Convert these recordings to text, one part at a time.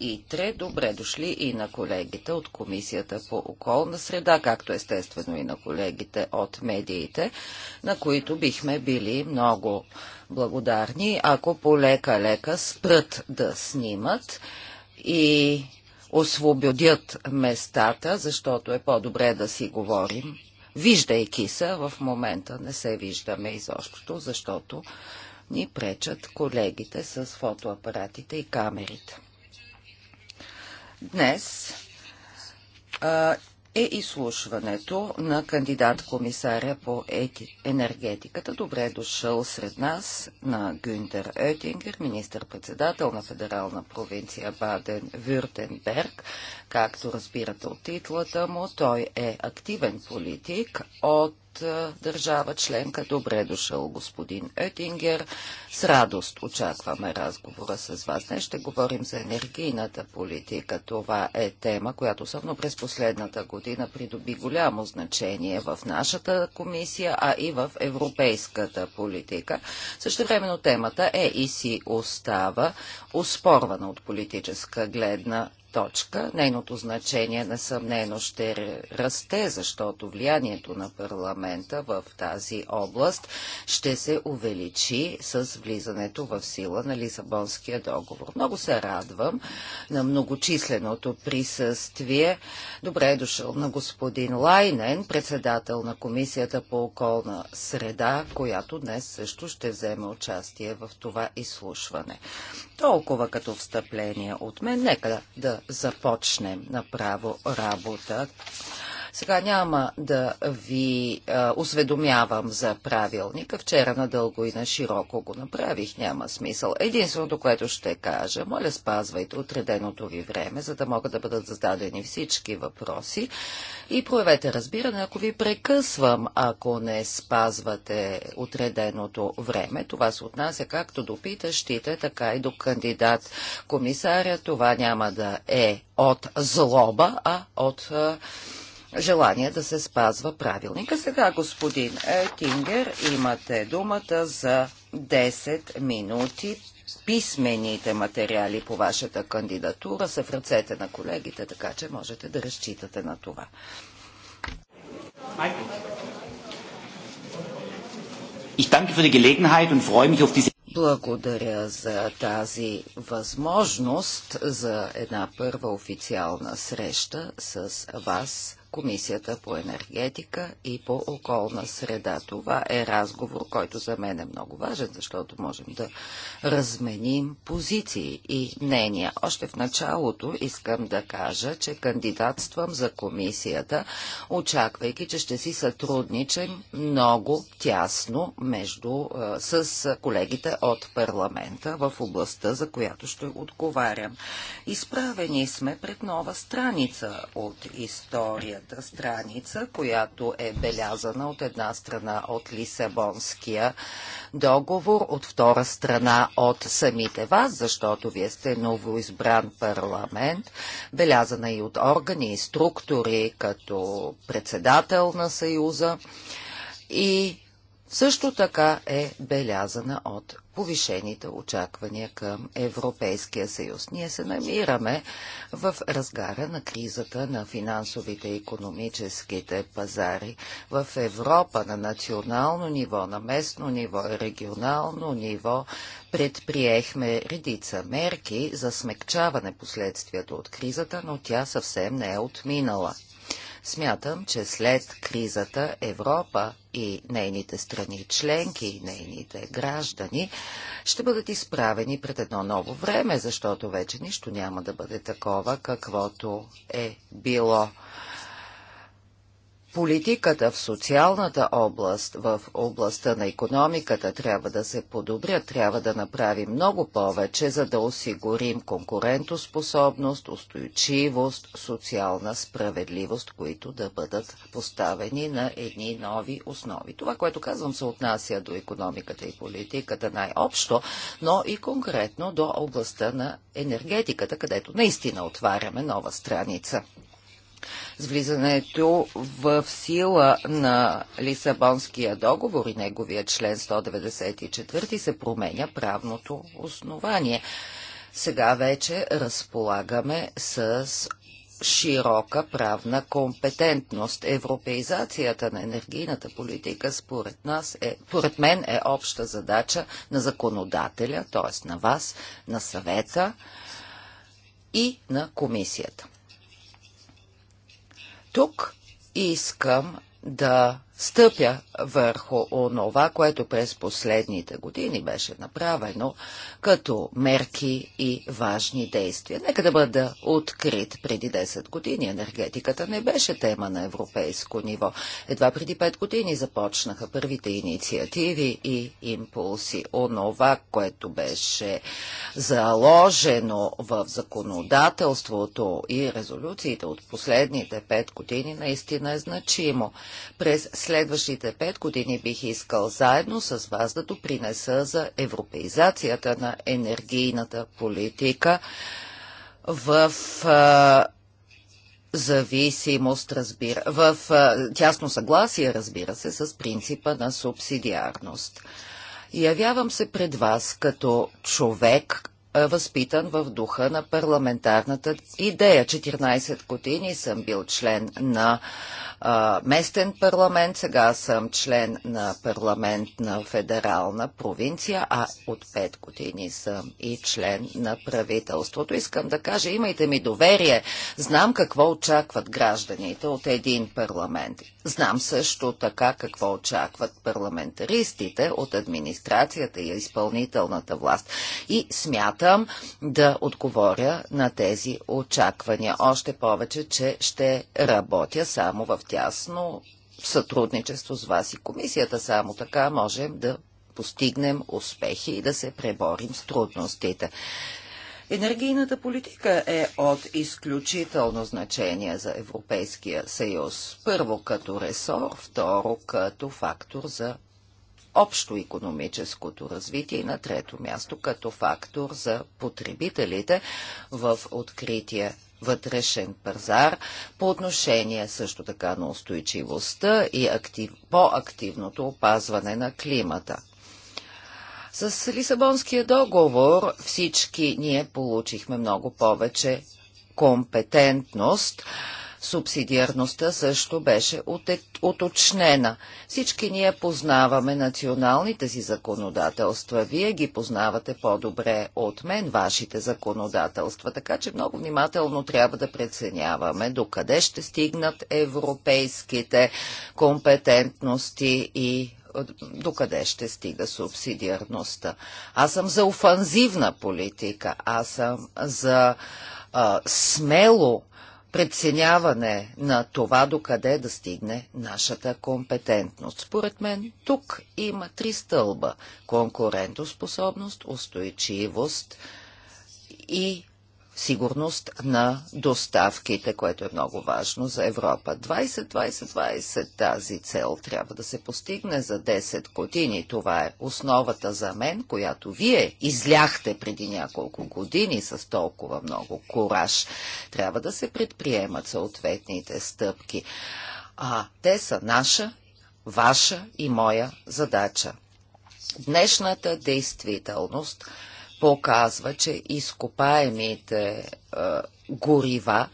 И тре Добре дошли и на колегите от Комисията по околна среда, както естествено и на колегите от медиите, на които бихме били много благодарни, ако полека-лека спрат да снимат и освободят местата, защото е по-добре да си говорим. Виждайки се, в момента не се виждаме изобщо, защото ни пречат колегите с фотоапаратите и камерите. Днес а, е изслушването на кандидат-комисаря по ети, енергетиката. Добре е дошъл сред нас на Гюнтер Оетингер, министър-председател на федерална провинция Баден-Вюртенберг. Както разбирате от титлата му, той е активен политик от държава членка. Добре е дошъл, господин Етингер. С радост очакваме разговора с вас. Днес ще говорим за енергийната политика. Това е тема, която съвно през последната година придоби голямо значение в нашата комисия, а и в европейската политика. Също времено темата е и си остава оспорвана от политическа гледна точка. Нейното значение несъмнено ще расте, защото влиянието на парламента в тази област ще се увеличи с влизането в сила на Лисабонския договор. Много се радвам на многочисленото присъствие. Добре е дошъл на господин Лайнен, председател на Комисията по околна среда, която днес също ще вземе участие в това изслушване. Толкова като встъпление от мен. Нека да Започне направо работа сега няма да ви а, осведомявам за правилника. Вчера надълго и на широко го направих. Няма смисъл. Единственото, което ще кажа, моля спазвайте отреденото ви време, за да могат да бъдат зададени всички въпроси. И проявете разбиране, ако ви прекъсвам, ако не спазвате отреденото време. Това се отнася както до питащите, така и до кандидат комисаря. Това няма да е от злоба, а от а, желание да се спазва правилника. Сега, господин Тингер, имате думата за 10 минути. Писмените материали по вашата кандидатура са в ръцете на колегите, така че можете да разчитате на това. благодаря за тази възможност за една първа официална среща с вас Комисията по енергетика и по околна среда. Това е разговор, който за мен е много важен, защото можем да разменим позиции и мнения. Още в началото искам да кажа, че кандидатствам за комисията, очаквайки, че ще си сътрудничам много тясно между, с колегите от парламента в областта, за която ще отговарям. Изправени сме пред нова страница от историята първата страница, която е белязана от една страна от Лисабонския договор, от втора страна от самите вас, защото вие сте новоизбран парламент, белязана е и от органи и структури, като председател на Съюза и също така е белязана от повишените очаквания към Европейския съюз. Ние се намираме в разгара на кризата на финансовите и економическите пазари. В Европа на национално ниво, на местно ниво и регионално ниво предприехме редица мерки за смекчаване последствията от кризата, но тя съвсем не е отминала. Смятам, че след кризата Европа и нейните страни членки, и нейните граждани ще бъдат изправени пред едно ново време, защото вече нищо няма да бъде такова, каквото е било. Политиката в социалната област, в областта на економиката трябва да се подобря, трябва да направим много повече, за да осигурим конкурентоспособност, устойчивост, социална справедливост, които да бъдат поставени на едни нови основи. Това, което казвам, се отнася до економиката и политиката най-общо, но и конкретно до областта на енергетиката, където наистина отваряме нова страница с влизането в сила на Лисабонския договор и неговия член 194 се променя правното основание. Сега вече разполагаме с широка правна компетентност. Европеизацията на енергийната политика според, нас е, според мен е обща задача на законодателя, т.е. на вас, на съвета и на комисията. Тук искам да стъпя върху онова, което през последните години беше направено като мерки и важни действия. Нека да бъда открит. Преди 10 години енергетиката не беше тема на европейско ниво. Едва преди 5 години започнаха първите инициативи и импулси. Онова, което беше заложено в законодателството и резолюциите от последните 5 години, наистина е значимо. През след следващите пет години бих искал заедно с вас да допринеса за европеизацията на енергийната политика в а, зависимост, разбира, в а, тясно съгласие, разбира се, с принципа на субсидиарност. Явявам се пред вас като човек, е, възпитан в духа на парламентарната идея. 14 години съм бил член на а, местен парламент, сега съм член на парламент на федерална провинция, а от 5 години съм и член на правителството. Искам да кажа, имайте ми доверие, знам какво очакват гражданите от един парламент. Знам също така какво очакват парламентаристите от администрацията и изпълнителната власт. И смятам, смятам да отговоря на тези очаквания. Още повече, че ще работя само в тясно сътрудничество с вас и комисията. Само така можем да постигнем успехи и да се преборим с трудностите. Енергийната политика е от изключително значение за Европейския съюз. Първо като ресор, второ като фактор за общо економическото развитие и на трето място като фактор за потребителите в открития вътрешен пазар по отношение също така на устойчивостта и актив, по-активното опазване на климата. С Лисабонския договор всички ние получихме много повече компетентност Субсидиарността също беше уточнена. Всички ние познаваме националните си законодателства. Вие ги познавате по-добре от мен, вашите законодателства, така че много внимателно трябва да преценяваме докъде ще стигнат европейските компетентности и е, докъде ще стига субсидиарността. Аз съм за офанзивна политика, аз съм за а, смело преценяване на това докъде да стигне нашата компетентност. Според мен тук има три стълба – конкурентоспособност, устойчивост и сигурност на доставките, което е много важно за Европа. 20-20-20 тази цел трябва да се постигне за 10 години. Това е основата за мен, която вие изляхте преди няколко години с толкова много кураж. Трябва да се предприемат съответните стъпки. А те са наша, ваша и моя задача. Днешната действителност – показва, че изкопаемите е, горива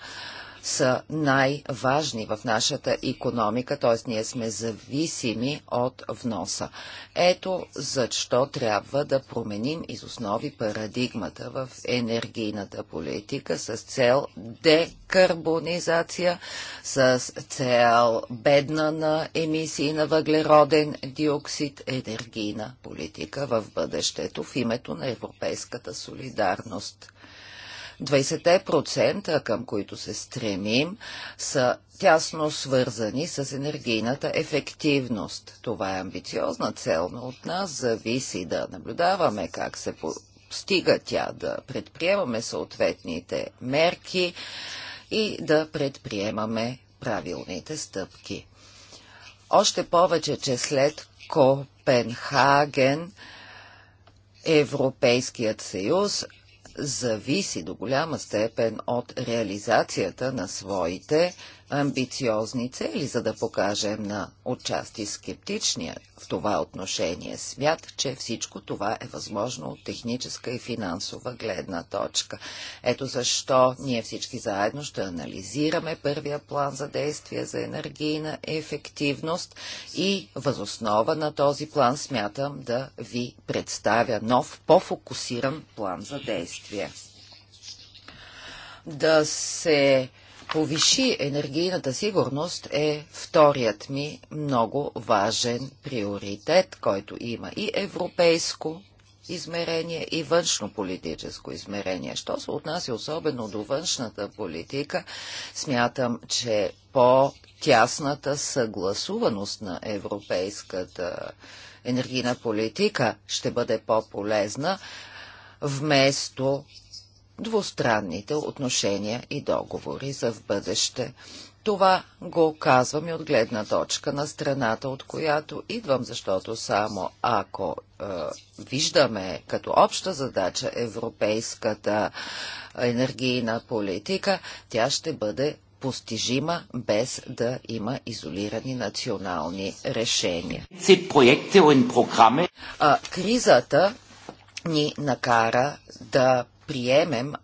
са най-важни в нашата економика, т.е. ние сме зависими от вноса. Ето защо трябва да променим из основи парадигмата в енергийната политика с цел декарбонизация, с цел бедна на емисии на въглероден диоксид, енергийна политика в бъдещето в името на европейската солидарност. 20% към които се стремим са тясно свързани с енергийната ефективност. Това е амбициозна цел, но от нас зависи да наблюдаваме как се постига тя, да предприемаме съответните мерки и да предприемаме правилните стъпки. Още повече, че след Копенхаген Европейският съюз зависи до голяма степен от реализацията на своите амбициозни цели, за да покажем на отчасти скептичния в това отношение свят, че всичко това е възможно от техническа и финансова гледна точка. Ето защо ние всички заедно ще анализираме първия план за действие за енергийна ефективност и възоснова на този план смятам да ви представя нов, по-фокусиран план за действие да се повиши енергийната сигурност е вторият ми много важен приоритет, който има и европейско измерение и външно-политическо измерение. Що се отнася особено до външната политика, смятам, че по-тясната съгласуваност на европейската енергийна политика ще бъде по-полезна, вместо двустранните отношения и договори за в бъдеще. Това го казвам и от гледна точка на страната, от която идвам, защото само ако е, виждаме като обща задача европейската е, енергийна политика, тя ще бъде постижима без да има изолирани национални решения. А, кризата ни накара да приемем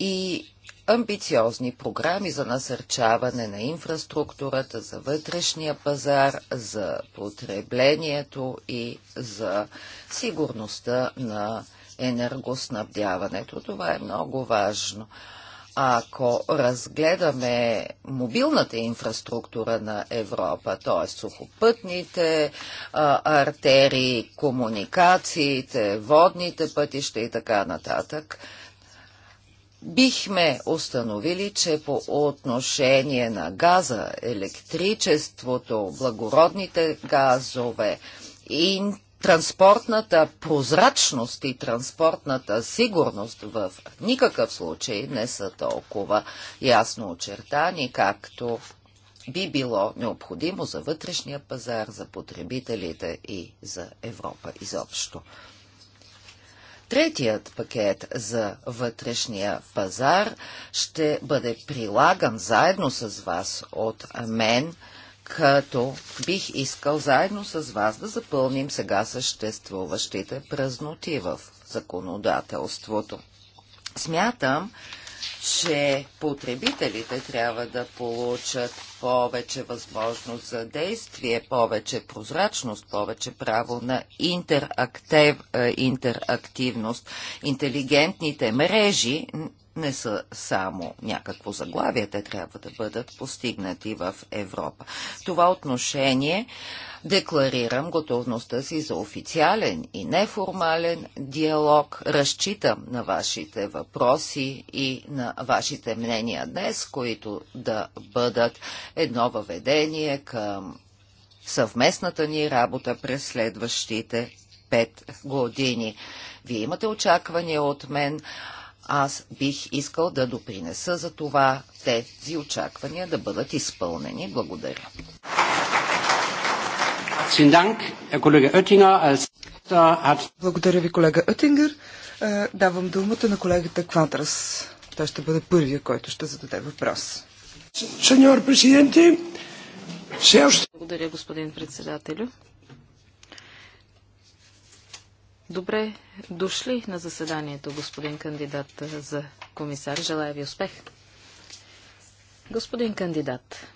и амбициозни програми за насърчаване на инфраструктурата, за вътрешния пазар, за потреблението и за сигурността на енергоснабдяването. Това е много важно. Ако разгледаме мобилната инфраструктура на Европа, т.е. сухопътните а, артерии, комуникациите, водните пътища и така нататък, бихме установили, че по отношение на газа, електричеството, благородните газове и транспортната прозрачност и транспортната сигурност в никакъв случай не са толкова ясно очертани, както би било необходимо за вътрешния пазар, за потребителите и за Европа изобщо. Третият пакет за вътрешния пазар ще бъде прилаган заедно с вас от мен, като бих искал заедно с вас да запълним сега съществуващите празноти в законодателството. Смятам, че потребителите трябва да получат повече възможност за действие, повече прозрачност, повече право на интерактив, е, интерактивност. Интелигентните мрежи не са само някакво заглавие, те трябва да бъдат постигнати в Европа. Това отношение Декларирам готовността си за официален и неформален диалог. Разчитам на вашите въпроси и на вашите мнения днес, които да бъдат едно въведение към съвместната ни работа през следващите пет години. Вие имате очаквания от мен. Аз бих искал да допринеса за това тези очаквания да бъдат изпълнени. Благодаря. Благодаря ви, колега Оттингер. Е, давам думата на колегата Квадрас. Той ще бъде първия, който ще зададе въпрос. Сеньор президенте, все още... Благодаря, господин председателю. Добре дошли на заседанието, господин кандидат е, за комисар. Желая ви успех. Господин кандидат,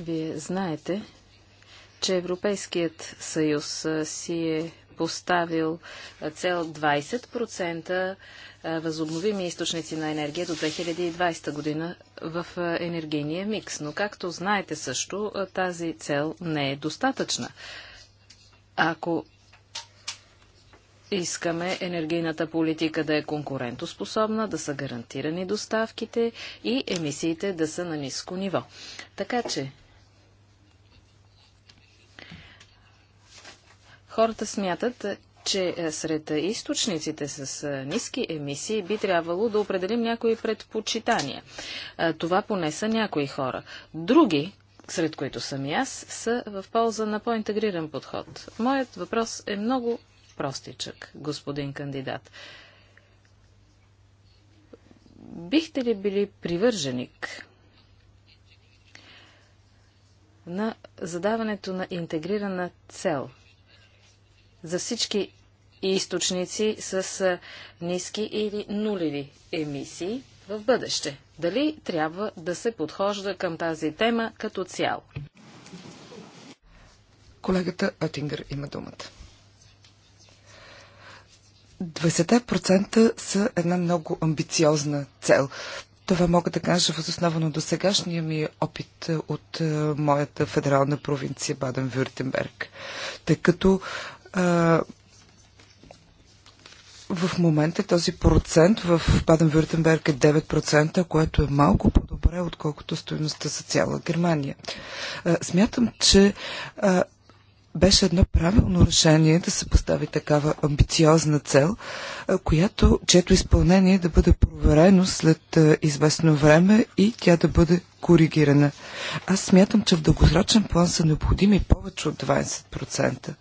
вие знаете, че Европейският съюз си е поставил цел 20% възобновими източници на енергия до 2020 година в енергийния микс. Но както знаете също, тази цел не е достатъчна. Ако Искаме енергийната политика да е конкурентоспособна, да са гарантирани доставките и емисиите да са на ниско ниво. Така че Хората смятат, че е, сред източниците с е, ниски емисии би трябвало да определим някои предпочитания. Е, това поне са някои хора. Други, сред които съм и аз, са в полза на по-интегриран подход. Моят въпрос е много простичък, господин кандидат. Бихте ли били привърженик на задаването на интегрирана цел – за всички източници с ниски или нулеви емисии в бъдеще. Дали трябва да се подхожда към тази тема като цяло? Колегата Атингър има думата. 20% са една много амбициозна цел. Това мога да кажа въз основа на досегашния ми опит е, от е, моята федерална провинция баден Вюртенберг. тъй като в момента този процент в Баден-Вюртенберг е 9%, което е малко по-добре, отколкото стоеността за цяла Германия. Смятам, че беше едно правилно решение да се постави такава амбициозна цел, която, чето изпълнение да бъде проверено след известно време и тя да бъде коригирана. Аз смятам, че в дългосрочен план са необходими повече от 20%.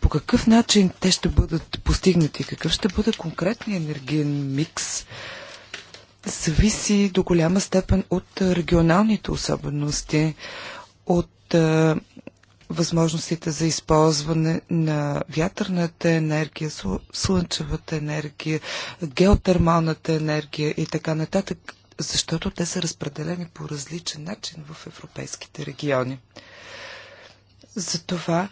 По какъв начин те ще бъдат постигнати? Какъв ще бъде конкретният енергиен микс? Зависи до голяма степен от регионалните особености, от е, възможностите за използване на вятърната енергия, слънчевата енергия, геотермалната енергия и така нататък, защото те са разпределени по различен начин в европейските региони. Затова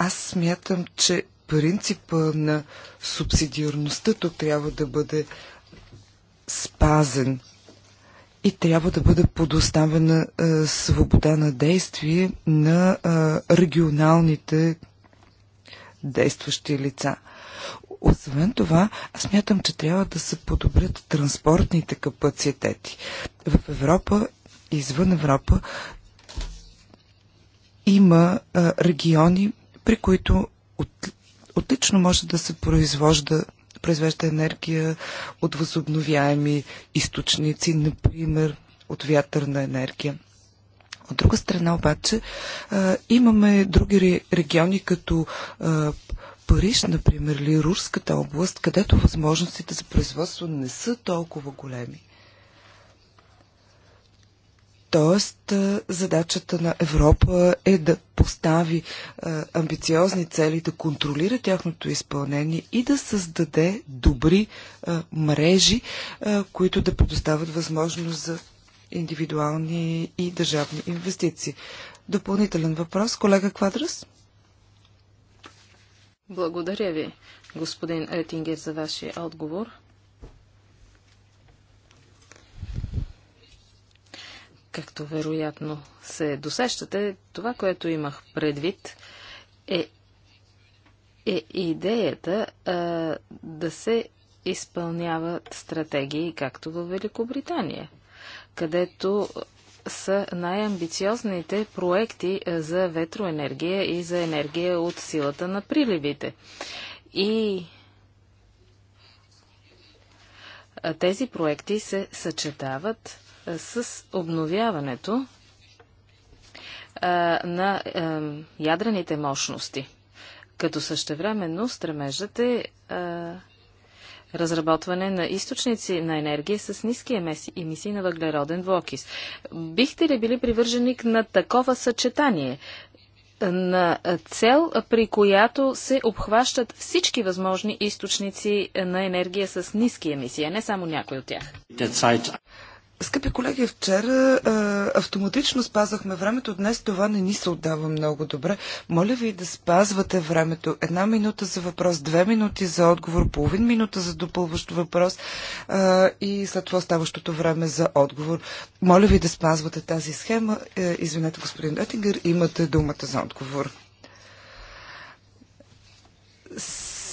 аз смятам, че принципа на субсидиарността тук трябва да бъде спазен и трябва да бъде подоставена е, свобода на действие на е, регионалните действащи лица. Освен това, аз мятам, че трябва да се подобрят транспортните капацитети. В Европа извън Европа има е, региони, при които от, отлично може да се произвожда произвежда енергия от възобновяеми източници, например от вятърна енергия. От друга страна обаче а, имаме други региони, като а, Париж, например, или Рурската област, където възможностите за производство не са толкова големи. Тоест, задачата на Европа е да постави амбициозни цели, да контролира тяхното изпълнение и да създаде добри мрежи, които да предоставят възможност за индивидуални и държавни инвестиции. Допълнителен въпрос, колега Квадрас? Благодаря ви, господин Етингер, за вашия отговор. Както вероятно се досещате, това, което имах предвид, е, е идеята а, да се изпълняват стратегии, както в Великобритания, където са най-амбициозните проекти за ветроенергия и за енергия от силата на приливите. И тези проекти се съчетават с обновяването на ядрените мощности, като същевременно стремежът е разработване на източници на енергия с ниски емисии, на въглероден двуокис. Бихте ли били привърженик на такова съчетание? на цел, при която се обхващат всички възможни източници на енергия с ниски емисии, а не само някои от тях. Скъпи колеги, вчера а, автоматично спазвахме времето, днес това не ни се отдава много добре. Моля ви да спазвате времето. Една минута за въпрос, две минути за отговор, половин минута за допълващ въпрос а, и след това оставащото време за отговор. Моля ви да спазвате тази схема. Е, извинете, господин Детингър, имате думата за отговор.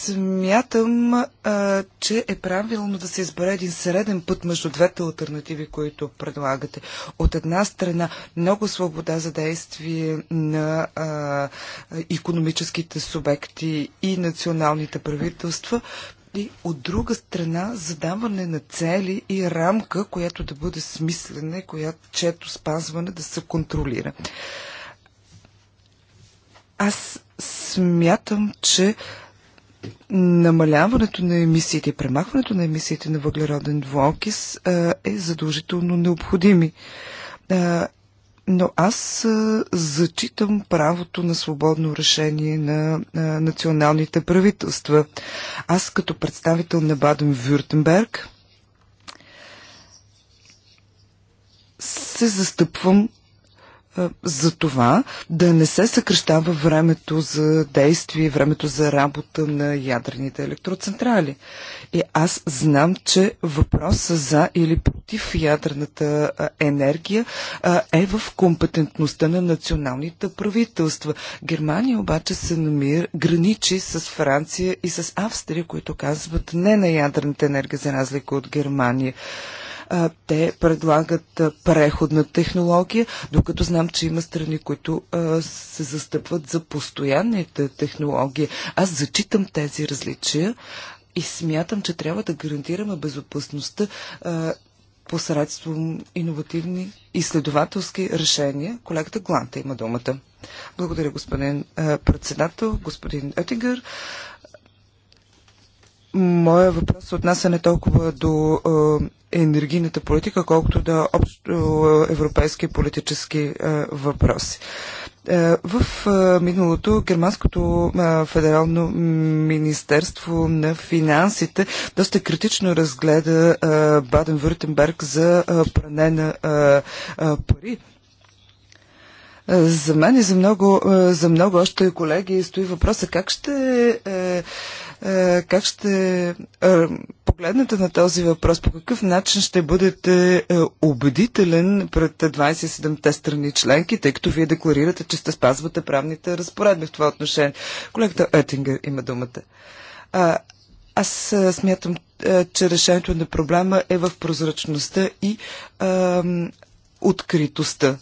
Смятам, а, че е правилно да се избере един среден път между двете альтернативи, които предлагате. От една страна много свобода за действие на а, економическите субекти и националните правителства, и от друга страна задаване на цели и рамка, която да бъде смислена, която чето спазване да се контролира. Аз смятам, че намаляването на емисиите и премахването на емисиите на въглероден двуокис е задължително необходими. Но аз зачитам правото на свободно решение на, на националните правителства. Аз като представител на Баден-Вюртенберг се застъпвам за това да не се съкръщава времето за действие, времето за работа на ядрените електроцентрали. И аз знам, че въпроса за или против ядрената енергия е в компетентността на националните правителства. Германия обаче се намира, граничи с Франция и с Австрия, които казват не на ядрената енергия, за разлика от Германия те предлагат преходна технология, докато знам, че има страни, които се застъпват за постоянните технологии. Аз зачитам тези различия и смятам, че трябва да гарантираме безопасността посредством иновативни изследователски решения. Колегата Гланта има думата. Благодаря, господин председател, господин Етингър. Моя въпрос се отнася не толкова до енергийната политика, колкото до общо европейски политически въпроси. В миналото Германското федерално министерство на финансите доста критично разгледа Баден-Вюртенберг за пране на пари. За мен и за много, за много още колеги стои въпроса как ще е, е, как ще е, погледнете на този въпрос? По какъв начин ще бъдете е, убедителен пред 27-те страни членки, тъй като вие декларирате, че сте спазвате правните разпоредби в това отношение? Колегата Етингер има думата. аз смятам, че решението на проблема е в прозрачността и а, откритостта.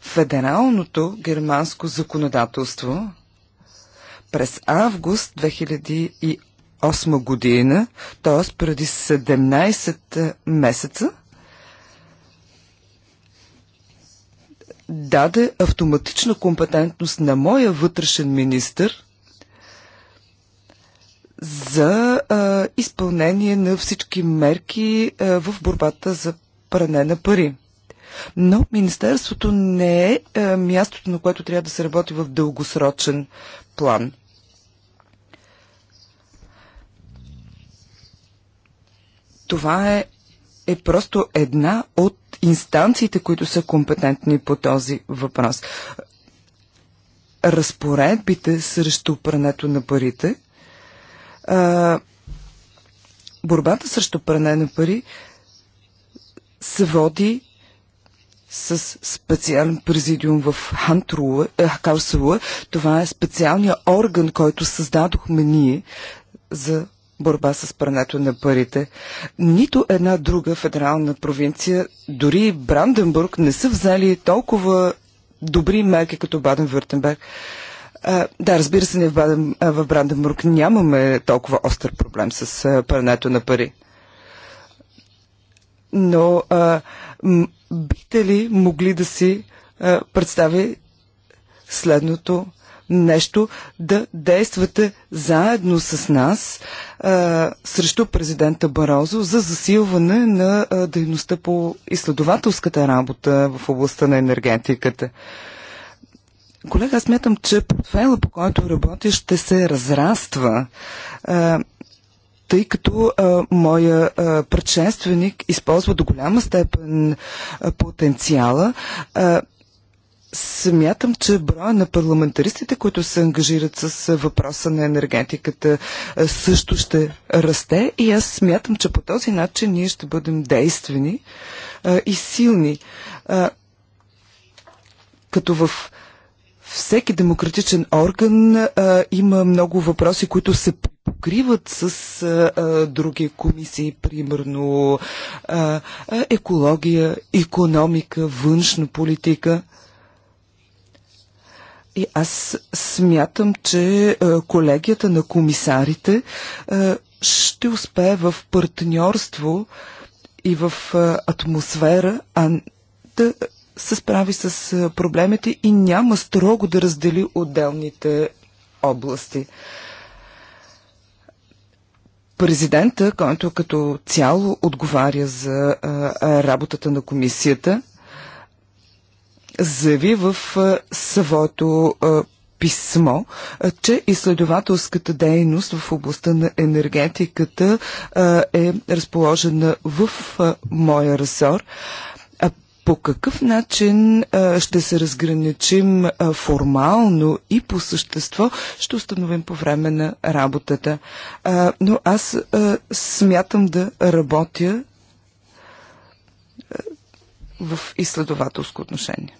Федералното германско законодателство през август 2008 година, т.е. преди 17 е, месеца, даде автоматична компетентност на моя вътрешен министр – за а, е, изпълнение на всички мерки а, е, в борбата за пране на пари. Но Министерството не е, е, мястото, на което трябва да се работи в дългосрочен план. Това е, е просто една от инстанциите, които са компетентни по този въпрос. Разпоредбите срещу прането на парите, а, борбата срещу пране на пари се води с специален президиум в Хантрула, е, Това е специалният орган, който създадохме ние за борба с прането на парите. Нито една друга федерална провинция, дори Бранденбург, не са взели толкова добри мерки като Баден-Вюртенберг. Да, разбира се, ние в, Баден, в Бранденбург нямаме толкова остър проблем с прането на пари но а, бихте ли могли да си а, представи следното нещо, да действате заедно с нас а, срещу президента Барозо за засилване на а, дейността по изследователската работа в областта на енергетиката. Колега, смятам, че портфела, по който работиш, ще се разраства. А, тъй като а, моя а, предшественик използва до голяма степен а, потенциала. А, Смятам, че броя на парламентаристите, които се ангажират с въпроса на енергетиката, също ще расте и аз смятам, че по този начин ние ще бъдем действени а, и силни. А, като в всеки демократичен орган а, има много въпроси, които се покриват с а, а, други комисии, примерно а, екология, економика, външна политика. И аз смятам, че а, колегията на комисарите а, ще успее в партньорство и в а, атмосфера а, да се справи с проблемите и няма строго да раздели отделните области президента, който като цяло отговаря за работата на комисията, заяви в своето писмо, че изследователската дейност в областта на енергетиката е разположена в моя ресор по какъв начин ще се разграничим формално и по същество, ще установим по време на работата. Но аз смятам да работя в изследователско отношение.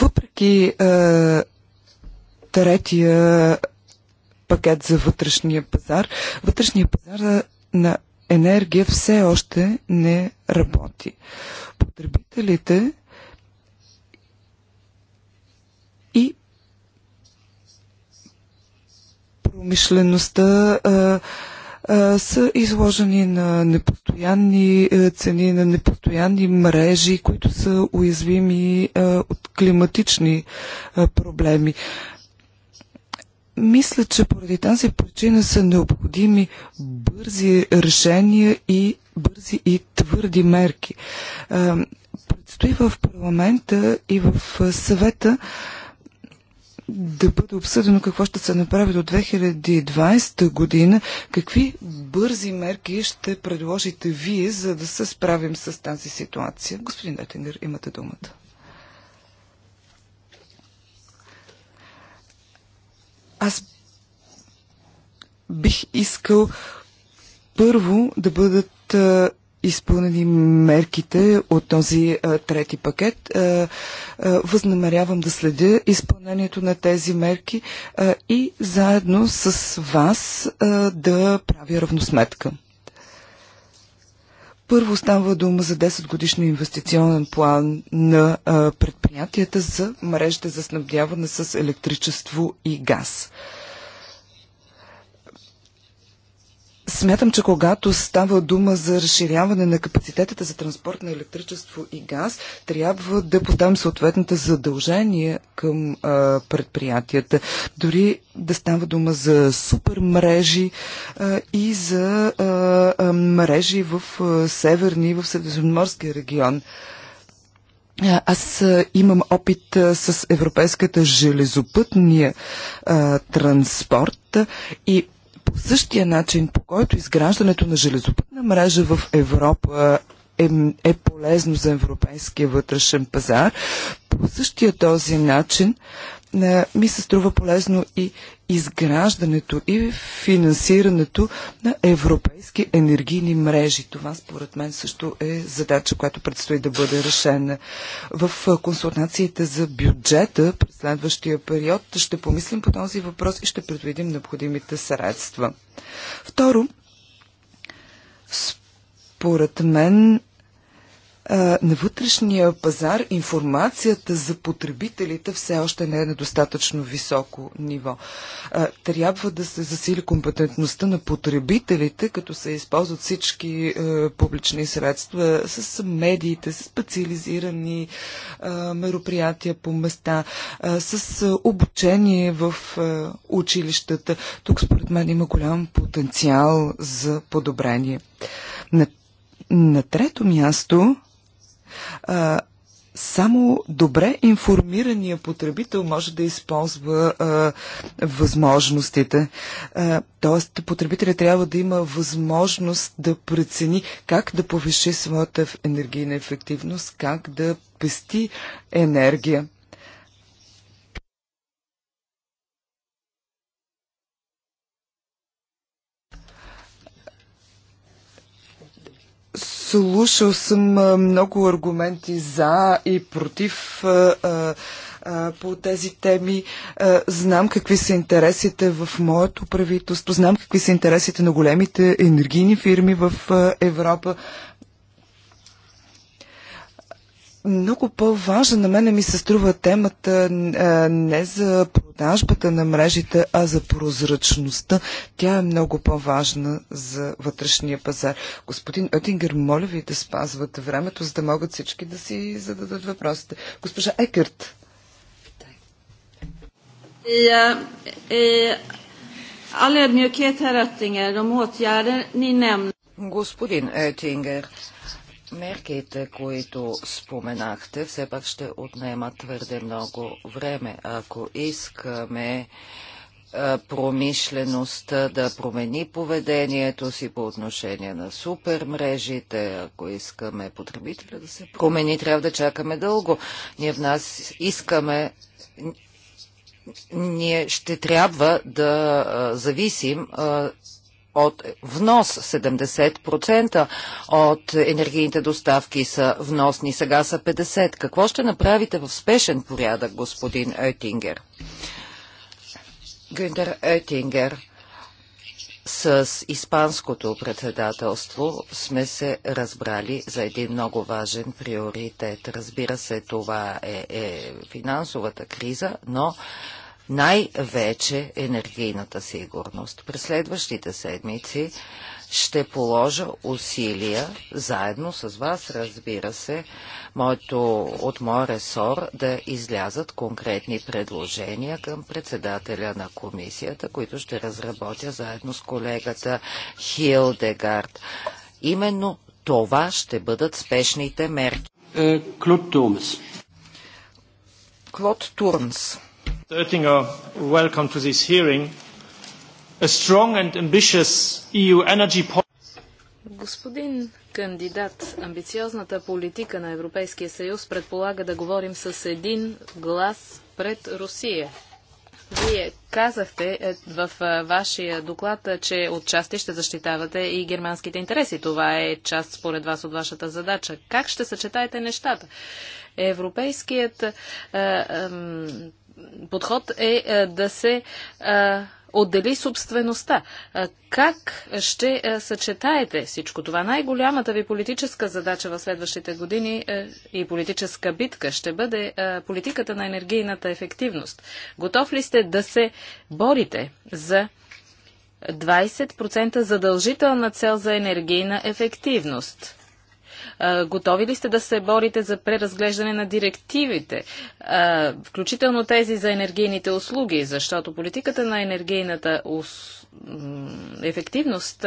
Въпреки а, третия пакет за вътрешния пазар, вътрешния пазар на енергия все още не работи. Потребителите и промишлеността а, а, са изложени на непостоянни цени, на непостоянни мрежи, които са уязвими а, от климатични а, проблеми. Мисля, че поради тази причина са необходими бързи решения и бързи и твърди мерки. Предстои в парламента и в съвета да бъде обсъдено какво ще се направи до 2020 година, какви бързи мерки ще предложите вие, за да се справим с тази ситуация. Господин Детингър, имате думата. Аз бих искал първо да бъдат а, изпълнени мерките от този а, трети пакет. А, а, възнамерявам да следя изпълнението на тези мерки а, и заедно с вас а, да правя равносметка. Първо става дума за 10 годишно инвестиционен план на предприятията за мрежите за снабдяване с електричество и газ. Смятам, че когато става дума за разширяване на капацитетата за транспорт на електричество и газ, трябва да подам съответните задължения към а, предприятията. Дори да става дума за супермрежи а, и за а, а, мрежи в а, северни и в средиземноморския регион. Аз имам опит с европейската железопътния а, транспорт и по същия начин, по който изграждането на железопътна мрежа в Европа е, е полезно за европейския вътрешен пазар, по същия този начин е, ми се струва полезно и изграждането и финансирането на европейски енергийни мрежи. Това според мен също е задача, която предстои да бъде решена. В е, консултациите за бюджета през следващия период ще помислим по този въпрос и ще предвидим необходимите средства. Второ, според мен на вътрешния пазар информацията за потребителите все още не е на достатъчно високо ниво. Трябва да се засили компетентността на потребителите, като се използват всички е, публични средства с медиите, с специализирани е, мероприятия по места, е, с обучение в училищата. Тук според мен има голям потенциал за подобрение. На, на трето място само добре информирания потребител може да използва а, възможностите. А, тоест, потребителят трябва да има възможност да прецени как да повиши своята енергийна ефективност, как да пести енергия. Слушал съм много аргументи за и против по тези теми. Знам какви са интересите в моето правителство, знам какви са интересите на големите енергийни фирми в Европа. Много по-важна на мене ми се струва темата не за продажбата на мрежите, а за прозрачността. Тя е много по-важна за вътрешния пазар. Господин Оттингер, моля ви да спазвате времето, за да могат всички да си зададат въпросите. Госпожа Екерт. Е, е, е Господин Етингер, Мерките, които споменахте, все пак ще отнемат твърде много време. Ако искаме е, промишлеността да промени поведението си по отношение на супермрежите, ако искаме потребителя да се промени, трябва да чакаме дълго. Ние в нас искаме ние ще трябва да зависим от внос. 70% от енергийните доставки са вносни, сега са 50%. Какво ще направите в спешен порядък, господин Етингер? Гюнтер Етингер, с Испанското председателство сме се разбрали за един много важен приоритет. Разбира се, това е, е финансовата криза, но най-вече енергийната сигурност. През следващите седмици ще положа усилия, заедно с вас, разбира се, моето, от моя ресор да излязат конкретни предложения към председателя на комисията, които ще разработя заедно с колегата Хилдегард. Именно това ще бъдат спешните мерки. Е, Клод Турнс. Клод Oettinger, welcome to this hearing. A strong and ambitious EU energy policy. Господин кандидат, амбициозната политика на Европейския съюз предполага да говорим с един глас пред Русия. Вие казахте е, в е, вашия доклад, е, че отчасти ще защитавате и германските интереси. Това е част според вас от вашата задача. Как ще съчетаете нещата? Европейският подход е, е да се е, отдели собствеността. Е, как ще съчетаете всичко това? Най-голямата ви политическа задача в следващите години и политическа битка ще бъде политиката на енергийната ефективност. Готов ли сте да се борите за 20% задължителна цел за енергийна ефективност? Готови ли сте да се борите за преразглеждане на директивите, включително тези за енергийните услуги, защото политиката на енергийната ефективност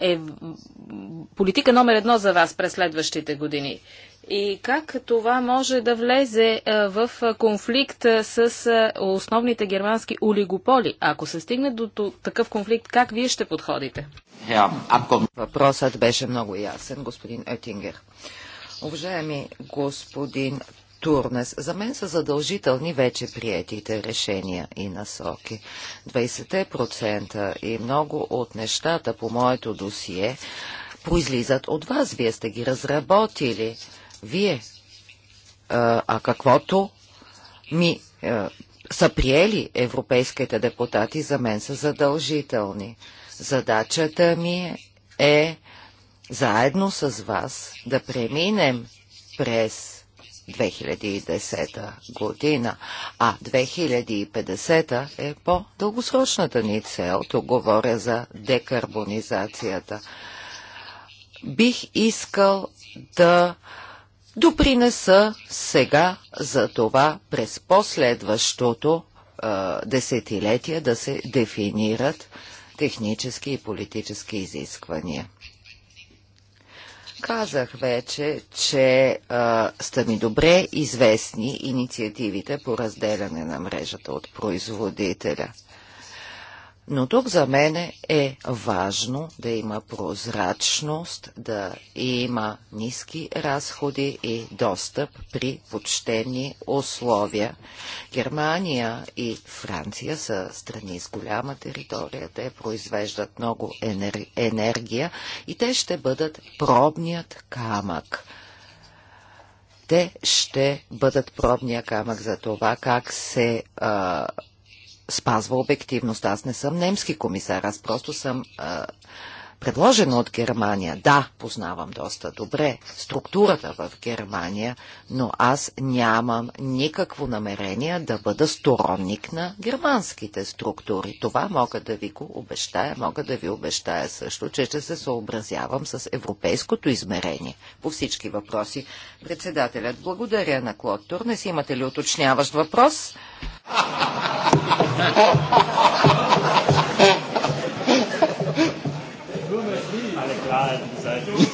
е политика номер едно за вас през следващите години и как това може да влезе е, в е, конфликт е, с основните германски олигополи? Ако се стигне до такъв конфликт, как вие ще подходите? Въпросът беше много ясен, господин Етингер. Уважаеми господин Турнес. За мен са задължителни вече приетите решения и насоки. 20% и много от нещата по моето досие произлизат от вас. Вие сте ги разработили вие, а каквото ми са приели европейските депутати, за мен са задължителни. Задачата ми е заедно с вас да преминем през 2010 година, а 2050 е по-дългосрочната ни цел. Тук говоря за декарбонизацията. Бих искал да а, допринеса сега за това през последващото а, десетилетие да се дефинират технически и политически изисквания. Казах вече, че а, сте ми добре известни инициативите по разделяне на мрежата от производителя – но тук за мен е важно да има прозрачност, да има ниски разходи и достъп при почтени условия. Германия и Франция са страни с голяма територия. Те произвеждат много енергия и те ще бъдат пробният камък те ще бъдат пробния камък за това как се а, спазва обективност. Аз не съм немски комисар, аз просто съм а, Предложено от Германия. Да, познавам доста добре структурата в Германия, но аз нямам никакво намерение да бъда сторонник на германските структури. Това мога да ви го обещая. Мога да ви обещая също, че ще се съобразявам с европейското измерение по всички въпроси. Председателят, благодаря на Клод Турнес. Имате ли уточняващ въпрос?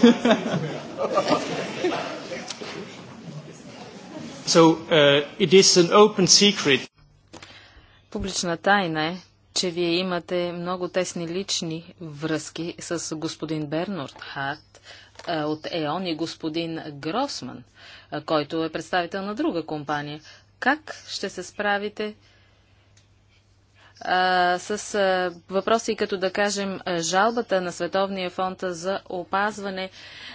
so, uh, it is an open secret. Публична тайна е, че вие имате много тесни лични връзки с господин Бернард Харт от ЕОН и господин Гросман, който е представител на друга компания. Как ще се справите а, с а, въпроси като да кажем жалбата на Световния фонд за опазване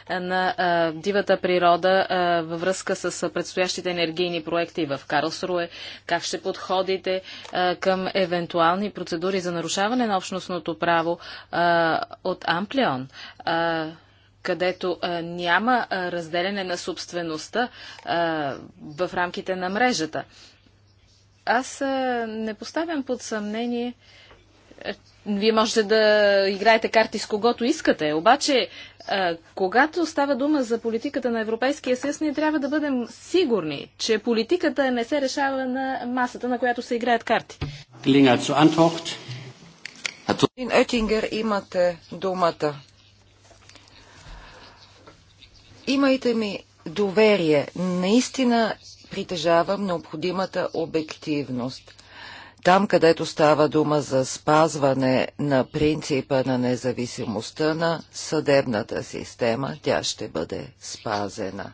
на а, дивата природа а, във връзка с предстоящите енергийни проекти в Карлсруе, как ще подходите а, към евентуални процедури за нарушаване на общностното право а, от Амплион. А, където а, няма а, разделяне на собствеността а, в рамките на мрежата. Аз не поставям под съмнение. Е, вие можете да играете карти с когото искате, обаче когато става дума за политиката на Европейския съюз, ние трябва да бъдем сигурни, че политиката не се решава на масата, на която се играят карти. Господин Етингер, имате думата. Имайте ми доверие. Наистина притежавам необходимата обективност. Там, където става дума за спазване на принципа на независимостта на съдебната система, тя ще бъде спазена.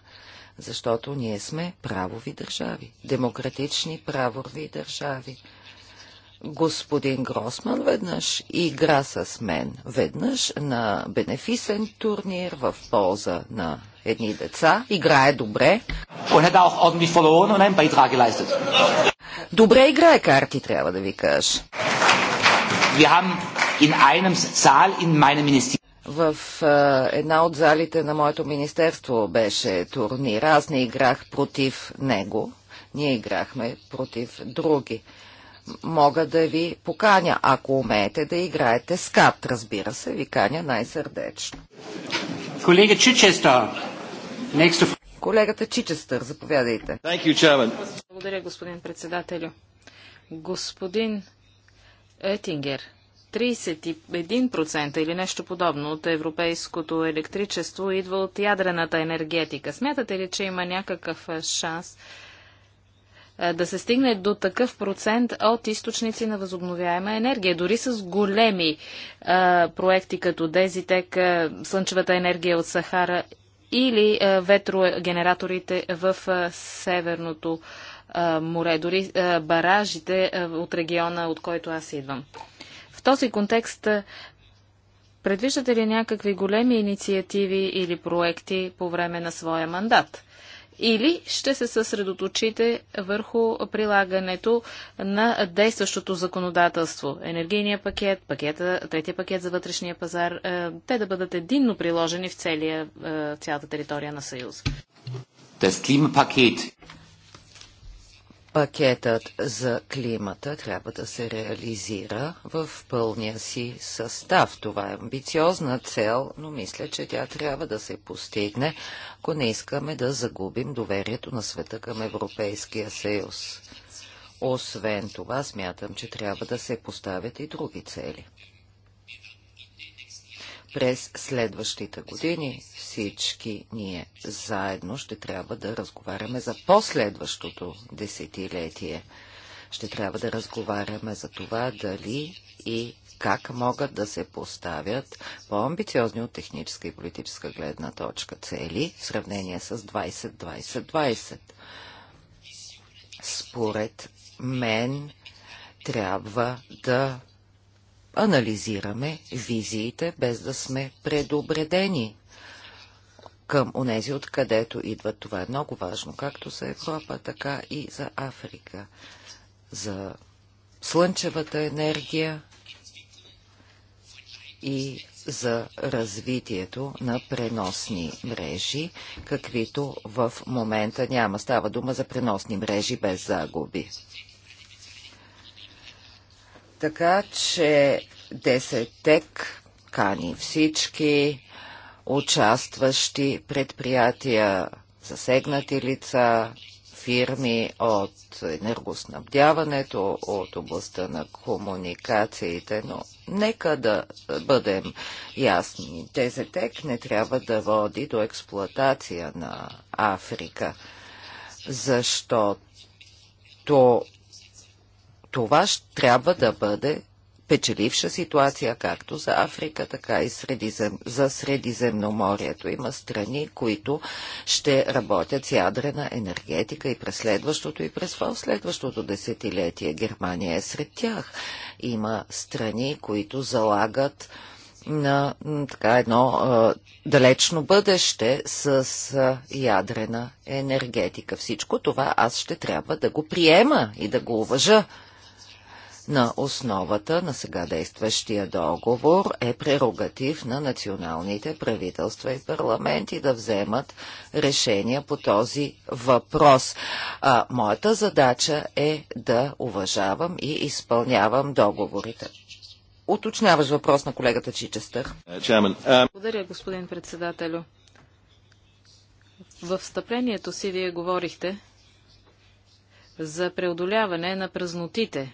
Защото ние сме правови държави, демократични правови държави господин Гросман веднъж игра с мен, веднъж на бенефисен турнир в полза на едни деца. Играе добре. Добре играе карти, трябва да ви кажа. В една от залите на моето министерство беше турнир. Аз не играх против него. Ние играхме против други мога да ви поканя, ако умеете да играете скат, разбира се, ви каня най-сърдечно. Колега Чичестър, next... Колегата Чичестър, заповядайте. You, Благодаря, господин председателю. Господин Етингер, 31% или нещо подобно от европейското електричество идва от ядрената енергетика. Смятате ли, че има някакъв шанс е, да се стигне до такъв процент от източници на възобновяема енергия. Дори с големи а, е, проекти като Дезитек, а, е, слънчевата енергия от Сахара или а, ветрогенераторите в а, Северното а, море, дори а, баражите а, от региона, от който аз идвам. В този контекст предвиждате ли някакви големи инициативи или проекти по време на своя мандат? или ще се съсредоточите върху прилагането на действащото законодателство, енергийния пакет, пакета, третия пакет за вътрешния пазар, е, те да бъдат единно приложени в, целия, в е, цялата територия на Съюз? Пакетът за климата трябва да се реализира в пълния си състав. Това е амбициозна цел, но мисля, че тя трябва да се постигне, ако не искаме да загубим доверието на света към Европейския съюз. Освен това, смятам, че трябва да се поставят и други цели през следващите години всички ние заедно ще трябва да разговаряме за последващото десетилетие. Ще трябва да разговаряме за това дали и как могат да се поставят по-амбициозни от техническа и политическа гледна точка цели в сравнение с 20-20-20. Според мен трябва да анализираме визиите, без да сме предобредени към онези, откъдето идват. Това е много важно, както за Европа, така и за Африка. За слънчевата енергия и за развитието на преносни мрежи, каквито в момента няма. Става дума за преносни мрежи без загуби. Така че Десетек кани всички участващи предприятия, засегнати лица, фирми от енергоснабдяването, от областта на комуникациите, но нека да бъдем ясни. Дезетек не трябва да води до експлоатация на Африка, защото това трябва да бъде печеливша ситуация както за Африка, така и средизем... за Средиземноморието. Има страни, които ще работят с ядрена енергетика и през следващото и през следващото десетилетие. Германия е сред тях. Има страни, които залагат на така едно а, далечно бъдеще с а, ядрена енергетика. Всичко това аз ще трябва да го приема и да го уважа на основата на сега действащия договор е прерогатив на националните правителства и парламенти да вземат решения по този въпрос. А, моята задача е да уважавам и изпълнявам договорите. Уточняваш въпрос на колегата Чичестър. Um, Благодаря, господин председателю. В встъплението си вие говорихте за преодоляване на празнотите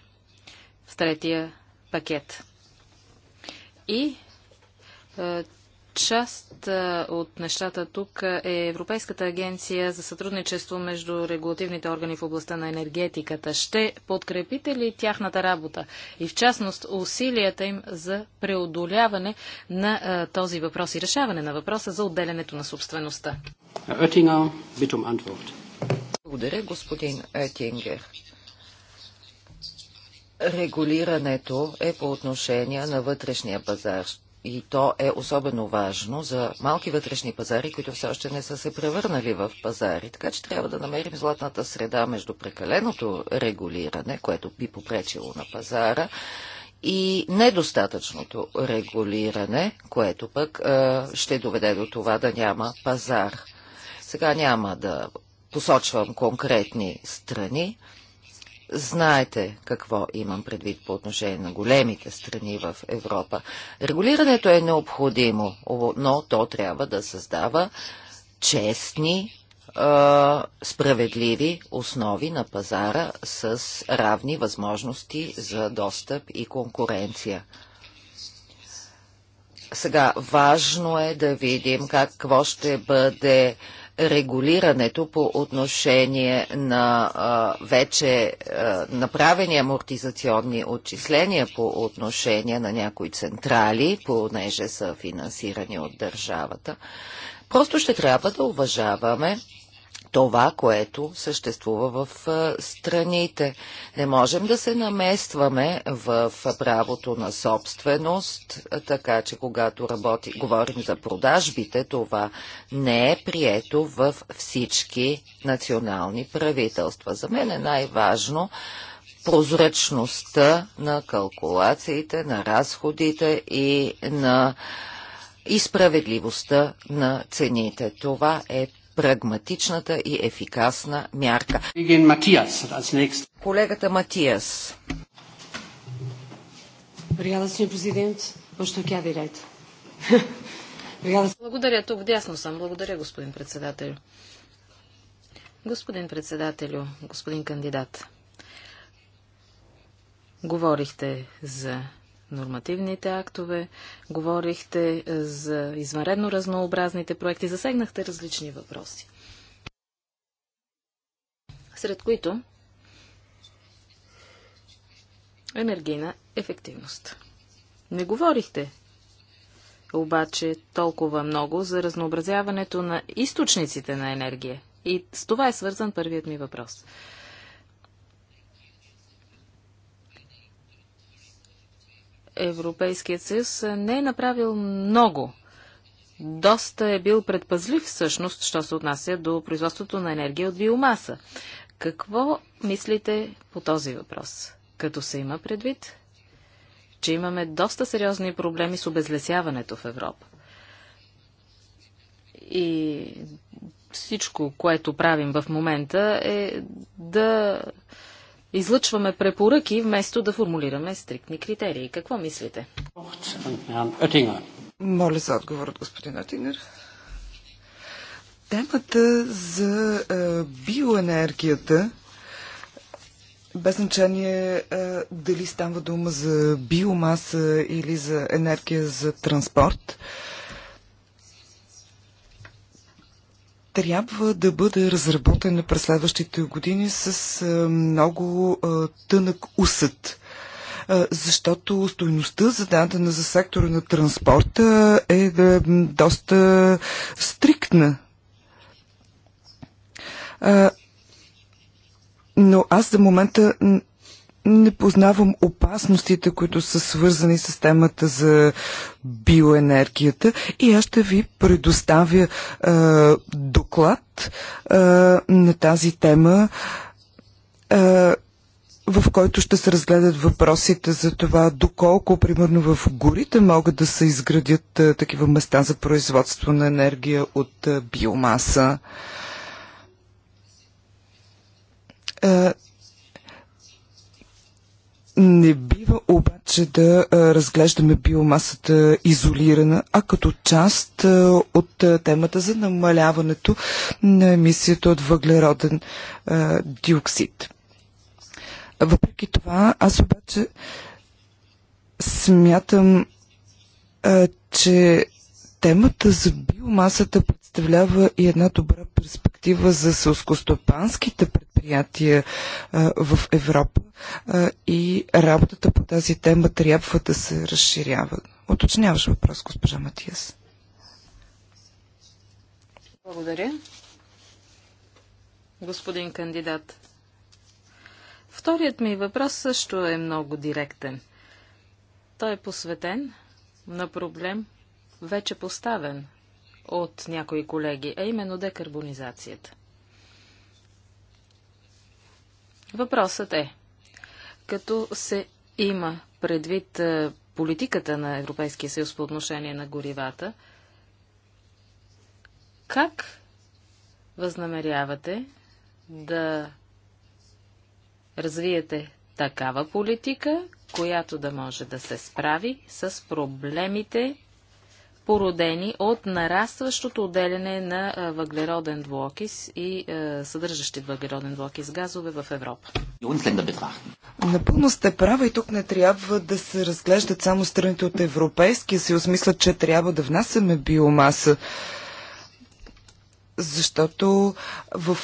в третия пакет. И е, част е, от нещата тук е Европейската агенция за сътрудничество между регулативните органи в областта на енергетиката. Ще подкрепите ли тяхната работа и в частност усилията им за преодоляване на е, този въпрос и решаване на въпроса за отделянето на собствеността? Благодаря, господин Етингер регулирането е по отношение на вътрешния пазар. И то е особено важно за малки вътрешни пазари, които все още не са се превърнали в пазари. Така че трябва да намерим златната среда между прекаленото регулиране, което би попречило на пазара, и недостатъчното регулиране, което пък е, ще доведе до това да няма пазар. Сега няма да посочвам конкретни страни, Знаете какво имам предвид по отношение на големите страни в Европа. Регулирането е необходимо, но то трябва да създава честни, справедливи основи на пазара с равни възможности за достъп и конкуренция. Сега, важно е да видим какво ще бъде регулирането по отношение на а, вече а, направени амортизационни отчисления по отношение на някои централи, понеже са финансирани от държавата. Просто ще трябва да уважаваме това, което съществува в страните. Не можем да се наместваме в правото на собственост, така че когато работи, говорим за продажбите, това не е прието в всички национални правителства. За мен е най-важно прозрачността на калкулациите, на разходите и на и справедливостта на цените. Това е прагматичната и ефикасна мярка. Колегата Матиас. Благодаря, тук дясно съм. Благодаря, господин председател. Господин председателю, господин кандидат, говорихте за нормативните актове, говорихте за извънредно разнообразните проекти, засегнахте различни въпроси. Сред които енергийна ефективност. Не говорихте обаче толкова много за разнообразяването на източниците на енергия. И с това е свързан първият ми въпрос. Европейският съюз не е направил много. Доста е бил предпазлив всъщност, що се отнася до производството на енергия от биомаса. Какво мислите по този въпрос? Като се има предвид, че имаме доста сериозни проблеми с обезлесяването в Европа. И всичко, което правим в момента е да излъчваме препоръки, вместо да формулираме стриктни критерии. Какво мислите? Моля за отговор от господин Отингер. Темата за е, биоенергията без значение е, дали става дума за биомаса или за енергия за транспорт. трябва да бъде разработена през следващите години с е, много е, тънък усъд е, защото стойността зададена за сектора на транспорта е доста стриктна. Но аз за момента не познавам опасностите, които са свързани с темата за биоенергията и аз ще ви предоставя е, доклад е, на тази тема. Е, в който ще се разгледат въпросите за това, доколко, примерно, в горите могат да се изградят е, такива места за производство на енергия от е, биомаса. Е, не бива обаче да разглеждаме биомасата изолирана, а като част от темата за намаляването на емисията от въглероден диоксид. Въпреки това, аз обаче смятам, че темата за биомасата представлява и една добра перспектива за селскостопанските предприятия в Европа и работата по тази тема трябва да се разширява. Оточняваш въпрос, госпожа Матиас. Благодаря. Господин кандидат, вторият ми въпрос също е много директен. Той е посветен на проблем, вече поставен от някои колеги, а именно декарбонизацията. Въпросът е, като се има предвид е, политиката на Европейския съюз по отношение на горивата, как възнамерявате да развиете такава политика, която да може да се справи с проблемите породени от нарастващото отделяне на въглероден двуокис и съдържащи въглероден двуокис газове в Европа. Напълно сте права и тук не трябва да се разглеждат само страните от Европейския съюз. Мислят, че трябва да внасяме биомаса защото в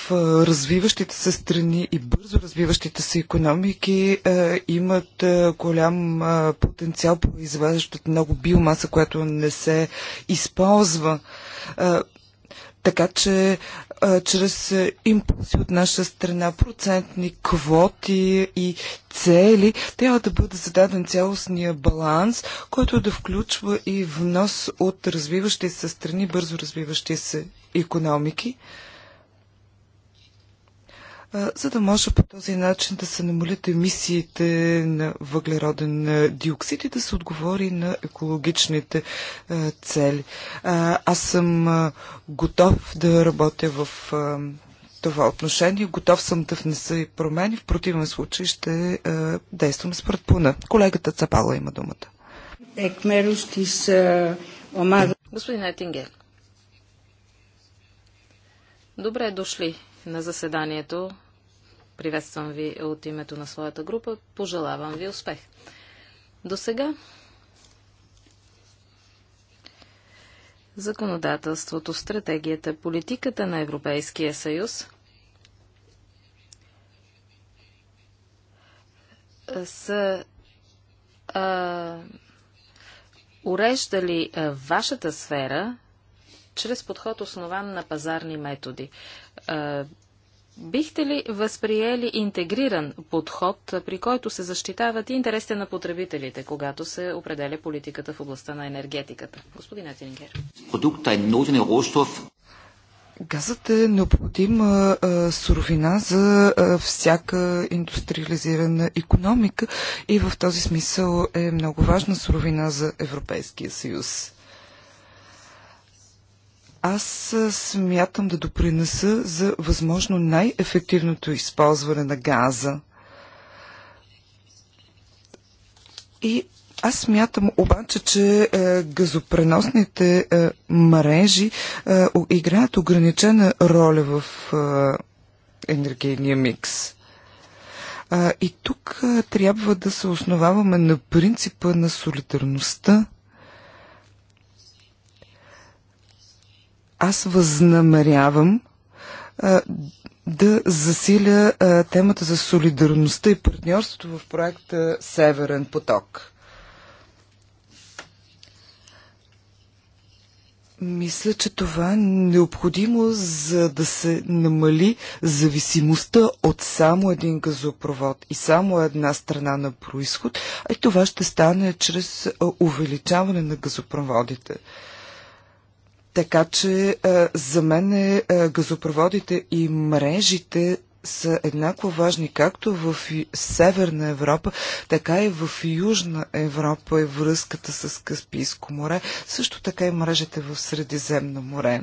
развиващите се страни и бързо развиващите се економики е, имат е, голям е, потенциал, от много биомаса, която не се използва. Така че а, чрез импулси от наша страна, процентни квоти и цели, трябва да бъде зададен цялостния баланс, който да включва и внос от развиващи се страни, бързо развиващи се економики за да може по този начин да се намалят емисиите на въглероден диоксид и да се отговори на екологичните цели. Аз съм готов да работя в това отношение. Готов съм да внеса и промени. В противен случай ще действам според плана. Колегата Цапала има думата. Господин Етингер, добре дошли на заседанието. Приветствам ви от името на своята група. Пожелавам ви успех. До сега законодателството, стратегията, политиката на Европейския съюз са а, уреждали а, вашата сфера чрез подход основан на пазарни методи. Бихте ли възприели интегриран подход, при който се защитават и интересите на потребителите, когато се определя политиката в областта на енергетиката? Господин Атингер. Продукта е нужен ростов. Газът е необходима суровина за а, всяка индустриализирана економика и в този смисъл е много важна суровина за Европейския съюз аз смятам да допринеса за възможно най-ефективното използване на газа. И аз смятам обаче, че е, газопреносните е, мрежи е, играят ограничена роля в енергийния микс. и тук трябва да се основаваме на принципа на солидарността. аз възнамерявам а, да засиля а, темата за солидарността и партньорството в проекта Северен поток. Мисля, че това е необходимо, за да се намали зависимостта от само един газопровод и само една страна на происход, а и това ще стане чрез увеличаване на газопроводите. Така че е, за мен е, е, газопроводите и мрежите са еднакво важни както в Северна Европа, така и в Южна Европа е връзката с Каспийско море, също така и мрежите в Средиземно море.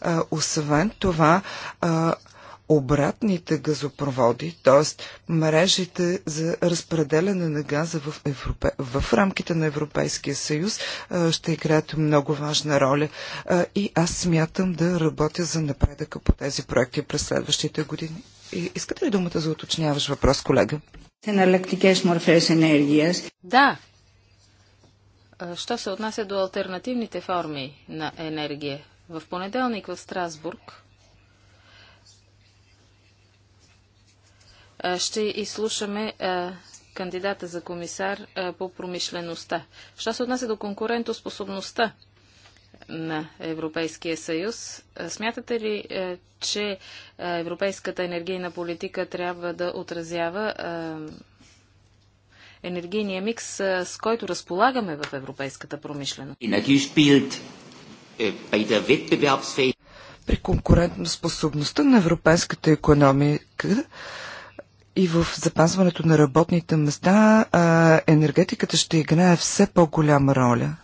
А, освен това, а, обратните газопроводи, т.е. мрежите за разпределяне на газа в, Европе... в рамките на Европейския съюз, ще играят много важна роля. И аз смятам да работя за напредъка по тези проекти през следващите години. И искате ли думата за уточняваш въпрос, колега? Да. Що се отнася до альтернативните форми на енергия? В понеделник в Страсбург ще изслушаме кандидата за комисар по промишлеността. Що се отнася до конкурентоспособността на Европейския съюз. Смятате ли, че европейската енергийна политика трябва да отразява енергийния микс, с който разполагаме в европейската промишленост? Е, При конкурентоспособността на европейската економика и в запазването на работните места а, енергетиката ще играе все по-голяма роля.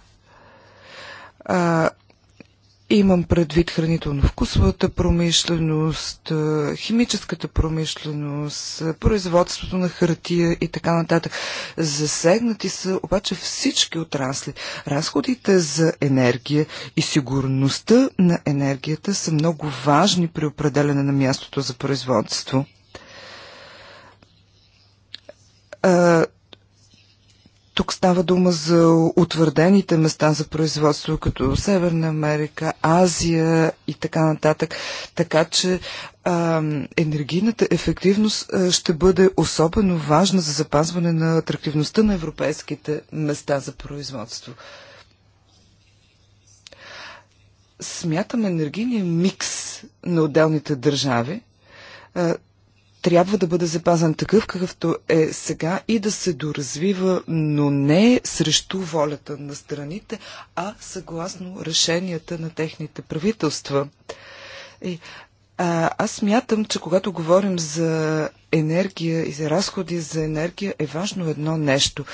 А, имам предвид хранително-вкусовата промишленост, химическата промишленост, производството на хартия и така нататък. Засегнати са обаче всички отрасли. Разходите за енергия и сигурността на енергията са много важни при определене на мястото за производство. Е, тук става дума за утвърдените места за производство, като Северна Америка, Азия и така нататък. Така че а, е, енергийната ефективност е, ще бъде особено важна за запазване на атрактивността на европейските места за производство. Смятам енергийния микс на отделните държави трябва да бъде запазен такъв, какъвто е сега и да се доразвива, но не срещу волята на страните, а съгласно решенията на техните правителства. И, а, аз смятам, че когато говорим за енергия и за разходи за енергия е важно едно нещо.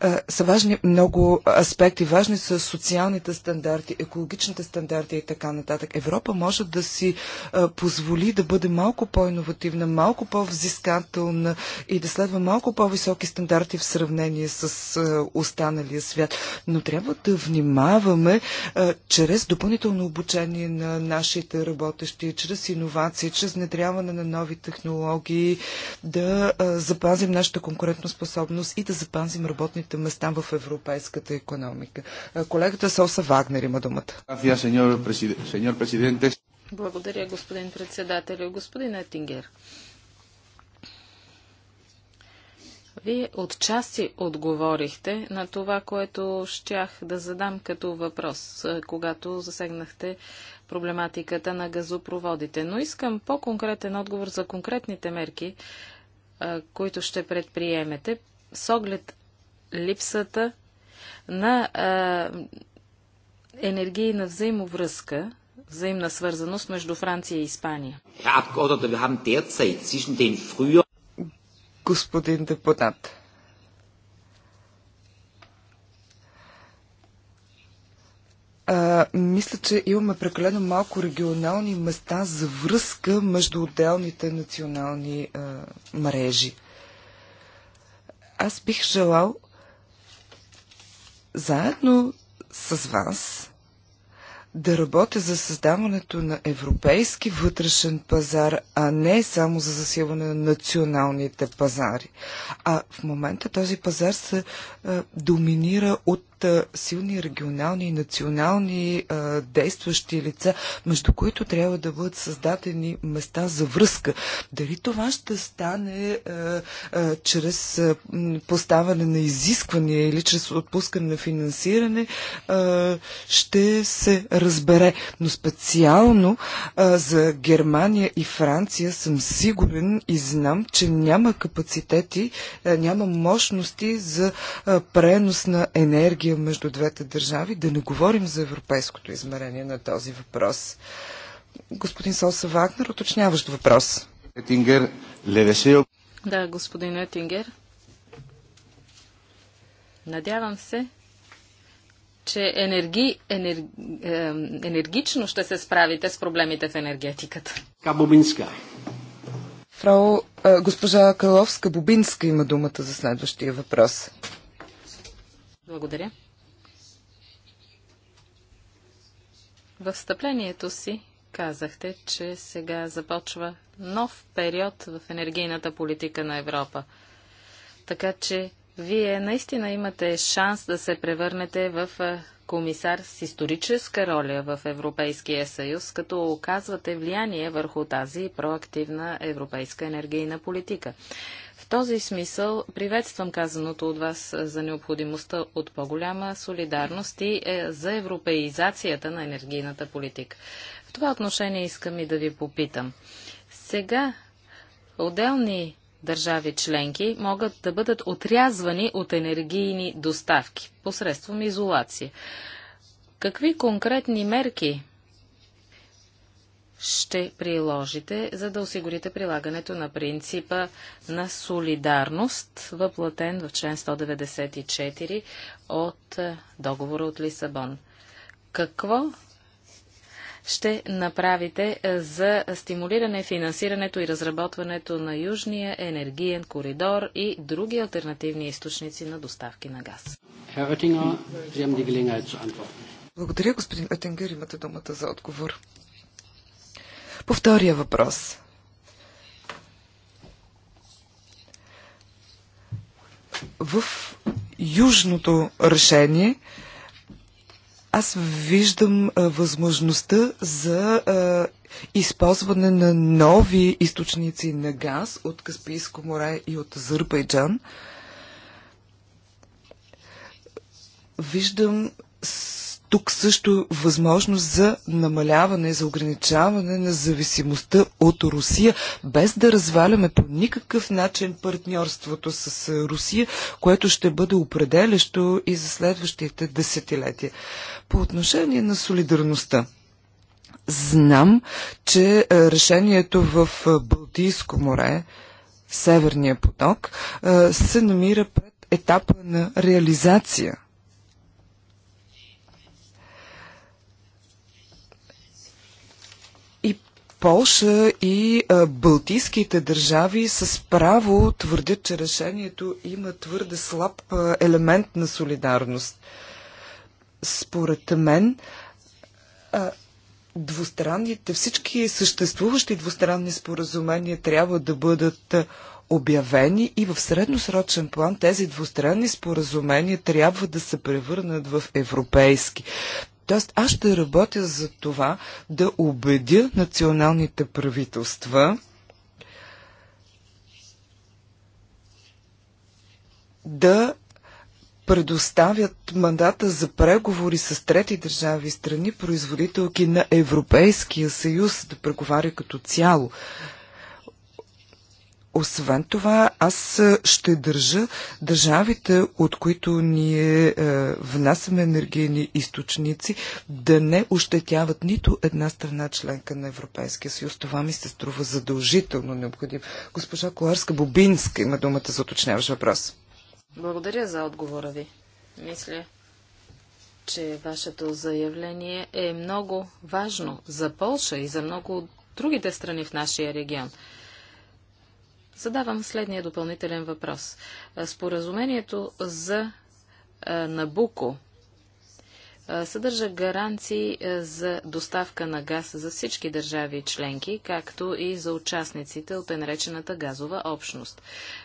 А, са важни много аспекти. Важни са социалните стандарти, екологичните стандарти и така нататък. Европа може да си а, позволи да бъде малко по-инновативна, малко по-взискателна и да следва малко по-високи стандарти в сравнение с а, останалия свят. Но трябва да внимаваме а, чрез допълнително обучение на нашите работещи, чрез иновации, чрез внедряване на нови технологии, да запазим нашата конкурентоспособност и да запазим работните места в европейската економика. Колегата Соса Вагнер има думата. Благодаря, господин председател. Господин Етингер, Вие отчасти отговорихте на това, което щях да задам като въпрос, когато засегнахте проблематиката на газопроводите. Но искам по-конкретен отговор за конкретните мерки, които ще предприемете с оглед липсата на енергийна взаимовръзка, взаимна свързаност между Франция и Испания. Господин депутат, А, мисля, че имаме прекалено малко регионални места за връзка между отделните национални а, мрежи. Аз бих желал заедно с вас да работя за създаването на европейски вътрешен пазар, а не само за засилване на националните пазари. А в момента този пазар се а, доминира от силни регионални и национални а, действащи лица, между които трябва да бъдат създадени места за връзка. Дали това ще стане а, а, чрез а, поставане на изисквания или чрез отпускане на финансиране, а, ще се разбере. Но специално а, за Германия и Франция съм сигурен и знам, че няма капацитети, а, няма мощности за а, пренос на енергия различия между двете държави, да не говорим за европейското измерение на този въпрос. Господин Солса Вагнер, уточняващ въпрос. Етингер, левесио. Да, господин Етингер. Надявам се, че енерги, енер, енергично ще се справите с проблемите в енергетиката. Кабубинска. Фрау, е, госпожа Каловска-Бубинска има думата за следващия въпрос. Благодаря. В встъплението си казахте, че сега започва нов период в енергийната политика на Европа. Така че вие наистина имате шанс да се превърнете в комисар с историческа роля в Европейския съюз, като оказвате влияние върху тази проактивна европейска енергийна политика този смисъл приветствам казаното от вас за необходимостта от по-голяма солидарност и е, за европеизацията на енергийната политика. В това отношение искам и да ви попитам. Сега отделни държави членки могат да бъдат отрязвани от енергийни доставки посредством изолация. Какви конкретни мерки ще приложите, за да осигурите прилагането на принципа на солидарност, въплатен в член 194 от е, договора от Лисабон? Какво ще направите е, за стимулиране финансирането и разработването на Южния енергиен коридор и други альтернативни източници на доставки на газ? Благодаря, господин Етенгер. Имате думата за отговор. По втория въпрос. В южното решение аз виждам а, възможността за а, използване на нови източници на газ от Каспийско море и от Азербайджан. Виждам тук също възможност за намаляване, за ограничаване на зависимостта от Русия, без да разваляме по никакъв начин партньорството с Русия, което ще бъде определящо и за следващите десетилетия. По отношение на солидарността. Знам, че е, решението в е, Балтийско море, Северния поток, е, се намира пред етапа на реализация – Полша и Балтийските държави с право твърдят, че решението има твърде слаб елемент на солидарност. Според мен, двустранните, всички съществуващи двустранни споразумения трябва да бъдат обявени и в средносрочен план тези двустранни споразумения трябва да се превърнат в европейски. Тоест, аз ще работя за това да убедя националните правителства да предоставят мандата за преговори с трети държави страни, производителки на Европейския съюз, да преговаря като цяло. Освен това, аз е, ще държа държавите, от които ние е, внасяме енергийни източници, да не ощетяват нито една страна членка на Европейския съюз. Това ми се струва задължително необходимо. Госпожа Коларска-Бобинска има думата за уточняваш въпрос. Благодаря за отговора ви. Мисля, че вашето заявление е много важно за Полша и за много от другите страни в нашия регион задавам следния допълнителен въпрос. Споразумението за Набуко съдържа гаранции за доставка на газ за всички държави членки, както и за участниците от наречената газова общност.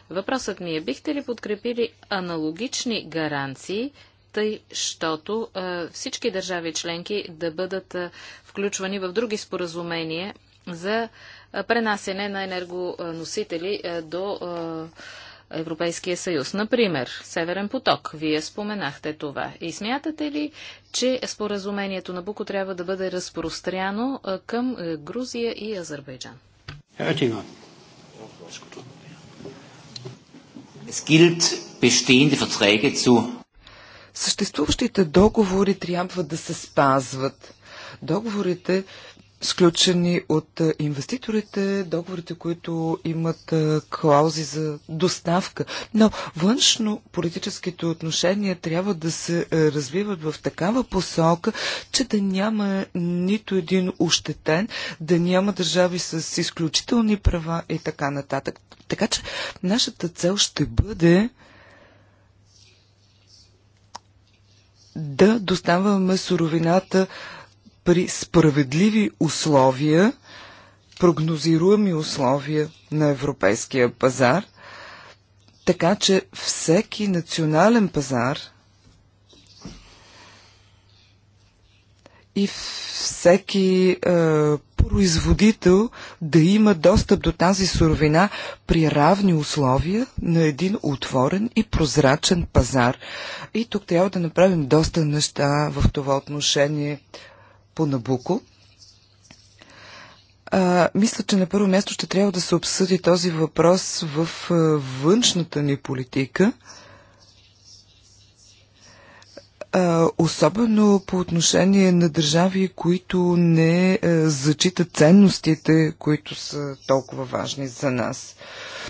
Въпросът ми е, бихте ли подкрепили аналогични гаранции, тъй, щото всички държави членки да бъдат включвани в други споразумения за пренасене на енергоносители до Европейския съюз. Например, Северен поток. Вие споменахте това. И смятате ли, че споразумението на Буко трябва да бъде разпростряно към Грузия и Азербайджан? Съществуващите договори трябва да се спазват. Договорите сключени от е, инвеститорите, договорите, които имат е, клаузи за доставка. Но външно-политическите отношения трябва да се е, развиват в такава посока, че да няма нито един ощетен, да няма държави с изключителни права и така нататък. Така че нашата цел ще бъде да доставяме суровината при справедливи условия, прогнозируеми условия на европейския пазар, така че всеки национален пазар и всеки е, производител да има достъп до тази суровина при равни условия на един отворен и прозрачен пазар. И тук трябва да направим доста неща в това отношение по Набуко. А, мисля, че на първо място ще трябва да се обсъди този въпрос в а, външната ни политика, а, особено по отношение на държави, които не а, зачитат ценностите, които са толкова важни за нас.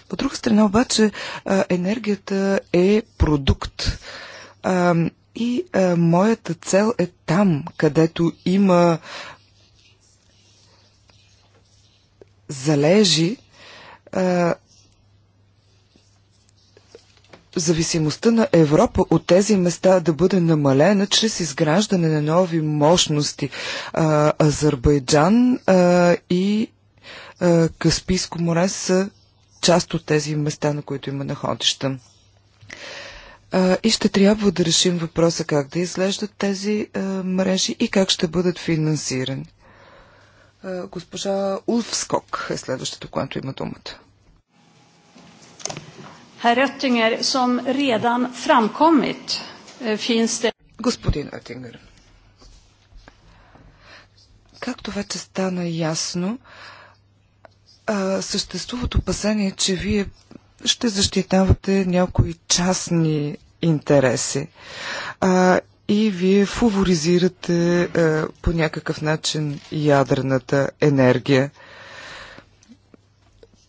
По друга страна обаче, а, енергията е продукт. А, и а, е, моята цел е там, където има залежи, а, е, зависимостта на Европа от тези места да бъде намалена чрез изграждане на нови мощности. А, е, Азербайджан а, и а, Каспийско море са част от тези места, на които има находища и ще трябва да решим въпроса как да изглеждат тези мрежи и как ще бъдат финансирани. Госпожа Улфскок е следващото, което има думата. Eh, Господин Оттингер, както вече стана ясно, съществуват опасения, че вие ще защитавате някои частни интереси. А, и вие фаворизирате а, е, по някакъв начин ядрената енергия.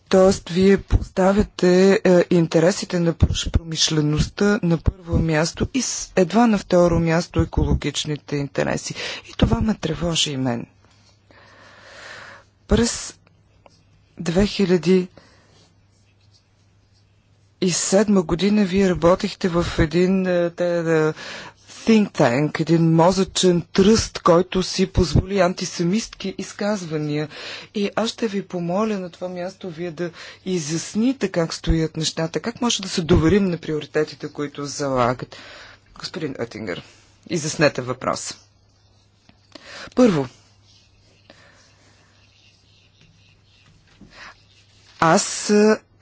Тоест, вие поставяте а, е, интересите на промишлеността на първо място и едва на второ място екологичните интереси. И това ме тревожи и мен. През 2007 година вие работихте в един е, те, е, е, think tank, един мозъчен тръст, който си позволи антисемистки изказвания. И аз ще ви помоля на това място вие да изясните как стоят нещата, как може да се доверим на приоритетите, които залагат. Господин Оттингър, изяснете въпроса. Първо, аз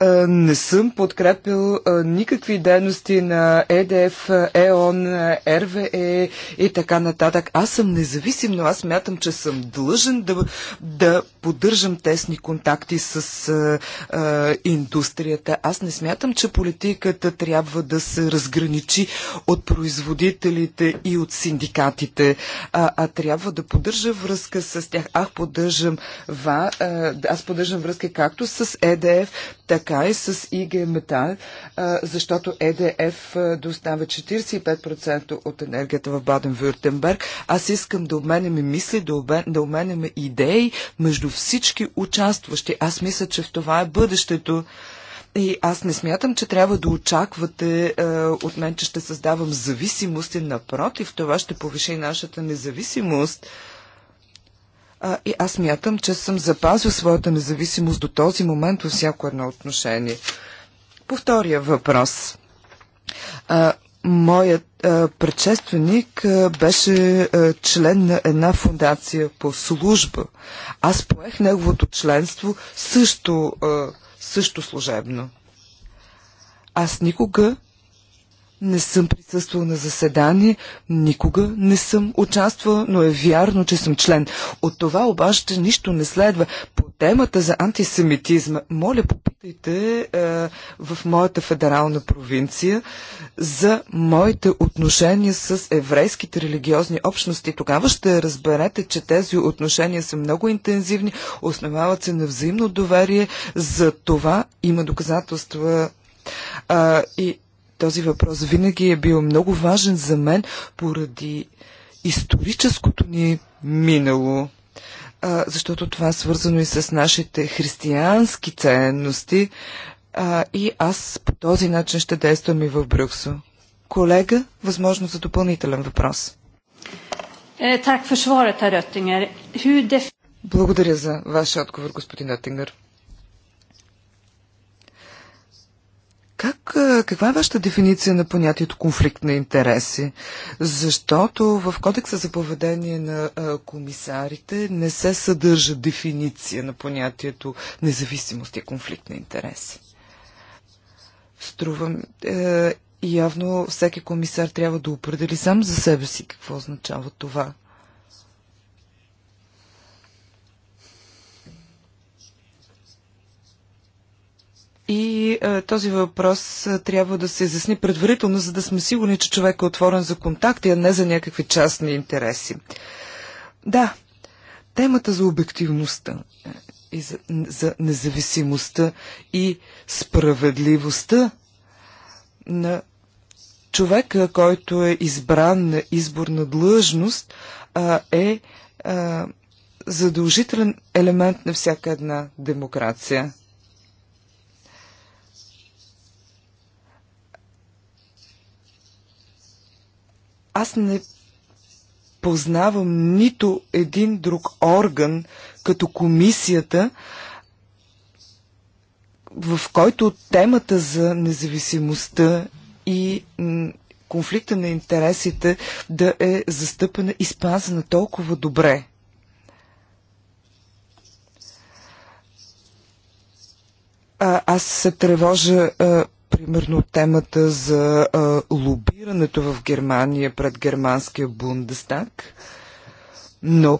е, не съм подкрепил е, никакви дейности на ЕДФ, ЕОН, РВЕ е и така нататък. Аз съм независим, но аз мятам, че съм длъжен да, да поддържам тесни контакти с а, индустрията. Аз не смятам, че политиката трябва да се разграничи от производителите и от синдикатите, а, а трябва да поддържа връзка с тях. Аз поддържам, ва, а, аз поддържам връзка както с ЕДФ, така така и с ИГ Метал, защото ЕДФ доставя 45% от енергията в Баден-Вюртенберг. Аз искам да обменяме мисли, да, обменяме идеи между всички участващи. Аз мисля, че в това е бъдещето. И аз не смятам, че трябва да очаквате е, от мен, че ще създавам зависимости. Напротив, това ще повиши нашата независимост. Е, а, и аз мятам, че съм запазил своята независимост до този момент във всяко едно отношение. По втория въпрос. А, моят а, предшественик а, беше а, член на една фундация по служба. Аз поех неговото членство също, а, също служебно. Аз никога не съм присъствал на заседание, никога не съм участвал, но е вярно, че съм член. От това обаче нищо не следва. По темата за антисемитизма, моля попитайте е, в моята федерална провинция за моите отношения с еврейските религиозни общности. Тогава ще разберете, че тези отношения са много интензивни, основават се на взаимно доверие, за това има доказателства. Е, и този въпрос винаги е бил много важен за мен поради историческото ни минало, а, защото това е свързано и с нашите християнски ценности а, и аз по този начин ще действам и в Брюксо. Колега, възможно за допълнителен въпрос. Е, Благодаря за вашия отговор, господин Оттингър. Как, каква е вашата дефиниция на понятието конфликт на интереси? Защото в кодекса за поведение на комисарите не се съдържа дефиниция на понятието независимост и конфликт на интереси. Струвам. Е, явно всеки комисар трябва да определи сам за себе си какво означава това. И е, този въпрос е, трябва да се изясни предварително, за да сме сигурни, че човек е отворен за контакти, а не за някакви частни интереси. Да, темата за обективността е, и за, за независимостта и справедливостта на човека, който е избран на изборна длъжност, а, е а, задължителен елемент на всяка една демокрация. Аз не познавам нито един друг орган, като комисията, в който темата за независимостта и конфликта на интересите да е застъпена и спазена толкова добре. А, аз се тревожа а, примерно темата за а, лобирането в Германия пред германския Бундестаг, но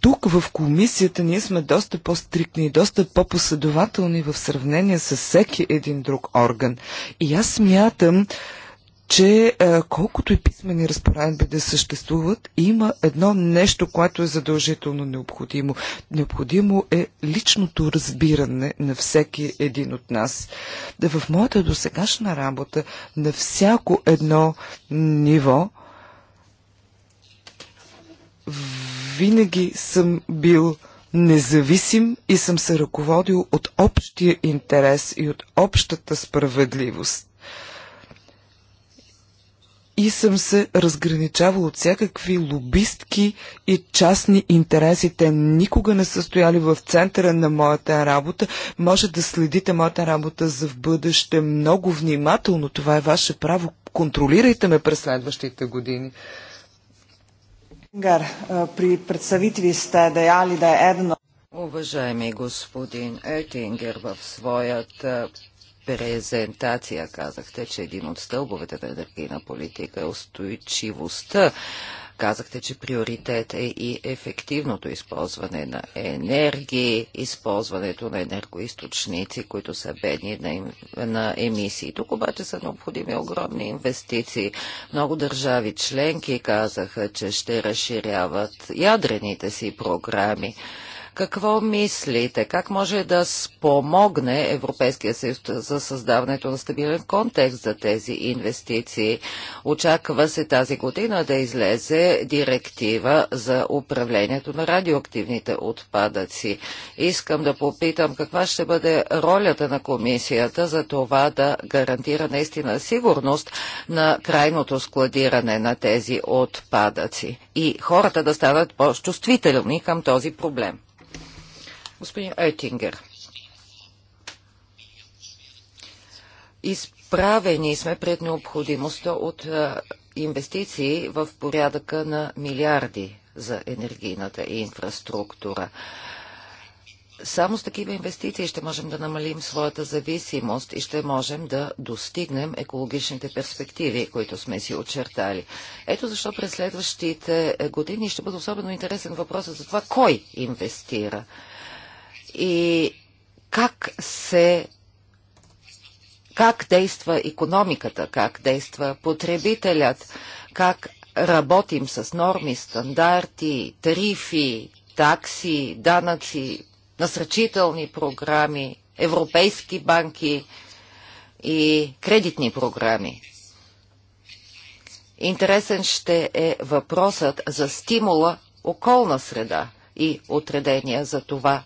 тук в комисията ние сме доста по-стрикни и доста по-последователни в сравнение с всеки един друг орган. И аз смятам, че е, колкото и писмени разпоредби да съществуват, има едно нещо, което е задължително необходимо. Необходимо е личното разбиране на всеки един от нас. Да в моята досегашна работа на всяко едно ниво винаги съм бил независим и съм се ръководил от общия интерес и от общата справедливост и съм се разграничавал от всякакви лобистки и частни интереси. Те никога не са стояли в центъра на моята работа. Може да следите моята работа за в бъдеще много внимателно. Това е ваше право. Контролирайте ме през следващите години. Гар, при ви сте даяли да е едно Уважаеми господин Етингер в своята презентация казахте, че един от стълбовете на енергийна политика е устойчивостта. Казахте, че приоритет е и ефективното използване на енергии, използването на енергоисточници, които са бедни на, им, на емисии. Тук обаче са необходими огромни инвестиции. Много държави членки казаха, че ще разширяват ядрените си програми. Какво мислите? Как може да спомогне Европейския съюз за създаването на стабилен контекст за тези инвестиции? Очаква се тази година да излезе директива за управлението на радиоактивните отпадъци. Искам да попитам каква ще бъде ролята на комисията за това да гарантира наистина сигурност на крайното складиране на тези отпадъци и хората да станат по-чувствителни към този проблем господин Ойтингер. Изправени сме пред необходимостта от инвестиции в порядъка на милиарди за енергийната инфраструктура. Само с такива инвестиции ще можем да намалим своята зависимост и ще можем да достигнем екологичните перспективи, които сме си очертали. Ето защо през следващите е, години ще бъде особено интересен въпросът за това кой инвестира и как се как действа економиката, как действа потребителят, как работим с норми, стандарти, тарифи, такси, данъци, насръчителни програми, европейски банки и кредитни програми. Интересен ще е въпросът за стимула околна среда и отредения за това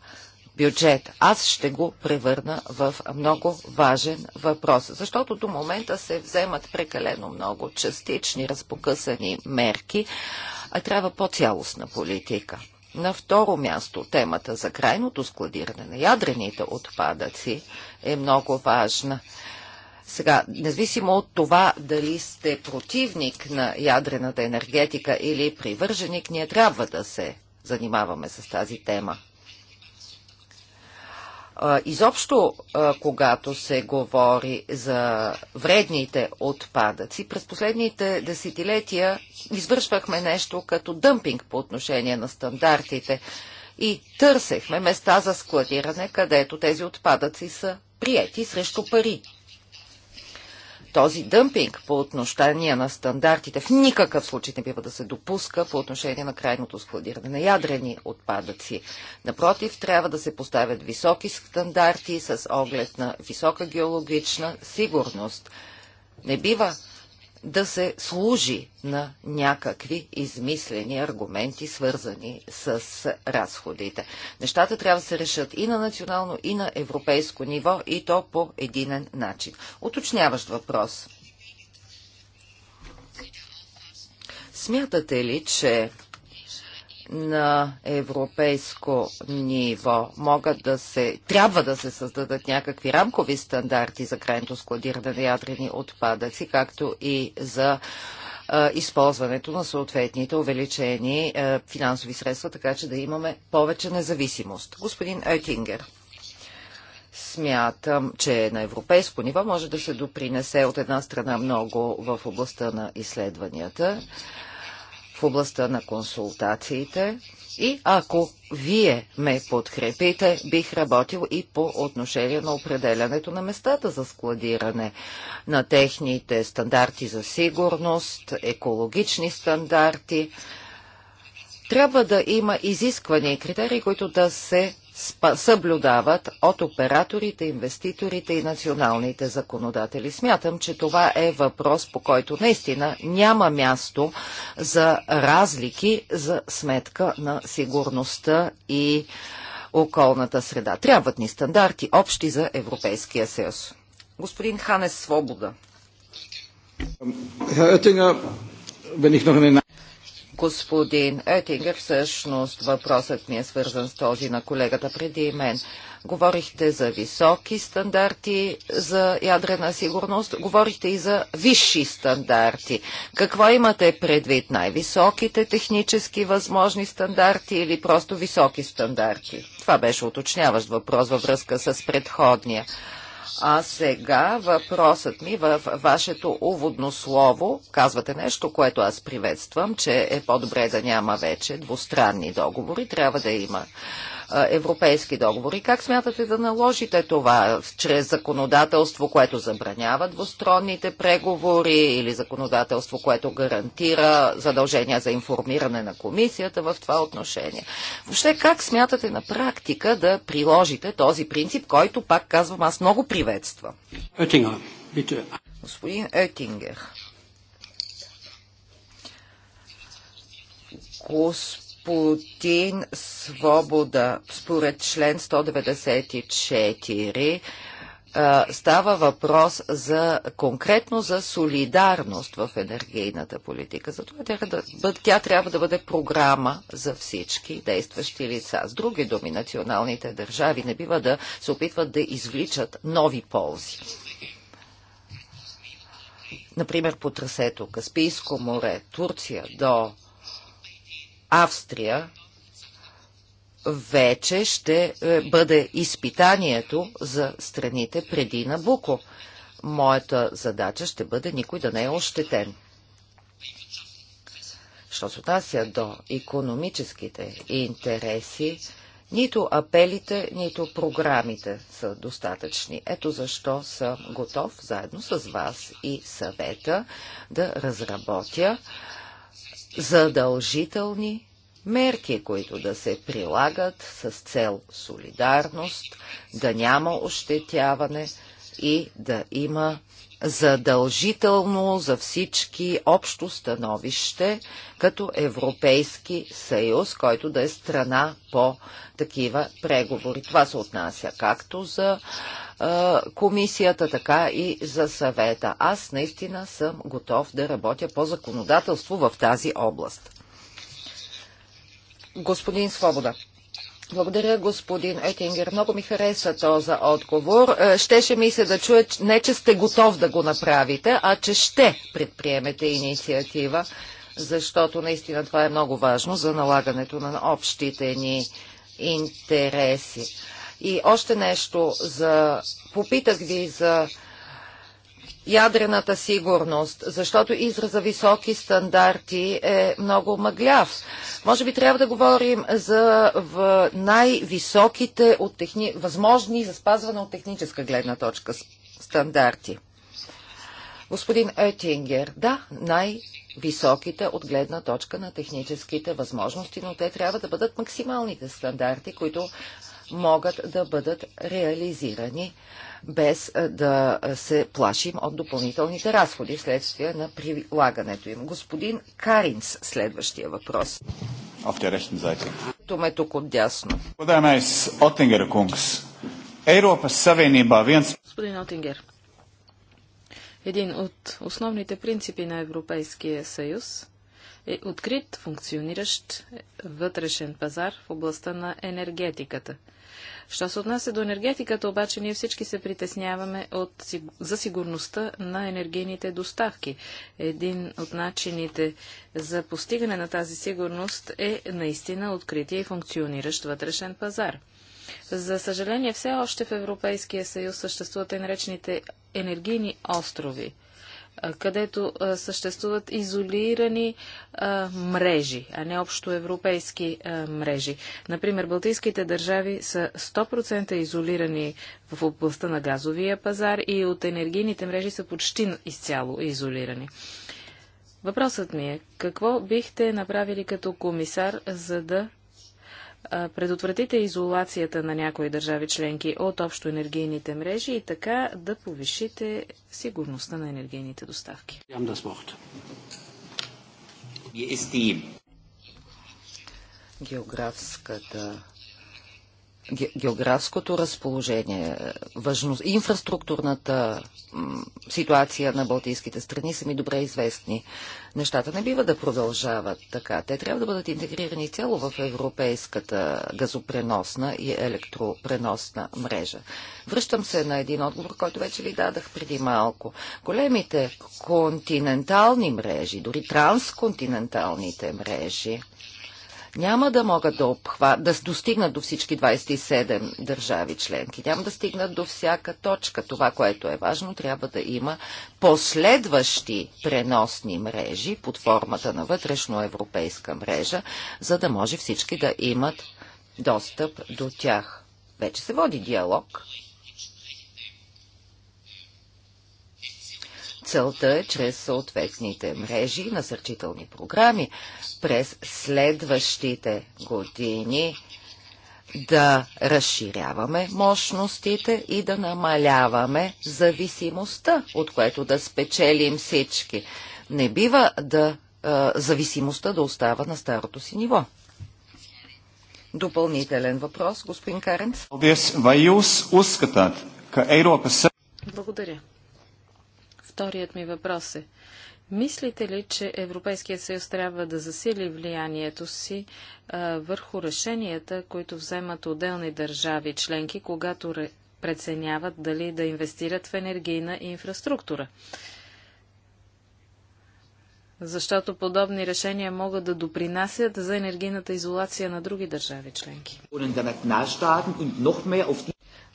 бюджет. Аз ще го превърна в много важен въпрос, защото до момента се вземат прекалено много частични, разпокъсани мерки, а трябва по-цялостна политика. На второ място темата за крайното складиране на ядрените отпадъци е много важна. Сега, независимо от това дали сте противник на ядрената енергетика или привърженик, ние трябва да се занимаваме с тази тема. Изобщо, когато се говори за вредните отпадъци, през последните десетилетия извършвахме нещо като дъмпинг по отношение на стандартите и търсехме места за складиране, където тези отпадъци са прияти срещу пари този дъмпинг по отношение на стандартите в никакъв случай не бива да се допуска по отношение на крайното складиране на ядрени отпадъци. Напротив, трябва да се поставят високи стандарти с оглед на висока геологична сигурност. Не бива да се служи на някакви измислени аргументи, свързани с разходите. Нещата трябва да се решат и на национално, и на европейско ниво, и то по единен начин. Уточняващ въпрос. Смятате ли, че на европейско ниво могат да се, трябва да се създадат някакви рамкови стандарти за крайното складиране на ядрени отпадъци, както и за а, използването на съответните увеличени а, финансови средства, така че да имаме повече независимост. Господин Етингер смятам, че на европейско ниво може да се допринесе от една страна много в областта на изследванията в областта на консултациите и ако вие ме подкрепите, бих работил и по отношение на определянето на местата за складиране, на техните стандарти за сигурност, екологични стандарти. Трябва да има изисквания и критерии, които да се съблюдават от операторите, инвеститорите и националните законодатели. Смятам, че това е въпрос, по който наистина няма място за разлики за сметка на сигурността и околната среда. Трябват ни стандарти общи за Европейския съюз. Господин Ханес Свобода господин Етингер. Всъщност въпросът ми е свързан с този на колегата преди мен. Говорихте за високи стандарти за ядрена сигурност, говорихте и за висши стандарти. Какво имате предвид? Най-високите технически възможни стандарти или просто високи стандарти? Това беше уточняващ въпрос във връзка с предходния. А сега въпросът ми в вашето уводно слово, казвате нещо, което аз приветствам, че е по-добре да няма вече двустранни договори, трябва да има европейски договори. Как смятате да наложите това чрез законодателство, което забранява двустронните преговори или законодателство, което гарантира задължения за информиране на комисията в това отношение? Въобще как смятате на практика да приложите този принцип, който, пак казвам, аз много приветствам? Господин Етингер. Господин господин Свобода, според член 194, става въпрос за, конкретно за солидарност в енергийната политика. Затова тя, да, тя трябва да бъде програма за всички действащи лица. С други думи, националните държави не бива да се опитват да извличат нови ползи. Например, по трасето Каспийско море, Турция до Австрия вече ще е, бъде изпитанието за страните преди Набуко. Моята задача ще бъде никой да не е ощетен. Що се отнася до економическите интереси, нито апелите, нито програмите са достатъчни. Ето защо съм готов заедно с вас и съвета да разработя задължителни мерки, които да се прилагат с цел солидарност, да няма ощетяване и да има задължително за всички общо становище като Европейски съюз, който да е страна по такива преговори. Това се отнася както за комисията, така и за съвета. Аз наистина съм готов да работя по законодателство в тази област. Господин Свобода. Благодаря, господин Етингер. Много ми хареса този отговор. Е, щеше ми се да чуя не, че сте готов да го направите, а че ще предприемете инициатива, защото наистина това е много важно за налагането на общите ни интереси. И още нещо, за... попитах ви за ядрената сигурност, защото израза високи стандарти е много мъгляв. Може би трябва да говорим за най-високите от техни... възможни за спазване от техническа гледна точка стандарти. Господин Етингер, да, най-високите от гледна точка на техническите възможности, но те трябва да бъдат максималните стандарти, които могат да бъдат реализирани без да се плашим от допълнителните разходи вследствие на прилагането им. Господин Каринс, следващия въпрос. Туме тук от дясно. Господин Отингер, един от основните принципи на Европейския съюз е открит, функциониращ вътрешен пазар в областта на енергетиката – Що се отнася до енергетиката, обаче ние всички се притесняваме от, за сигурността на енергийните доставки. Един от начините за постигане на тази сигурност е наистина откритие и функциониращ вътрешен пазар. За съжаление, все още в Европейския съюз съществуват и наречените енергийни острови – където съществуват изолирани мрежи, а не общо европейски мрежи. Например, Балтийските държави са 100% изолирани в областта на газовия пазар и от енергийните мрежи са почти изцяло изолирани. Въпросът ми е, какво бихте направили като комисар, за да предотвратите изолацията на някои държави членки от общо енергийните мрежи и така да повишите сигурността на енергийните доставки. Географската географското разположение, важност, инфраструктурната ситуация на Балтийските страни са ми добре известни. Нещата не бива да продължават така. Те трябва да бъдат интегрирани цяло в европейската газопреносна и електропреносна мрежа. Връщам се на един отговор, който вече ви дадах преди малко. Големите континентални мрежи, дори трансконтиненталните мрежи, няма да могат да, обхва, да достигнат до всички 27 държави членки. Няма да стигнат до всяка точка. Това, което е важно, трябва да има последващи преносни мрежи под формата на вътрешноевропейска мрежа, за да може всички да имат достъп до тях. Вече се води диалог Целта е чрез съответните мрежи и насърчителни програми през следващите години да разширяваме мощностите и да намаляваме зависимостта, от което да спечелим всички. Не бива да е, зависимостта да остава на старото си ниво. Допълнителен въпрос, господин Каренц. Благодаря. Вторият ми въпрос е, мислите ли, че Европейският съюз трябва да засили влиянието си а, върху решенията, които вземат отделни държави членки, когато преценяват дали да инвестират в енергийна инфраструктура? защото подобни решения могат да допринасят за енергийната изолация на други държави членки.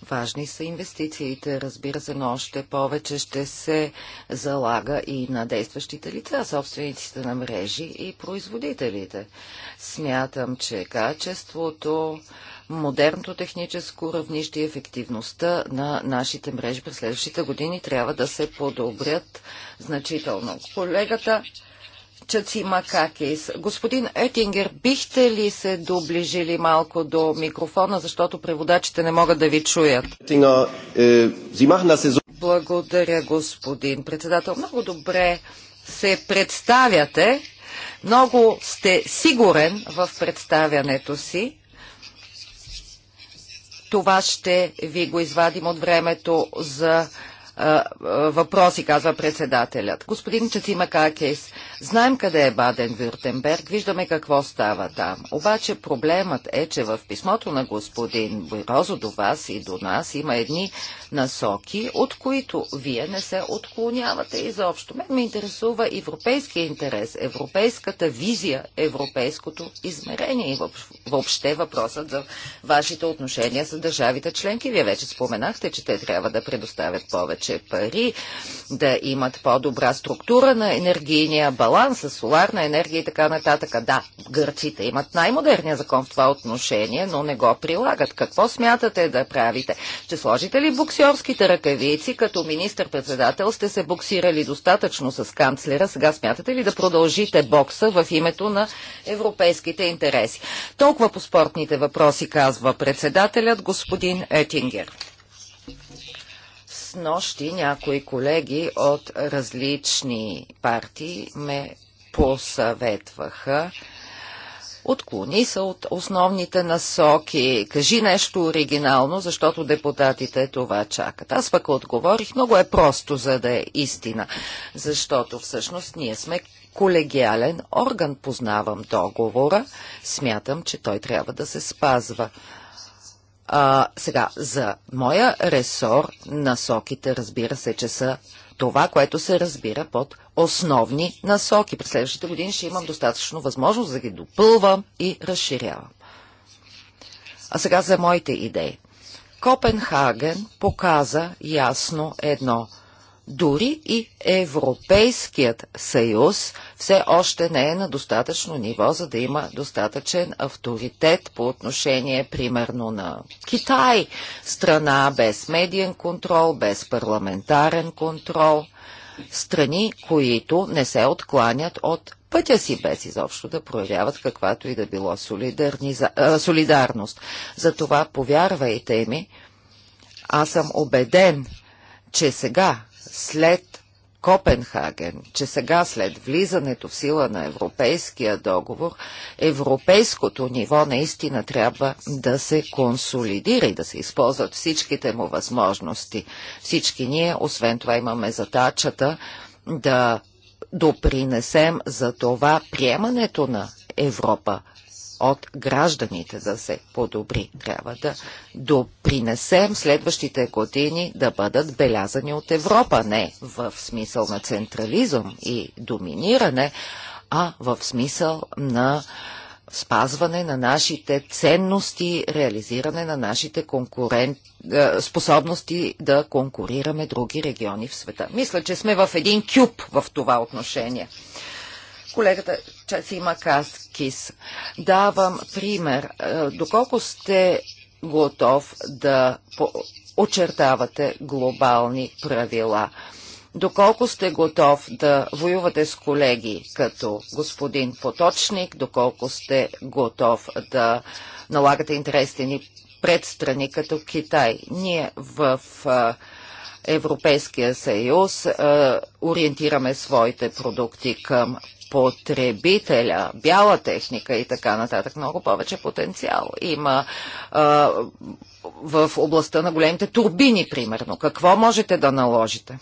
Важни са инвестициите, разбира се, но още повече ще се залага и на действащите лица, собствениците на мрежи и производителите. Смятам, че качеството, модерното техническо равнище и ефективността на нашите мрежи през следващите години трябва да се подобрят значително. Колегата Чацимакакис. Господин Етингер, бихте ли се доближили малко до микрофона, защото преводачите не могат да ви чуят? Е, Благодаря, господин председател. Много добре се представяте. Много сте сигурен в представянето си. Това ще ви го извадим от времето за въпроси, казва председателят. Господин Чацима Какейс, знаем къде е Баден-Вюртенберг, виждаме какво става там. Обаче проблемът е, че в писмото на господин Бойрозо до вас и до нас има едни насоки, от които вие не се отклонявате изобщо. Мен ме интересува европейския интерес, европейската визия, европейското измерение и въобще въпросът за вашите отношения с държавите членки. Вие вече споменахте, че те трябва да предоставят повече повече пари, да имат по-добра структура на енергийния баланс, с соларна енергия и така нататък. Да, гърците имат най-модерния закон в това отношение, но не го прилагат. Какво смятате да правите? Ще сложите ли буксиорските ръкавици? Като министър-председател сте се буксирали достатъчно с канцлера. Сега смятате ли да продължите бокса в името на европейските интереси? Толкова по спортните въпроси казва председателят господин Етингер нощи някои колеги от различни партии ме посъветваха. Отклони се от основните насоки, кажи нещо оригинално, защото депутатите това чакат. Аз пък отговорих, много е просто, за да е истина, защото всъщност ние сме колегиален орган, познавам договора, смятам, че той трябва да се спазва. А, сега, за моя ресор насоките, разбира се, че са това, което се разбира под основни насоки. През следващите години ще имам достатъчно възможност да ги допълвам и разширявам. А сега за моите идеи. Копенхаген показа ясно едно – дори и Европейският съюз все още не е на достатъчно ниво, за да има достатъчен авторитет по отношение, примерно, на Китай, страна без медиен контрол, без парламентарен контрол, страни, които не се откланят от пътя си без изобщо да проявяват каквато и да било солидарност. Затова повярвайте ми, аз съм убеден, че сега, след Копенхаген, че сега след влизането в сила на европейския договор, европейското ниво наистина трябва да се консолидира и да се използват всичките му възможности. Всички ние, освен това, имаме задачата да допринесем за това приемането на Европа от гражданите, за да се подобри. Трябва да допринесем следващите години да бъдат белязани от Европа, не в смисъл на централизъм и доминиране, а в смисъл на спазване на нашите ценности, реализиране на нашите конкурент... Е, способности да конкурираме други региони в света. Мисля, че сме в един кюб в това отношение. Колегата Чаци Макас КИС Давам пример. Е, доколко сте готов да очертавате глобални правила? доколко сте готов да воювате с колеги като господин Поточник, доколко сте готов да налагате интересите ни пред страни като Китай. Ние в е, Европейския съюз е, ориентираме своите продукти към потребителя, бяла техника и така нататък, много повече потенциал има а, в областта на големите турбини, примерно. Какво можете да наложите?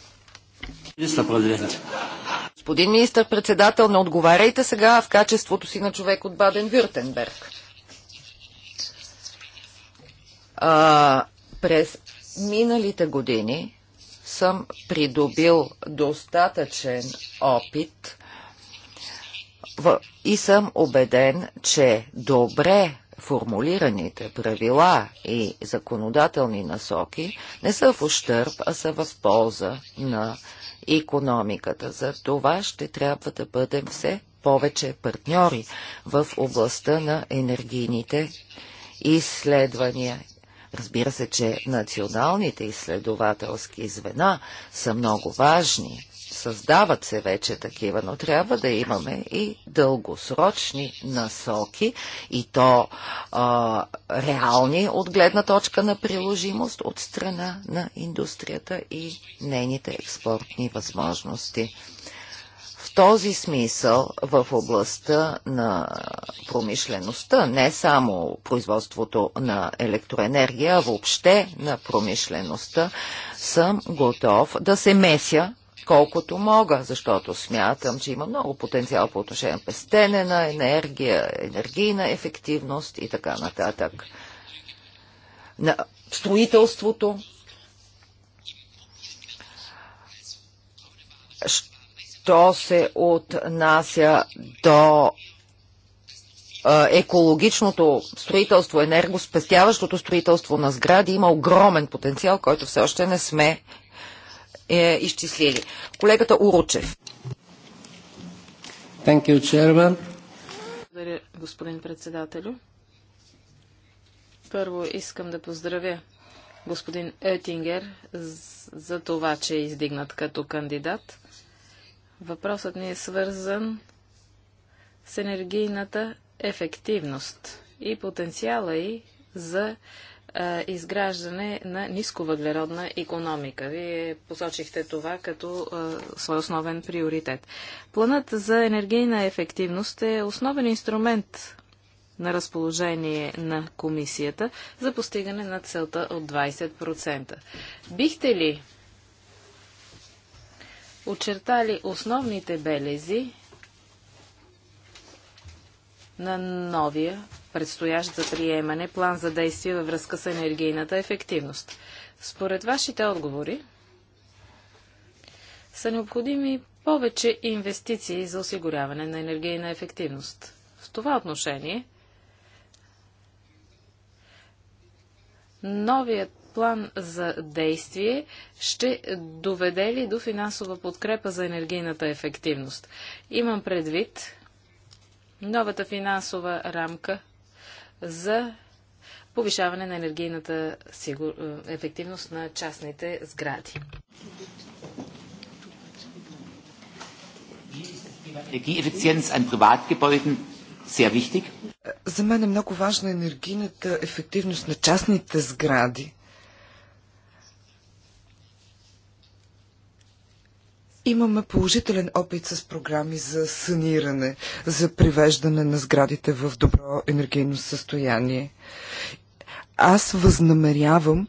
Господин министър-председател, не отговаряйте сега в качеството си на човек от Баден-Вюртенберг. през миналите години съм придобил достатъчен опит и съм убеден, че добре формулираните правила и законодателни насоки не са в ущърп, а са в полза на економиката. За това ще трябва да бъдем все повече партньори в областта на енергийните изследвания. Разбира се, че националните изследователски звена са много важни, Създават се вече такива, но трябва да имаме и дългосрочни насоки и то а, реални от гледна точка на приложимост от страна на индустрията и нейните експортни възможности. В този смисъл в областта на промишлеността, не само производството на електроенергия, а въобще на промишлеността, съм готов да се меся колкото мога, защото смятам, че има много потенциал по отношение на пестенена енергия, енергийна ефективност и така нататък. На строителството. Що се отнася до екологичното строителство, енергоспестяващото строителство на сгради има огромен потенциал, който все още не сме е, изчислили. Колегата Уручев. Thank you, chairman. Благодаря, господин председателю. Първо искам да поздравя господин Етингер за това, че е издигнат като кандидат. Въпросът ни е свързан с енергийната ефективност и потенциала и за е, изграждане на нисковъглеродна економика. Вие посочихте това като е, свой основен приоритет. Планът за енергийна ефективност е основен инструмент на разположение на комисията за постигане на целта от 20%. Бихте ли очертали основните белези на новия предстоящ за приемане план за действие във връзка с енергийната ефективност. Според вашите отговори са необходими повече инвестиции за осигуряване на енергийна ефективност. В това отношение новият план за действие ще доведе ли до финансова подкрепа за енергийната ефективност? Имам предвид новата финансова рамка за повишаване на енергийната сигур... Е, ефективност на частните сгради. Е, за мен е много важна енергийната ефективност на частните сгради. Имаме положителен опит с програми за саниране, за привеждане на сградите в добро енергийно състояние. Аз възнамерявам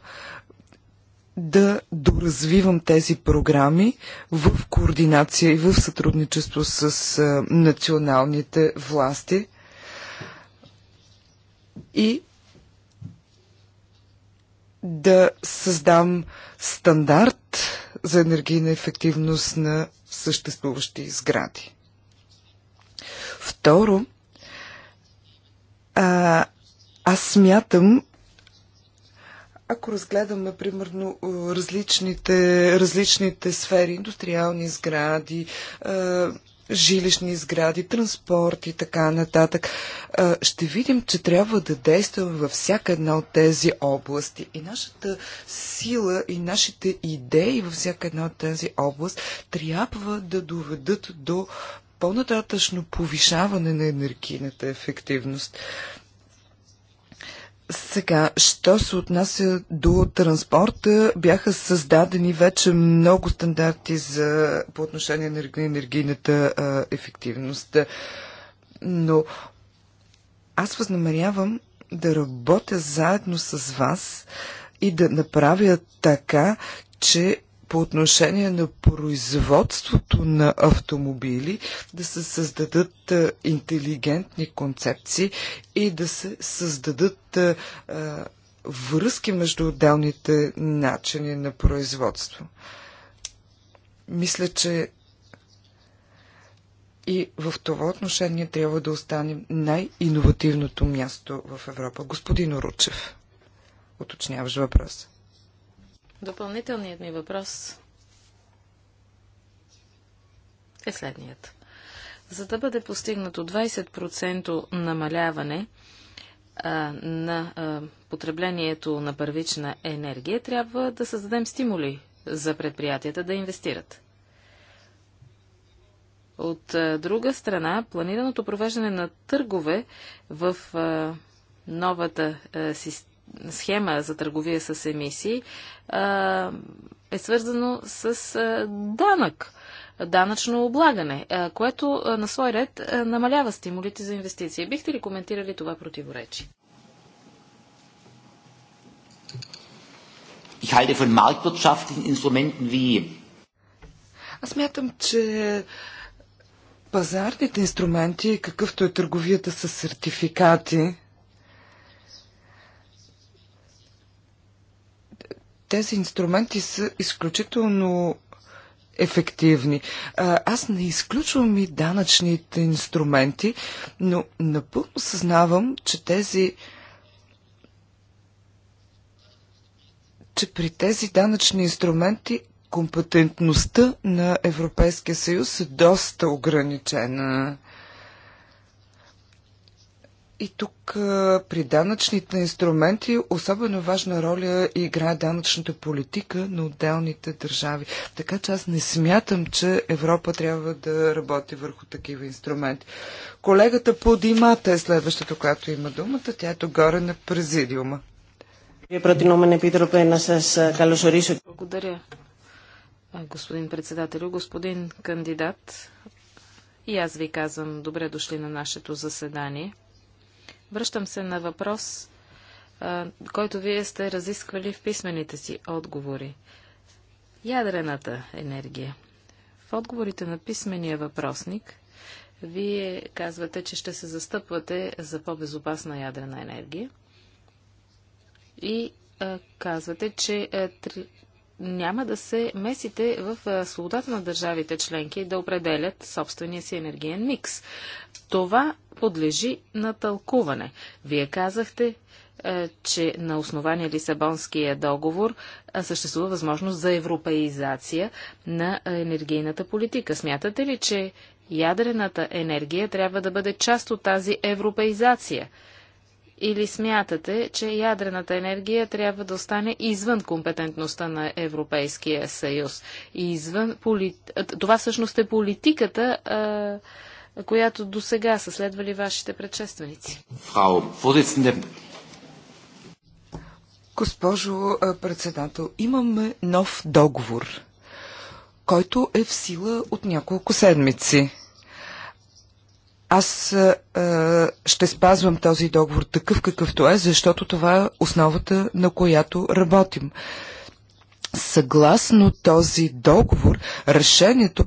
да доразвивам тези програми в координация и в сътрудничество с националните власти и да създам стандарт за енергийна ефективност на съществуващи сгради. Второ, а, аз смятам, ако разгледаме, примерно, различните, различните сфери, индустриални сгради, жилищни сгради, транспорт и така нататък. Ще видим, че трябва да действаме във всяка една от тези области. И нашата сила и нашите идеи във всяка една от тези област трябва да доведат до по-нататъчно повишаване на енергийната ефективност. Сега, що се отнася до транспорта, бяха създадени вече много стандарти за, по отношение на енергийната а, ефективност. Но аз възнамерявам да работя заедно с вас и да направя така, че по отношение на производството на автомобили да се създадат интелигентни концепции и да се създадат връзки между отделните начини на производство. Мисля, че и в това отношение трябва да останем най-инновативното място в Европа. Господин Ручев, уточняваш въпроса. Допълнителният ми въпрос е следният. За да бъде постигнато 20% намаляване а, на а, потреблението на първична енергия, трябва да създадем стимули за предприятията да инвестират. От а, друга страна, планираното провеждане на търгове в новата система схема за търговия с емисии е свързано с данък, данъчно облагане, което на свой ред намалява стимулите за инвестиции. Бихте ли коментирали това противоречие? Ich halte von marktwirtschaftlichen Instrumenten wie аз мятам, че пазарните инструменти, какъвто е търговията с сертификати, тези инструменти са изключително ефективни. Аз не изключвам и данъчните инструменти, но напълно съзнавам, че тези че при тези данъчни инструменти компетентността на Европейския съюз е доста ограничена. И тук при данъчните инструменти особено важна роля играе данъчната политика на отделните държави. Така че аз не смятам, че Европа трябва да работи върху такива инструменти. Колегата по Димата е следващото, която има думата. Тя е догоре на президиума. Благодаря, господин председател, господин кандидат. И аз ви казвам добре дошли на нашето заседание. Връщам се на въпрос, който вие сте разисквали в писмените си отговори. Ядрената енергия. В отговорите на писмения въпросник, вие казвате, че ще се застъпвате за по-безопасна ядрена енергия и казвате, че е, няма да се месите в свободата на държавите членки да определят собствения си енергиен микс. Това подлежи на тълкуване. Вие казахте, е, че на основание Лисабонския договор съществува възможност за европеизация на енергийната политика. Смятате ли, че ядрената енергия трябва да бъде част от тази европеизация? Или смятате, че ядрената енергия трябва да остане извън компетентността на Европейския съюз? Извън поли... Това всъщност е политиката, която до сега са следвали вашите предшественици. Фрау, Госпожо председател, имаме нов договор, който е в сила от няколко седмици. Аз а, е, е, ще спазвам този договор такъв какъвто е, защото това е основата, на която работим. Съгласно този договор, решението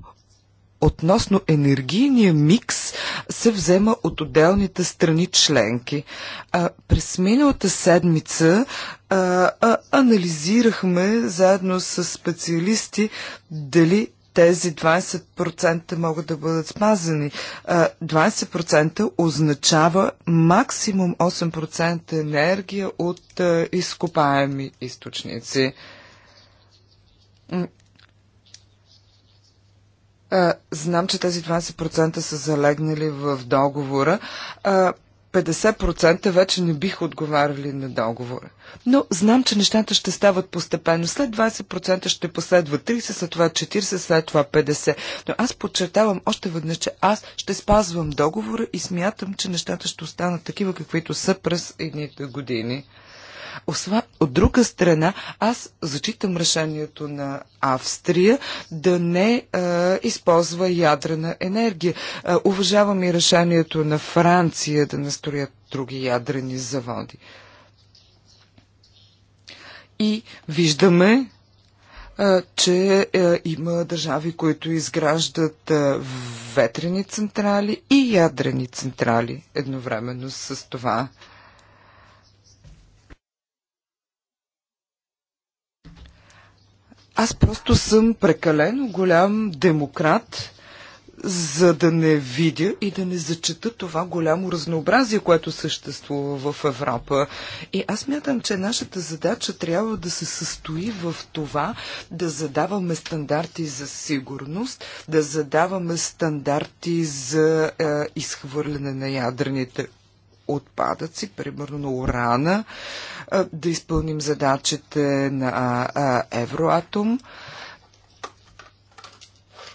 относно енергийния микс се взема от отделните страни членки. А, през миналата седмица а, а, анализирахме заедно с специалисти дали тези 20% могат да бъдат спазени. 20% означава максимум 8% енергия от изкопаеми източници. Знам, че тези 20% са залегнали в договора. 50% вече не бих отговаряли на договора. Но знам, че нещата ще стават постепенно. След 20% ще последва 30, след това 40, след това 50. Но аз подчертавам още веднъж, че аз ще спазвам договора и смятам, че нещата ще останат такива, каквито са през едните години. Осва... От друга страна, аз зачитам решението на Австрия да не а, е, използва ядрена енергия. А, е, уважавам и решението на Франция да настроят други ядрени заводи. И виждаме, е, че а, има държави, които изграждат а, ветрени централи и ядрени централи едновременно с това. Аз просто съм прекалено голям демократ, за да не видя и да не зачета това голямо разнообразие, което съществува в Европа. И аз мятам, че нашата задача трябва да се състои в това да задаваме стандарти за сигурност, да задаваме стандарти за е, изхвърляне на ядрените отпадъци, примерно на урана. Е, да изпълним задачите на Евроатом.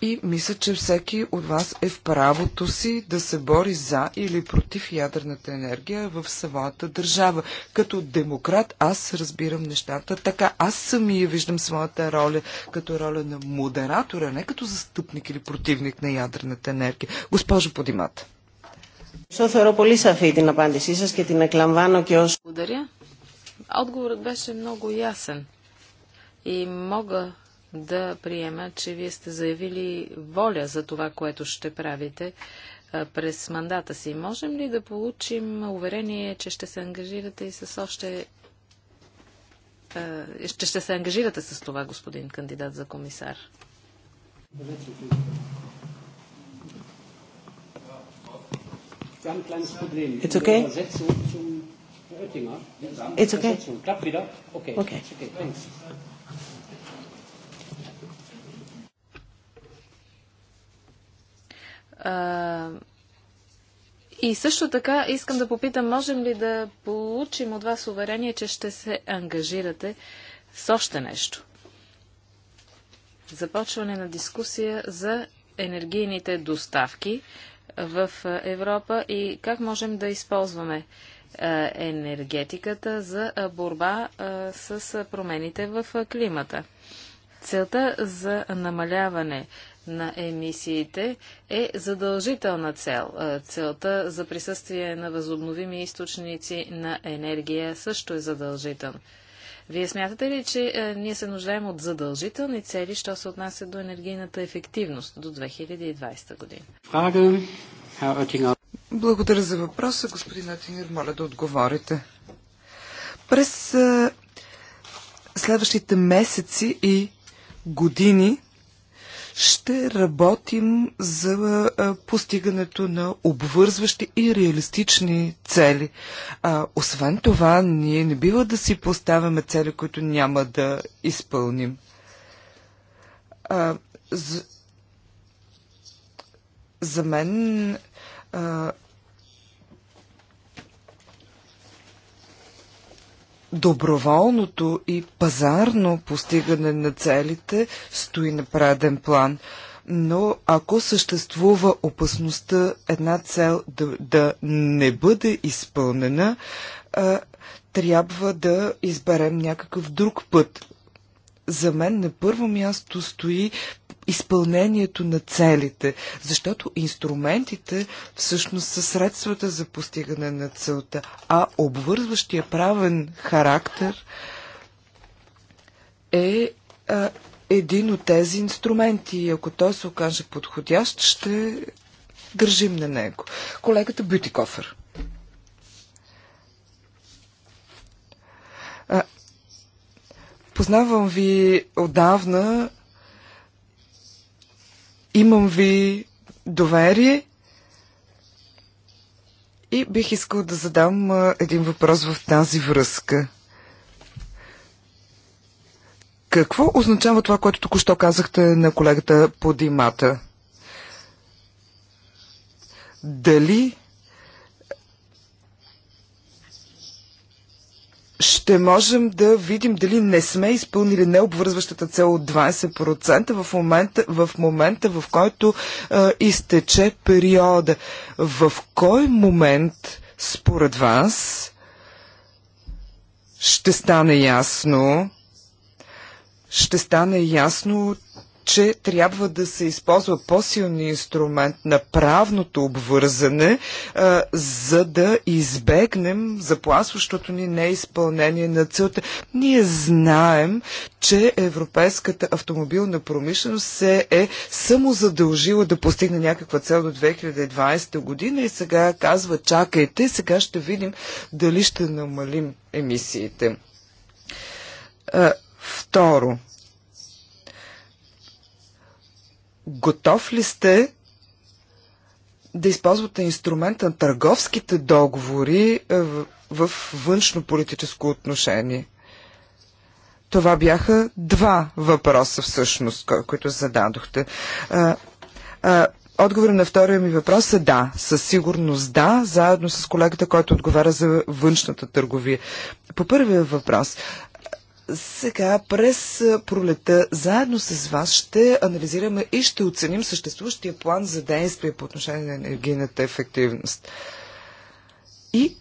И мисля, че всеки от вас е в правото си да се бори за или против ядрената енергия в своята държава. Като демократ аз разбирам нещата така. Аз самия виждам своята роля като роля на модератора, не като застъпник или противник на ядрената енергия. Госпожо Подимата. Благодаря. Отговорът беше много ясен и мога да приема, че вие сте заявили воля за това, което ще правите през мандата си. Можем ли да получим уверение, че ще се ангажирате и с още ще, ще се ангажирате с това, господин кандидат за комисар? It's okay? Oettinger, It's okay. Klappt wieder? Okay. okay. okay. Thanks. И също така искам да попитам, можем ли да получим от вас уверение, че ще се ангажирате с още нещо? Започване на дискусия за енергийните доставки в Европа и как можем да използваме е, енергетиката за е, борба е, с промените в климата. Целта за намаляване на емисиите е задължителна цел. Целта за присъствие на възобновими източници на енергия също е задължителна. Вие смятате ли, че ние се нуждаем от задължителни цели, що се отнася до енергийната ефективност до 2020 година? Благодаря за въпроса, господин Атинир. Моля да отговорите. През следващите месеци и години ще работим за постигането на обвързващи и реалистични цели. А, освен това, ние не бива да си поставяме цели, които няма да изпълним. А, за, за мен доброволното и пазарно постигане на целите стои на преден план. Но ако съществува опасността една цел да, да не бъде изпълнена, а, трябва да изберем някакъв друг път. За мен на първо място стои изпълнението на целите, защото инструментите всъщност са средствата за постигане на целта, а обвързващия правен характер е а, един от тези инструменти и ако той се окаже подходящ, ще държим на него. Колегата Бютикофер. Познавам ви отдавна Имам ви доверие и бих искал да задам един въпрос в тази връзка. Какво означава това, което току-що казахте на колегата по Димата? Дали ще можем да видим дали не сме изпълнили необвързващата цел от 20% в момента, в, момента, в който а, изтече периода. В кой момент, според вас, ще стане ясно, ще стане ясно, че трябва да се използва по-силния инструмент на правното обвързане, а, за да избегнем запласващото ни неизпълнение на целта. Ние знаем, че европейската автомобилна промишленост се е самозадължила да постигне някаква цел до 2020 година и сега казва чакайте, сега ще видим дали ще намалим емисиите. А, второ, Готов ли сте да използвате инструмента на търговските договори е, в външно-политическо отношение? Това бяха два въпроса всъщност, които зададохте. Отговор на втория ми въпрос е да, със сигурност да, заедно с колегата, който отговаря за външната търговия. По първия въпрос, сега през пролета заедно с вас ще анализираме и ще оценим съществуващия план за действие по отношение на енергийната ефективност. И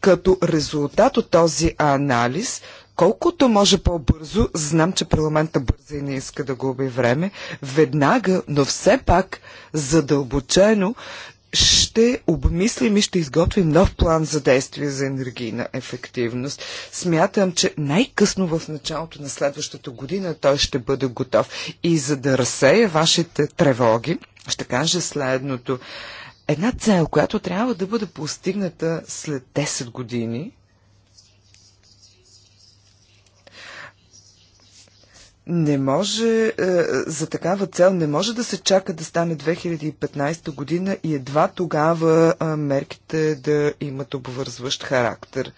като резултат от този анализ, колкото може по-бързо, знам, че парламента бързо и не иска да губи време, веднага, но все пак задълбочено ще обмислим и ще изготвим нов план за действие за енергийна ефективност. Смятам, че най-късно в началото на следващата година той ще бъде готов. И за да разсея вашите тревоги, ще кажа следното. Една цел, която трябва да бъде постигната след 10 години, не може, е, за такава цел не може да се чака да стане 2015 година и едва тогава е, мерките да имат обвързващ характер.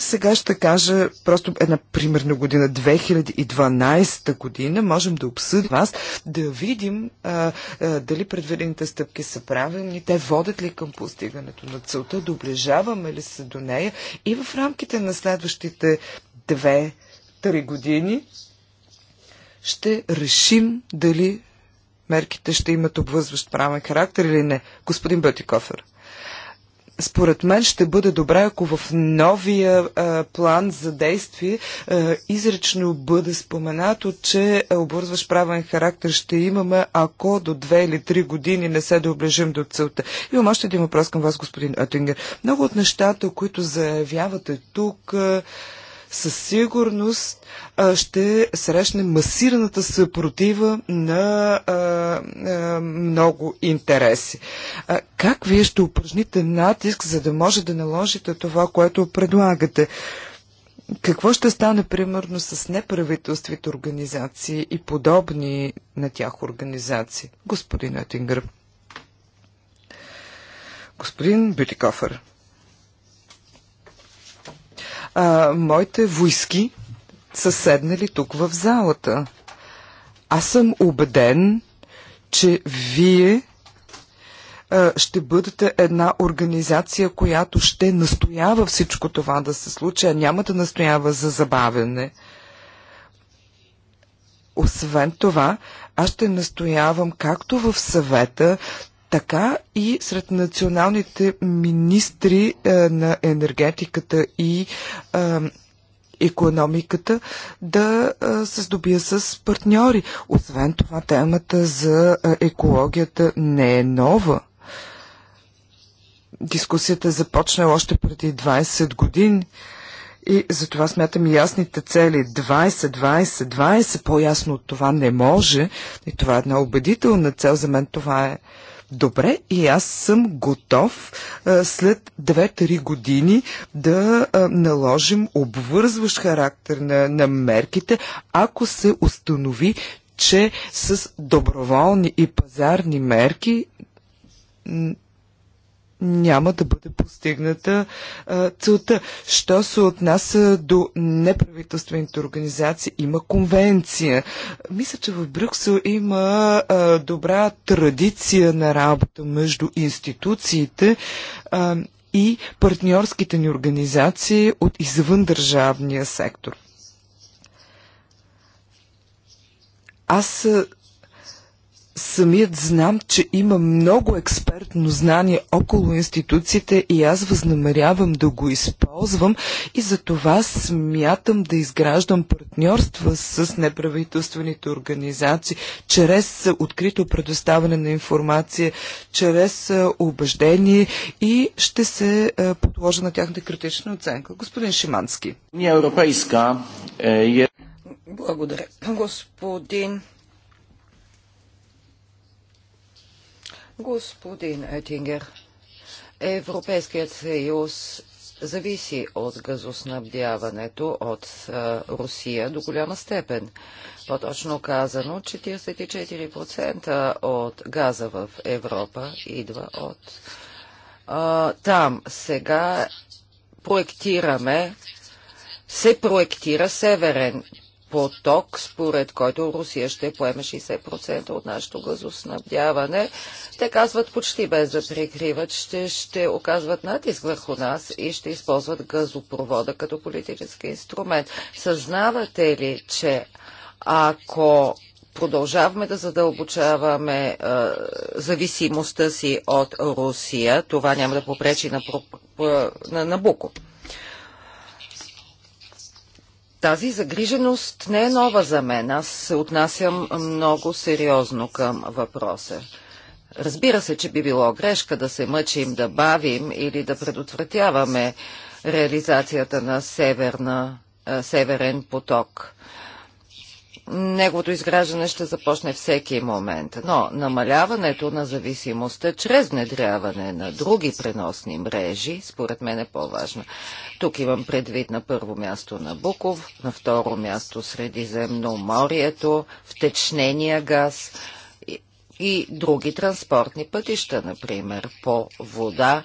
Сега ще кажа просто една примерна година, 2012 година, можем да обсъдим вас, да видим а, е, а, дали предвидените стъпки са правилни, те водят ли към постигането на целта, доближаваме ли се до нея и в рамките на следващите две години Три години ще решим дали мерките ще имат обвързващ правен характер или не. Господин Бътикофер, според мен ще бъде добре, ако в новия а, план за действие а, изрично бъде споменато, че обвързваш правен характер ще имаме, ако до две или три години не се доближим до целта. Имам още един въпрос към вас, господин Атингер. Много от нещата, които заявявате тук, а, със сигурност а, ще срещне масираната съпротива на а, а, много интереси. А, как вие ще упражните натиск, за да може да наложите това, което предлагате? Какво ще стане, примерно, с неправителствите организации и подобни на тях организации, господин Етингър? Господин Бютикофър а, моите войски са седнали тук в залата. Аз съм убеден, че вие ще бъдете една организация, която ще настоява всичко това да се случи, а няма да настоява за забавене. Освен това, аз ще настоявам както в съвета, така и сред националните министри е, на енергетиката и е, економиката да е, се здобия с партньори. Освен това, темата за екологията не е нова. Дискусията започна още преди 20 години. И затова смятам и ясните цели 20, 20, 20, по-ясно от това не може. И това е една убедителна цел. За мен това е Добре, и аз съм готов след 2-3 години да наложим обвързващ характер на, на мерките, ако се установи, че с доброволни и пазарни мерки няма да бъде постигната а, целта. Що се отнася до неправителствените организации, има конвенция. Мисля, че в Брюксел има а, добра традиция на работа между институциите. А, и партньорските ни организации от извън държавния сектор. Аз самият знам, че има много експертно знание около институциите и аз възнамерявам да го използвам и за това смятам да изграждам партньорства с неправителствените организации, чрез открито предоставяне на информация, чрез убеждение и ще се подложа на тяхната критична оценка. Господин Шимански. Ние европейска е, е... Благодаря. Господин Господин Етингер, Европейският съюз зависи от газоснабдяването от Русия до голяма степен. По-точно казано, 44% от газа в Европа идва от а, там. Сега проектираме, се проектира северен поток, според който Русия ще поеме 60% от нашето газоснабдяване. Те казват почти без да прикриват, ще, ще оказват натиск върху нас и ще използват газопровода като политически инструмент. Съзнавате ли, че ако продължаваме да задълбочаваме а, е, зависимостта си от Русия, това няма да попречи на, на, на Набуко? Тази загриженост не е нова за мен. Аз се отнасям много сериозно към въпроса. Разбира се, че би било грешка да се мъчим, да бавим или да предотвратяваме реализацията на северна, северен поток неговото изграждане ще започне всеки момент. Но намаляването на зависимостта чрез внедряване на други преносни мрежи, според мен е по-важно. Тук имам предвид на първо място на Буков, на второ място Средиземноморието, втечнения газ и, и други транспортни пътища, например по вода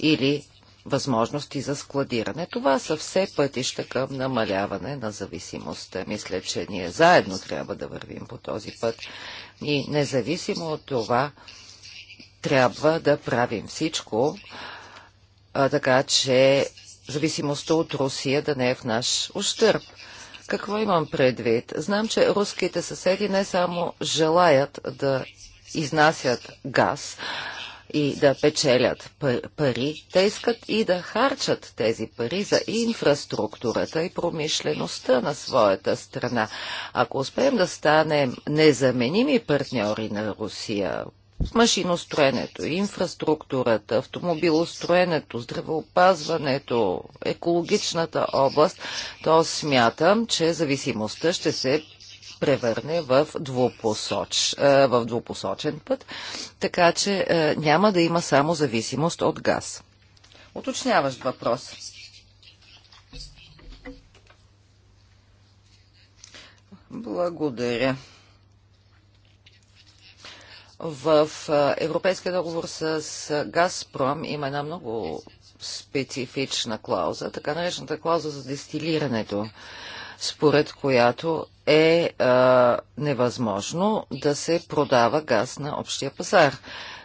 или възможности за складиране. Това са все пътища към намаляване на зависимостта. Мисля, че ние заедно трябва да вървим по този път и независимо от това трябва да правим всичко, а, така че зависимостта от Русия да не е в наш ущърп. Какво имам предвид? Знам, че руските съседи не само желаят да изнасят газ, и да печелят пари, те искат и да харчат тези пари за инфраструктурата и промишлеността на своята страна. Ако успеем да станем незаменими партньори на Русия, в машиностроенето, инфраструктурата, автомобилостроенето, здравеопазването, екологичната област, то смятам, че зависимостта ще се превърне в, двупосоч, е, в двупосочен път, така че е, няма да има само зависимост от газ. Уточняващ въпрос. Благодаря. В е, Европейския договор с Газпром има една много специфична клауза, така наречената клауза за дестилирането, според която е а, е, невъзможно да се продава газ на общия пазар.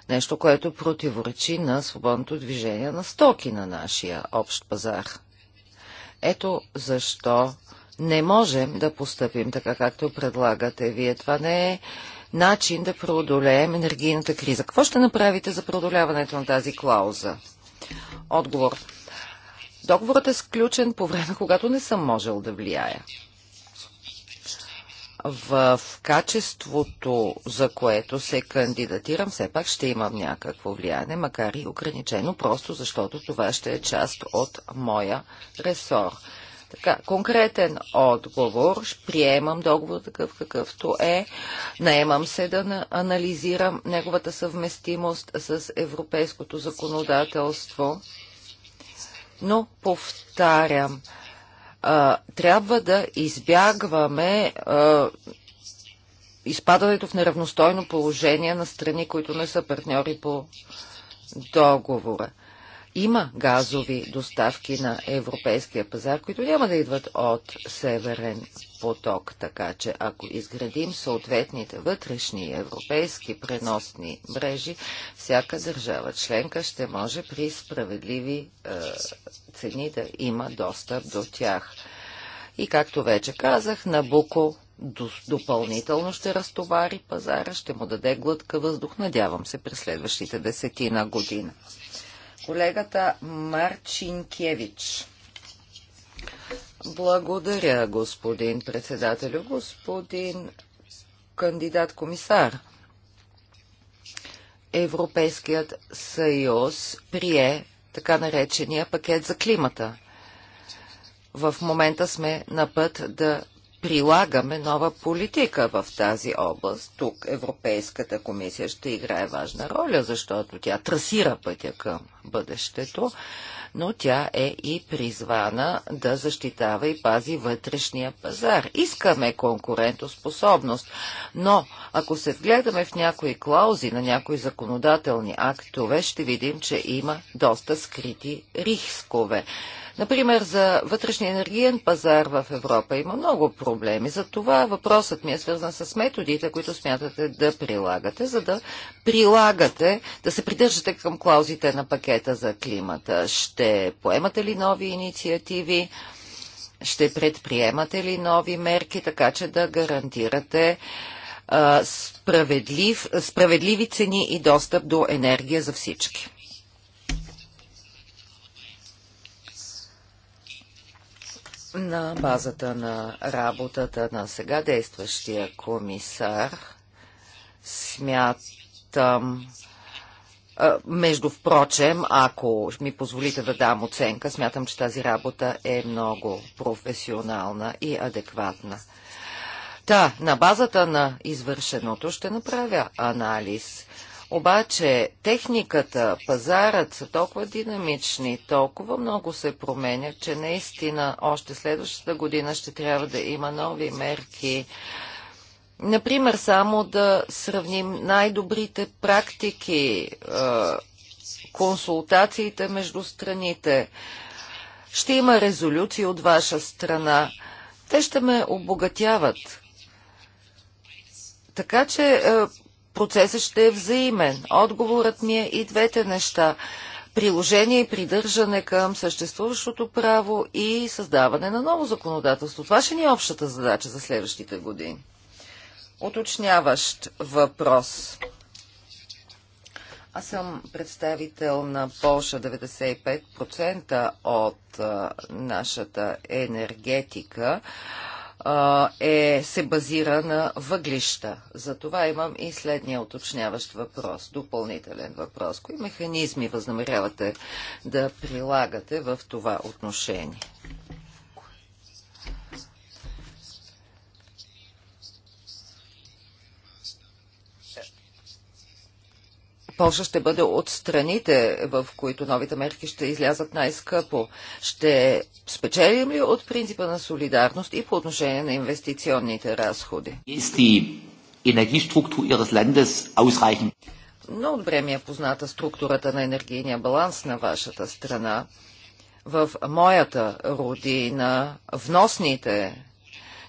Нещо, което противоречи на свободното движение на стоки на нашия общ пазар. Ето защо не можем да поступим така, както предлагате вие. Това не е начин да преодолеем енергийната криза. Какво ще направите за преодоляването на тази клауза? Отговор. Договорът е сключен по време, когато не съм можел да влияя в качеството, за което се кандидатирам, все пак ще имам някакво влияние, макар и ограничено, просто защото това ще е част от моя ресор. Така, конкретен отговор. Приемам договор такъв какъвто е. Наемам се да анализирам неговата съвместимост с европейското законодателство. Но повтарям, трябва да избягваме а, изпадането в неравностойно положение на страни, които не са партньори по договора има газови доставки на европейския пазар, които няма да идват от Северен поток, така че ако изградим съответните вътрешни европейски преносни мрежи, всяка държава членка ще може при справедливи е, цени да има достъп до тях. И както вече казах, Набуко допълнително ще разтовари пазара, ще му даде глътка въздух, надявам се, през следващите десетина година колегата Марчинкевич. Благодаря, господин председателю. Господин кандидат-комисар, Европейският съюз прие така наречения пакет за климата. В момента сме на път да прилагаме нова политика в тази област. Тук Европейската комисия ще играе важна роля, защото тя трасира пътя към бъдещето, но тя е и призвана да защитава и пази вътрешния пазар. Искаме конкурентоспособност, но ако се вгледаме в някои клаузи на някои законодателни актове, ще видим, че има доста скрити рискове. Например, за вътрешния енергиен пазар в Европа има много проблеми. За това въпросът ми е свързан с методите, които смятате да прилагате, за да прилагате, да се придържате към клаузите на пакета за климата. Ще поемате ли нови инициативи? Ще предприемате ли нови мерки, така че да гарантирате справедлив, справедливи цени и достъп до енергия за всички. на базата на работата на сега действащия комисар. Смятам, между впрочем, ако ми позволите да дам оценка, смятам, че тази работа е много професионална и адекватна. Та, на базата на извършеното ще направя анализ обаче техниката, пазарът са толкова динамични, толкова много се променят, че наистина още следващата година ще трябва да има нови мерки. Например, само да сравним най-добрите практики, консултациите между страните. Ще има резолюции от ваша страна. Те ще ме обогатяват. Така че процесът ще е взаимен. Отговорът ни е и двете неща приложение и придържане към съществуващото право и създаване на ново законодателство. Това ще ни е общата задача за следващите години. Оточняващ въпрос. Аз съм представител на Полша 95% от а, нашата енергетика. А, е, се базира на въглища. За това имам и следния уточняващ въпрос, допълнителен въпрос. Кои механизми възнамерявате да прилагате в това отношение? Польша ще бъде от страните, в които новите мерки ще излязат най-скъпо. Ще спечелим ли от принципа на солидарност и по отношение на инвестиционните разходи? Много добре ми е позната структурата на енергийния баланс на вашата страна. В моята родина вносните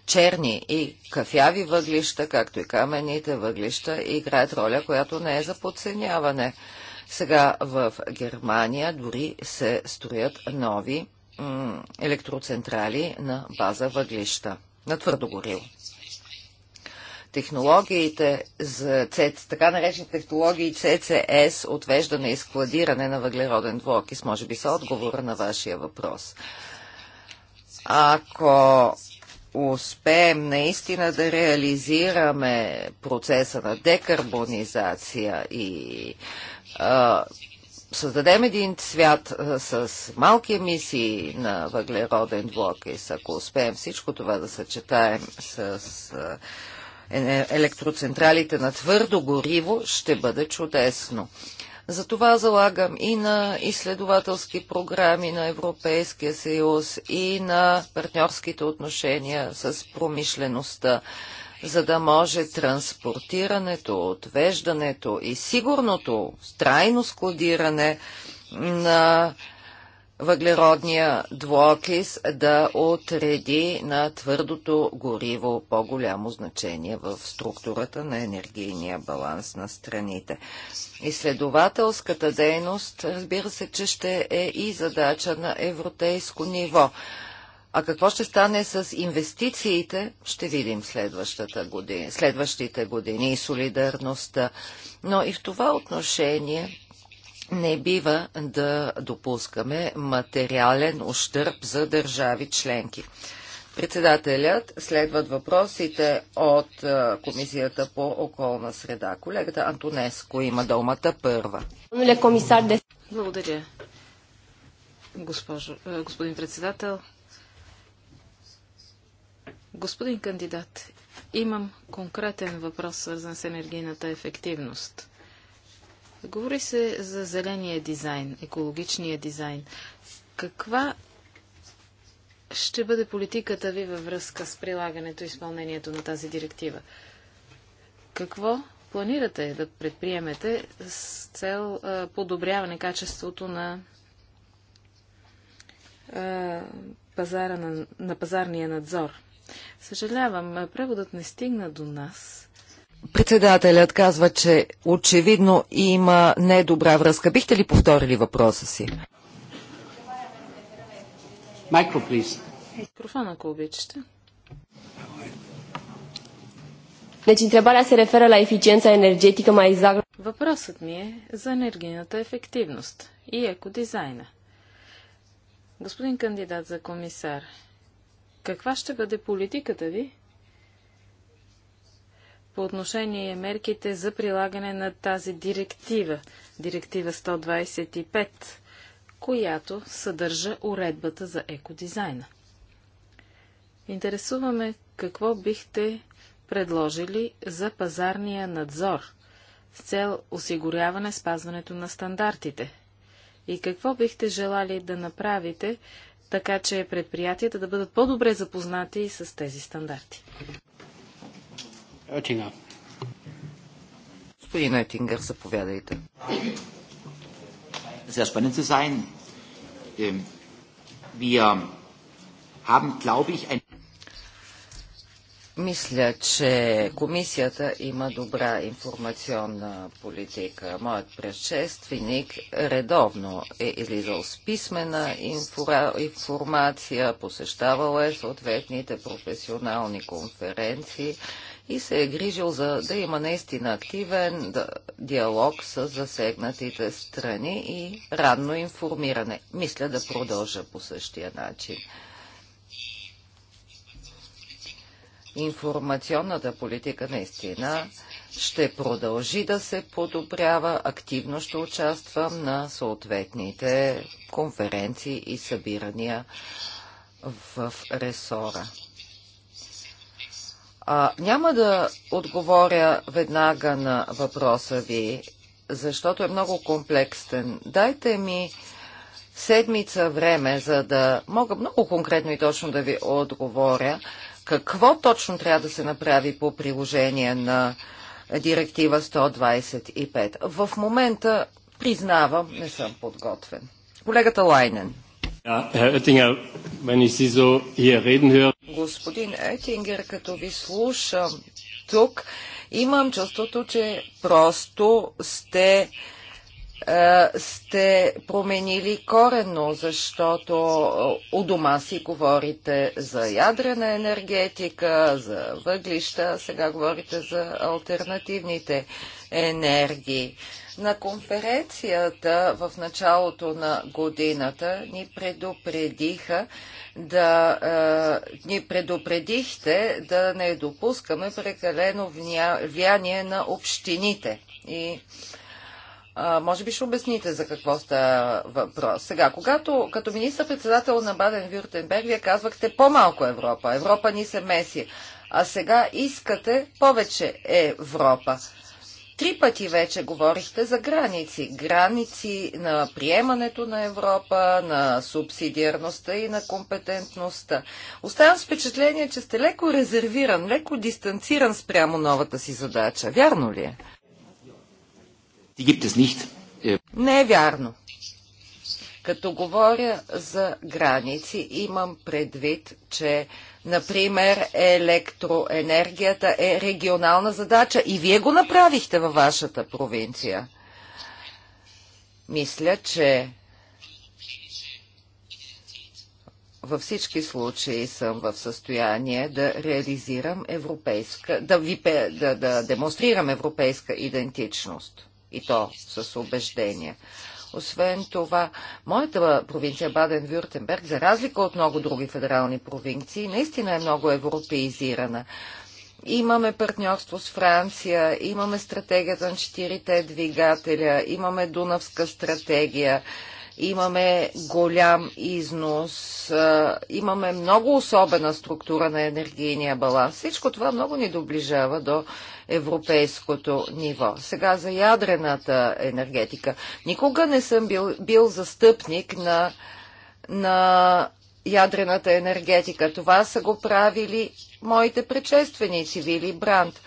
черни и кафяви въглища, както и камените въглища, играят роля, която не е за подценяване. Сега в Германия дори се строят нови електроцентрали на база въглища, на твърдо горило. Технологиите за ЦЕЦ, така наречени технологии CCS, отвеждане и складиране на въглероден двуокис, може би са отговора на вашия въпрос. Ако успеем наистина да реализираме процеса на декарбонизация и а, създадем един свят а, с малки емисии на въглероден двуокис, ако успеем всичко това да съчетаем с а, е, електроцентралите на твърдо гориво, ще бъде чудесно. Затова залагам и на изследователски програми на Европейския съюз и на партньорските отношения с промишлеността, за да може транспортирането, отвеждането и сигурното трайно складиране на въглеродния двуокис да отреди на твърдото гориво по-голямо значение в структурата на енергийния баланс на страните. Изследователската дейност, разбира се, че ще е и задача на европейско ниво. А какво ще стане с инвестициите, ще видим следващата година, следващите години и солидарността. Но и в това отношение не бива да допускаме материален ущърп за държави членки. Председателят следват въпросите от Комисията по околна среда. Колегата Антонеско има думата първа. Благодаря, госпожо, господин председател. Господин кандидат, имам конкретен въпрос, свързан с енергийната ефективност. Говори се за зеления дизайн, екологичния дизайн. Каква ще бъде политиката ви във връзка с прилагането и изпълнението на тази директива? Какво планирате да предприемете с цел а, подобряване качеството на а, пазара на, на пазарния надзор? Съжалявам, преводът не стигна до нас. Председателят казва, че очевидно има недобра връзка. Бихте ли повторили въпроса си? Майкро, Микрофон, ако обичате. Deci întrebarea se referă la eficiența energetică mai exact. Въпросът ми е за енергийната ефективност и екодизайна. Господин кандидат за комисар, каква ще бъде политиката ви по отношение мерките за прилагане на тази директива, директива 125, която съдържа уредбата за екодизайна. Интересуваме какво бихте предложили за пазарния надзор с цел осигуряване спазването на стандартите? И какво бихте желали да направите, така че предприятията да бъдат по-добре запознати и с тези стандарти? Oettinger. Господин Оетингър, заповядайте. Ähm, мисля, че комисията има добра информационна политика. Моят предшественик редовно е излизал с писмена информация, посещавал е съответните професионални конференции и се е грижил за да има наистина активен диалог с засегнатите страни и ранно информиране. Мисля да продължа по същия начин. Информационната политика наистина ще продължи да се подобрява. Активно ще участвам на съответните конференции и събирания в ресора. А, няма да отговоря веднага на въпроса ви, защото е много комплексен. Дайте ми седмица време, за да мога много конкретно и точно да ви отговоря какво точно трябва да се направи по приложение на директива 125. В момента, признавам, не съм подготвен. Колегата Лайнен. Господин Етингер, като ви слушам тук, имам чувството, че просто сте е, сте променили коренно, защото е, у дома си говорите за ядрена енергетика, за въглища, сега говорите за альтернативните енергии. На конференцията в началото на годината ни предупредиха да е, ни предупредихте да не допускаме прекалено влияние на общините. И а, може би ще обясните за какво сте въпрос. Сега, когато като министър-председател на Баден-Вюртенберг, вие казвахте по-малко Европа. Европа ни се меси. А сега искате повече Европа. Три пъти вече говорихте за граници. Граници на приемането на Европа, на субсидиарността и на компетентността. Оставам с впечатление, че сте леко резервиран, леко дистанциран спрямо новата си задача. Вярно ли е? е Не е вярно. Като говоря за граници, имам предвид, че Например, електроенергията е регионална задача и вие го направихте във вашата провинция. Мисля, че във всички случаи съм в състояние да реализирам европейска, да, ви, да, да демонстрирам европейска идентичност. И то с убеждение. Освен това, моята провинция Баден-Вюртенберг, за разлика от много други федерални провинции, наистина е много европеизирана. Имаме партньорство с Франция, имаме стратегията на четирите двигателя, имаме Дунавска стратегия, имаме голям износ, имаме много особена структура на енергийния баланс. Всичко това много ни доближава до европейското ниво. Сега за ядрената енергетика. Никога не съм бил, бил застъпник на, на ядрената енергетика. Това са го правили моите предшественици Вили Бранд.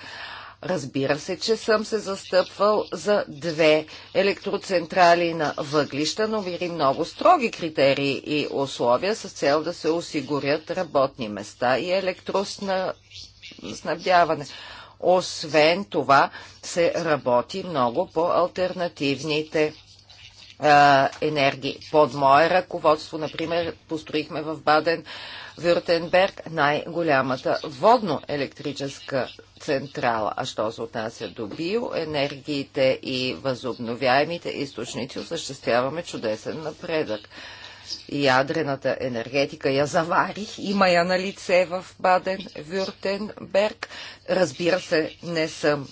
Разбира се, че съм се застъпвал за две електроцентрали на въглища, но вири много строги критерии и условия с цел да се осигурят работни места и електроснабдяване. Освен това се работи много по альтернативните енергии. Под мое ръководство, например, построихме в Баден Вюртенберг най-голямата водно-електрическа централа. А що се отнася до биоенергиите и възобновяемите източници, осъществяваме чудесен напредък. Ядрената енергетика я заварих, има я на лице в Баден-Вюртенберг. Разбира се, не съм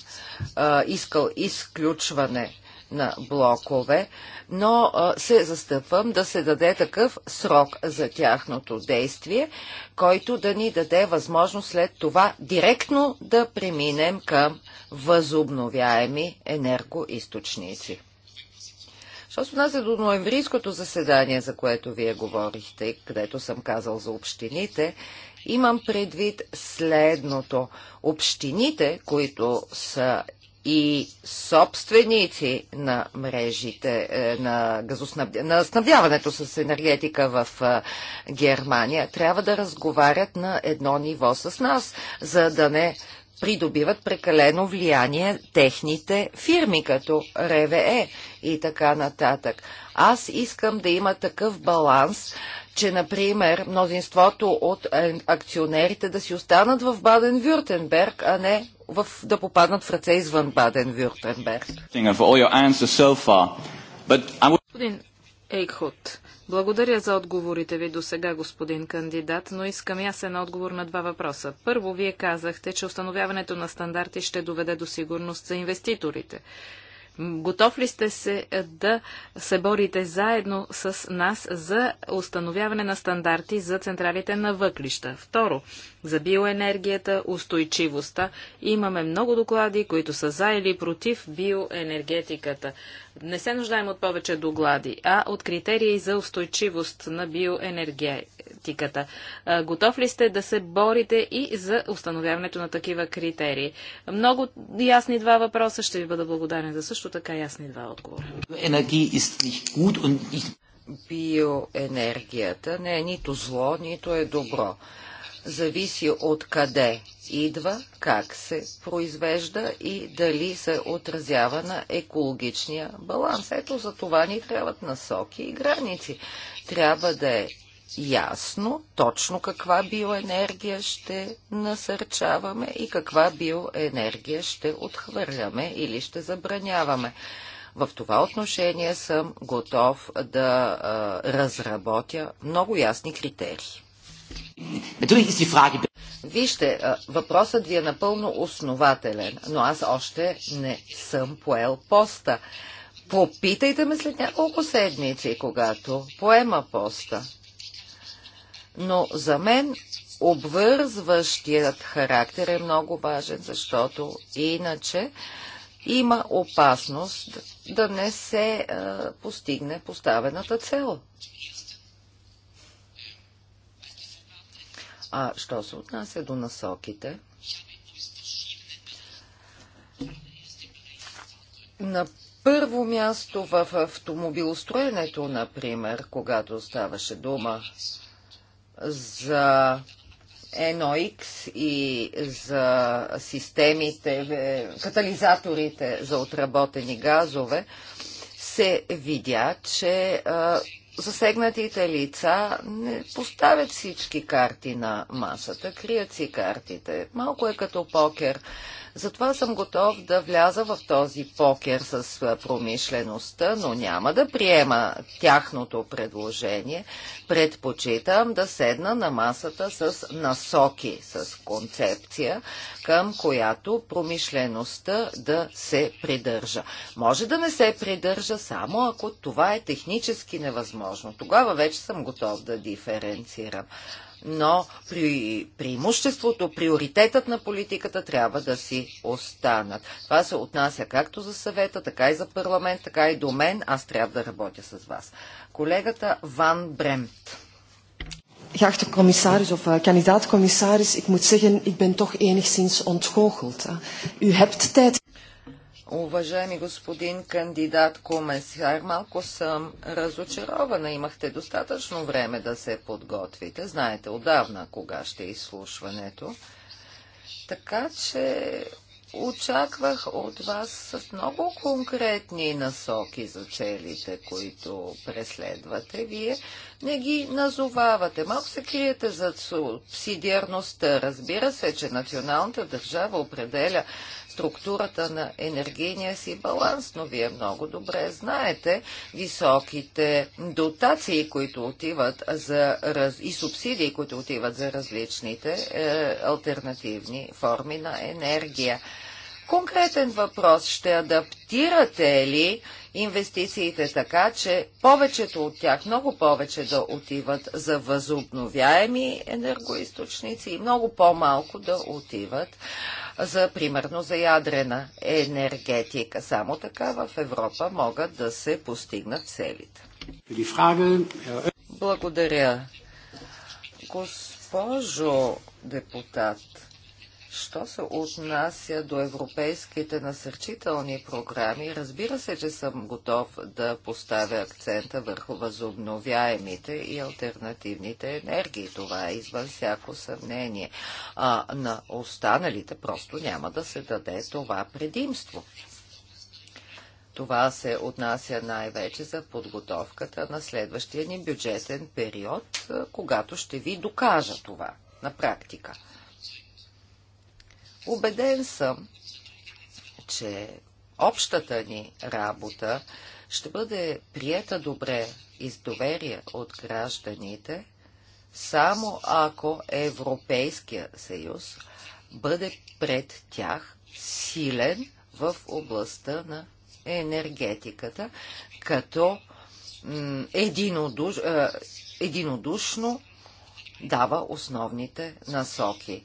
а, искал изключване на блокове, но се застъпвам да се даде такъв срок за тяхното действие, който да ни даде възможност след това директно да преминем към възобновяеми енергоисточници. Що се отнася до ноемврийското заседание, за което вие говорихте, където съм казал за общините, имам предвид следното. Общините, които са и собственици на мрежите е, на, газоснаб... на снабдяването с енергетика в е, Германия трябва да разговарят на едно ниво с нас, за да не придобиват прекалено влияние техните фирми, като РВЕ и така нататък. Аз искам да има такъв баланс, че, например, мнозинството от акционерите да си останат в Баден-Вюртенберг, а не в, да попаднат в ръце извън Баден-Вюртенберг. Ейхот. Благодаря за отговорите ви до сега, господин кандидат, но искам ясен отговор на два въпроса. Първо, вие казахте, че установяването на стандарти ще доведе до сигурност за инвеститорите. Готов ли сте се е, да се борите заедно с нас за установяване на стандарти за централите на въглища? Второ, за биоенергията, устойчивостта. Имаме много доклади, които са за или против биоенергетиката. Не се нуждаем от повече доклади, а от критерии за устойчивост на биоенергетиката политиката. Готов ли сте да се борите и за установяването на такива критерии? Много ясни два въпроса. Ще ви бъда благодарен за също така ясни два отговора. Биоенергията не е нито зло, нито е добро зависи от къде идва, как се произвежда и дали се отразява на екологичния баланс. Ето за това ни трябват насоки и граници. Трябва да е ясно точно каква биоенергия ще насърчаваме и каква биоенергия ще отхвърляме или ще забраняваме. В това отношение съм готов да а, разработя много ясни критерии. Вижте, въпросът ви е напълно основателен, но аз още не съм поел поста. Попитайте ме след няколко седмици, когато поема поста. Но за мен обвързващият характер е много важен, защото иначе има опасност да не се а, постигне поставената цел. А що се отнася до насоките? На първо място в автомобилостроенето, например, когато ставаше дума за NOx и за системите, катализаторите за отработени газове, се видя, че засегнатите лица не поставят всички карти на масата, крият си картите. Малко е като покер. Затова съм готов да вляза в този покер с промишлеността, но няма да приема тяхното предложение. Предпочитам да седна на масата с насоки, с концепция, към която промишлеността да се придържа. Може да не се придържа само ако това е технически невъзможно. Тогава вече съм готов да диференцирам но при преимуществото, приоритетът на политиката трябва да си останат. Това се отнася както за съвета, така и за парламент, така и до мен. Аз трябва да работя с вас. Колегата Ван Бремт. Geachte commissaris of uh, kandidaat-commissaris, ik moet zeggen, ik ben toch enigszins ontgoocheld. Uh, u hebt tijd. Уважаеми господин кандидат Комесар, малко съм разочарована. Имахте достатъчно време да се подготвите. Знаете отдавна кога ще е изслушването. Така че очаквах от вас с много конкретни насоки за целите, които преследвате. Вие не ги назовавате. Малко се криете за субсидиарността. Разбира се, че националната държава определя структурата на енергийния си баланс, но вие много добре знаете високите дотации, които отиват за, и субсидии, които отиват за различните е, альтернативни форми на енергия. Конкретен въпрос. Ще адаптирате ли инвестициите така, че повечето от тях, много повече да отиват за възобновяеми енергоисточници и много по-малко да отиват за, примерно, за ядрена енергетика. Само така в Европа могат да се постигнат целите. Благодаря. Госпожо депутат, Що се отнася до европейските насърчителни програми, разбира се, че съм готов да поставя акцента върху възобновяемите и альтернативните енергии. Това е извън всяко съмнение. А на останалите просто няма да се даде това предимство. Това се отнася най-вече за подготовката на следващия ни бюджетен период, когато ще ви докажа това на практика. Обеден съм, че общата ни работа ще бъде приета добре и с доверие от гражданите, само ако Европейския съюз бъде пред тях силен в областта на енергетиката, като единодуш, е, единодушно дава основните насоки.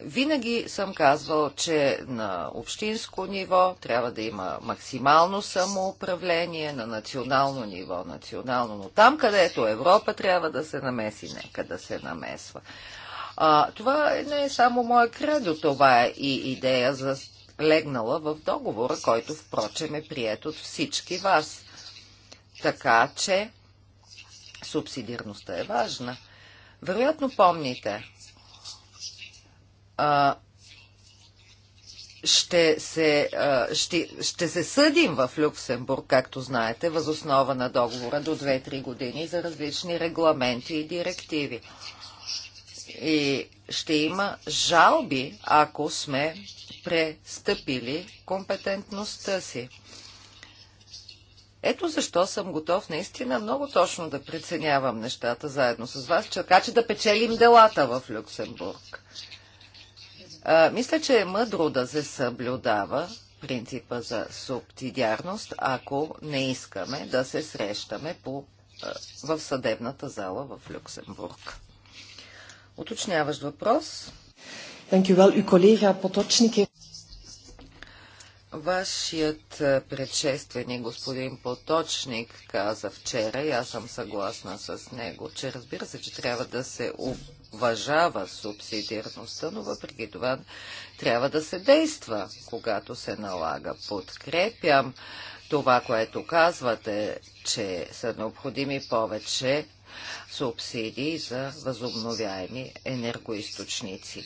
Винаги съм казвал, че на общинско ниво трябва да има максимално самоуправление, на национално ниво национално, но там, където Европа трябва да се намеси, нека да се намесва. А, това не е само моя кредо, това е и идея за легнала в договора, който впрочем е прият от всички вас. Така че субсидирността е важна. Вероятно помните, а, ще се, ще, ще се съдим в Люксембург, както знаете, възоснова на договора до 2-3 години за различни регламенти и директиви. И ще има жалби, ако сме престъпили компетентността си. Ето защо съм готов наистина много точно да преценявам нещата заедно с вас, така че да печелим делата в Люксембург. А, мисля, че е мъдро да се съблюдава принципа за субсидиарност, ако не искаме да се срещаме по, а, в съдебната зала в Люксембург. Уточняваш въпрос. Е- Вашият предшественик, господин Поточник, каза вчера, и аз съм съгласна с него, че разбира се, че трябва да се уважава субсидиарността, но въпреки това трябва да се действа, когато се налага. Подкрепям това, което казвате, че са необходими повече субсидии за възобновяеми енергоисточници.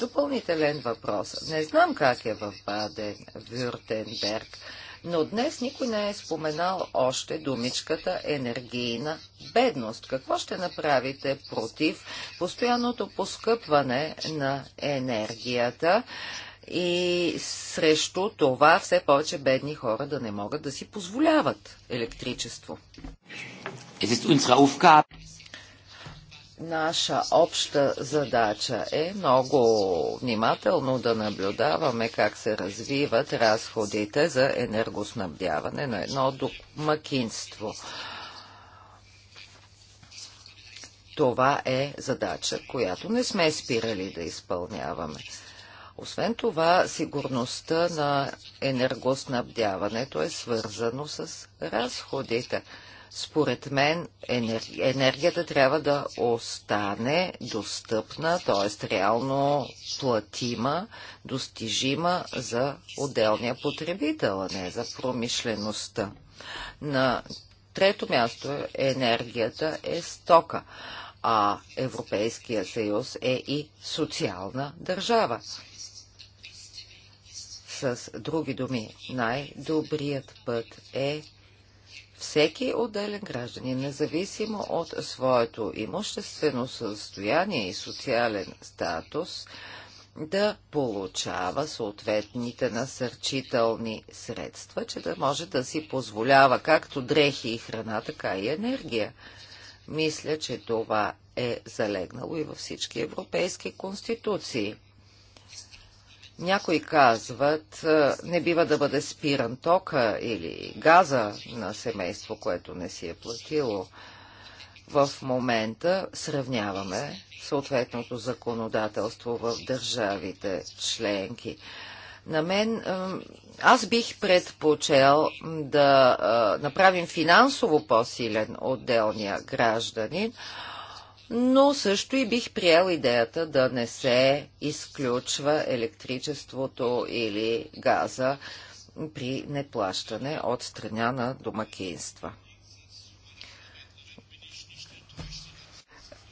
Допълнителен въпрос. Не знам как е в Баден-Вюртенберг. Но днес никой не е споменал още думичката енергийна бедност. Какво ще направите против постоянното поскъпване на енергията? и срещу това все повече бедни хора да не могат да си позволяват електричество наша обща задача е много внимателно да наблюдаваме как се развиват разходите за енергоснабдяване на едно домакинство. Това е задача, която не сме спирали да изпълняваме. Освен това, сигурността на енергоснабдяването е свързано с разходите. Според мен енергията трябва да остане достъпна, т.е. реално платима, достижима за отделния потребител, а не за промишлеността. На трето място е енергията е стока, а Европейския съюз е и социална държава с други думи, най-добрият път е всеки отделен гражданин, независимо от своето имуществено състояние и социален статус, да получава съответните насърчителни средства, че да може да си позволява както дрехи и храна, така и енергия. Мисля, че това е залегнало и във всички европейски конституции. Някои казват, е, не бива да бъде спиран тока или газа на семейство, което не си е платило. В момента сравняваме съответното законодателство в държавите членки. На мен, е, аз бих предпочел да е, направим финансово по-силен отделния гражданин, но също и бих приел идеята да не се изключва електричеството или газа при неплащане от страна на домакинства.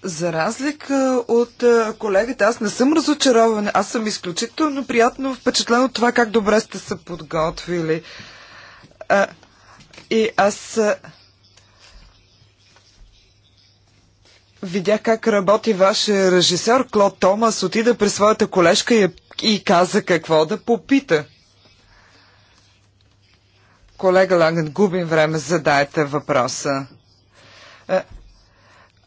За разлика от колегите, аз не съм разочарован. Аз съм изключително приятно впечатлен от това как добре сте се подготвили. А, и аз видях как работи ваш е, режисьор Клод Томас, отида при своята колежка и, е, и каза какво да попита. Колега Ланген, губим време, задайте въпроса. Е,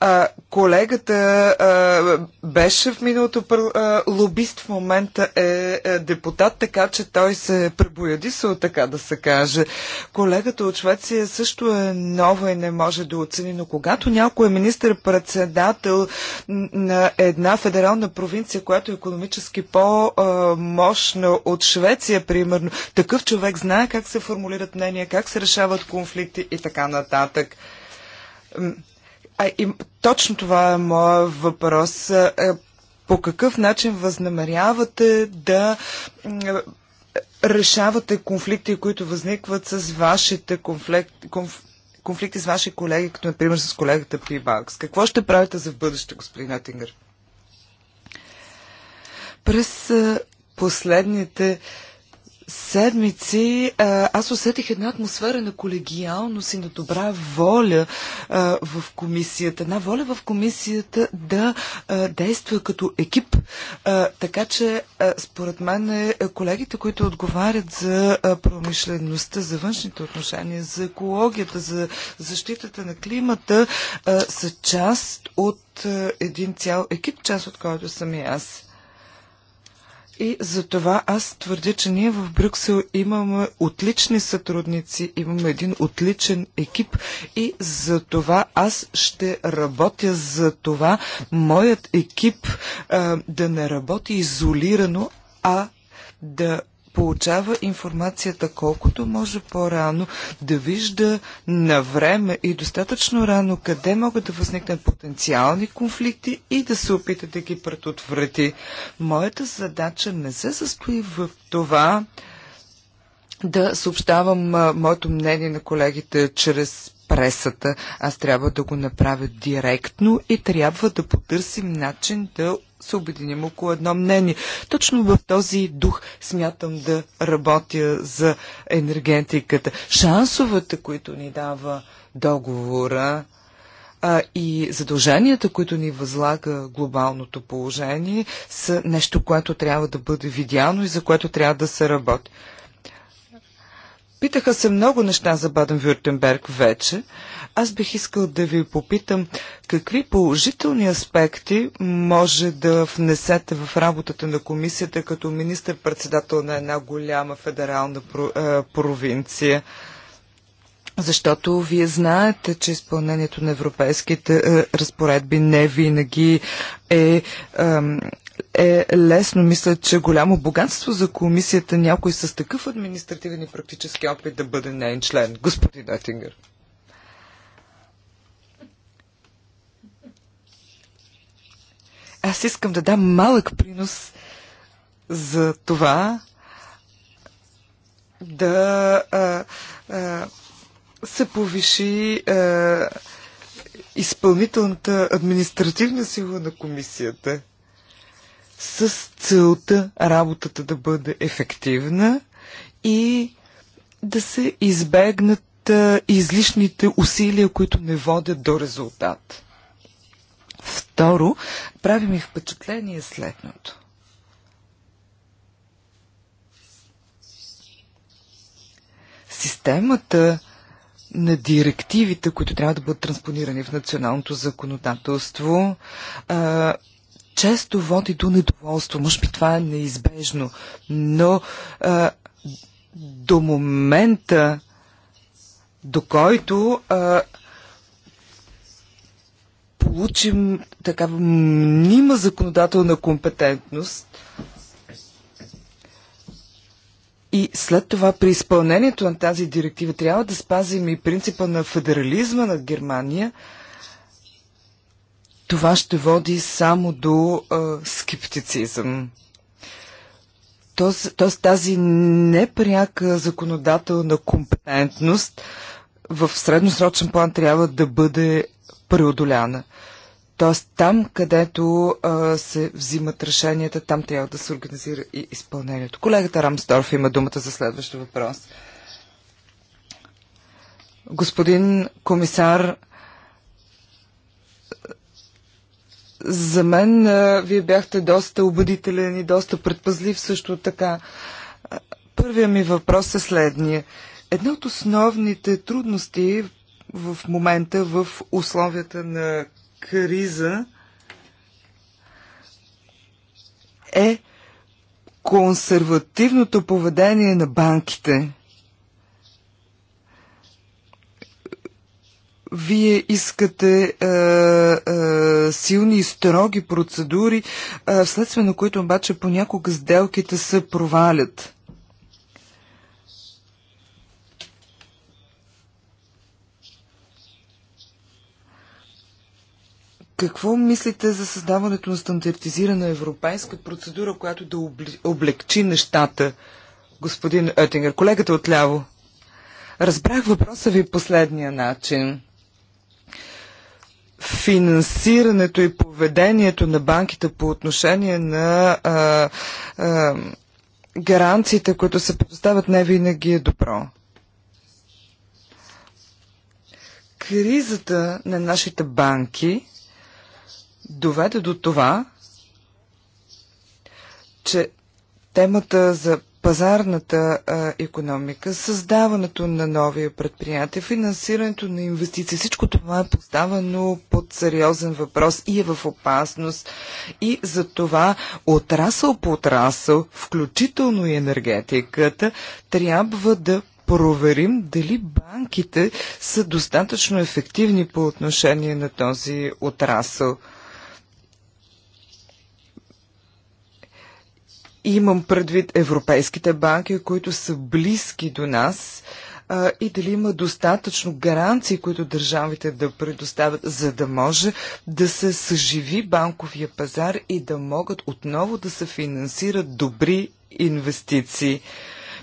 а, колегата а, беше в миналото а, лобист, в момента е а, е депутат, така че той се пребояди се, така да се каже. Колегата от Швеция също е нова и не може да оцени, но когато някой е министър-председател на една федерална провинция, която е економически по-мощна от Швеция, примерно, такъв човек знае как се формулират мнения, как се решават конфликти и така нататък. А, и, точно това е моят въпрос. Е, по какъв начин възнамерявате да е, решавате конфликти, които възникват с вашите конфликти, конф, конфликти с ваши колеги, като например с колегата Пибакс? Какво ще правите за бъдеще, господин Атингър? През е, последните седмици аз усетих една атмосфера на колегиалност и на добра воля а, в комисията. Една воля в комисията да а, действа като екип. А, така че, а, според мен, е, колегите, които отговарят за а, промишлеността, за външните отношения, за екологията, за защитата на климата, а, са част от а, един цял екип, част от който съм и аз. И за това аз твърдя, че ние в Брюксел имаме отлични сътрудници, имаме един отличен екип и за това аз ще работя за това моят екип а, да не работи изолирано, а да получава информацията колкото може по-рано, да вижда на време и достатъчно рано къде могат да възникнат потенциални конфликти и да се опита да ги предотврати. Моята задача не се състои в това да съобщавам моето мнение на колегите чрез пресата. Аз трябва да го направя директно и трябва да потърсим начин да се обединим около едно мнение. Точно в този дух смятам да работя за енергетиката. Шансовете, които ни дава договора, а, и задълженията, които ни възлага глобалното положение, са нещо, което трябва да бъде видяно и за което трябва да се работи. Питаха се много неща за Баден-Вюртенберг вече. Аз бих искал да ви попитам какви положителни аспекти може да внесете в работата на комисията като министър-председател на една голяма федерална е, провинция. Защото вие знаете, че изпълнението на европейските е, разпоредби не винаги е е лесно. Мисля, че голямо богатство за комисията някой с такъв административен и практически опит да бъде нейн член. Господин Атингър. Аз искам да дам малък принос за това да а, а, се повиши а, изпълнителната административна сила на комисията с целта работата да бъде ефективна и да се избегнат излишните усилия, които не водят до резултат. Второ, прави ми впечатление следното. Системата на директивите, които трябва да бъдат транспонирани в националното законодателство, често води до недоволство. Може би това е неизбежно, но а, до момента, до който а, получим такава мнима законодателна компетентност, и след това при изпълнението на тази директива трябва да спазим и принципа на федерализма на Германия – това ще води само до а, скептицизъм. Тоест, тоест тази непряка законодателна компетентност в средносрочен план трябва да бъде преодоляна. Тоест там, където а, се взимат решенията, там трябва да се организира и изпълнението. Колегата Рамсторф има думата за следващия въпрос. Господин комисар, за мен вие бяхте доста убедителен и доста предпазлив също така. Първият ми въпрос е следния. Една от основните трудности в момента в условията на криза е консервативното поведение на банките. Вие искате е, е, силни и строги процедури, е, вследствие на които обаче понякога сделките се провалят. Какво мислите за създаването на стандартизирана европейска процедура, която да облегчи нещата, господин Оттингер? Колегата отляво. Разбрах въпроса ви последния начин финансирането и поведението на банките по отношение на а, а, гаранциите, които се предоставят, не винаги е добро. Кризата на нашите банки доведе до това, че темата за пазарната а, економика, създаването на нови предприятия, финансирането на инвестиции, всичко това е поставено под сериозен въпрос и е в опасност. И за това отрасъл по отрасъл, включително и енергетиката, трябва да проверим дали банките са достатъчно ефективни по отношение на този отрасъл. Имам предвид европейските банки, които са близки до нас а, и дали има достатъчно гаранции, които държавите да предоставят, за да може да се съживи банковия пазар и да могат отново да се финансират добри инвестиции.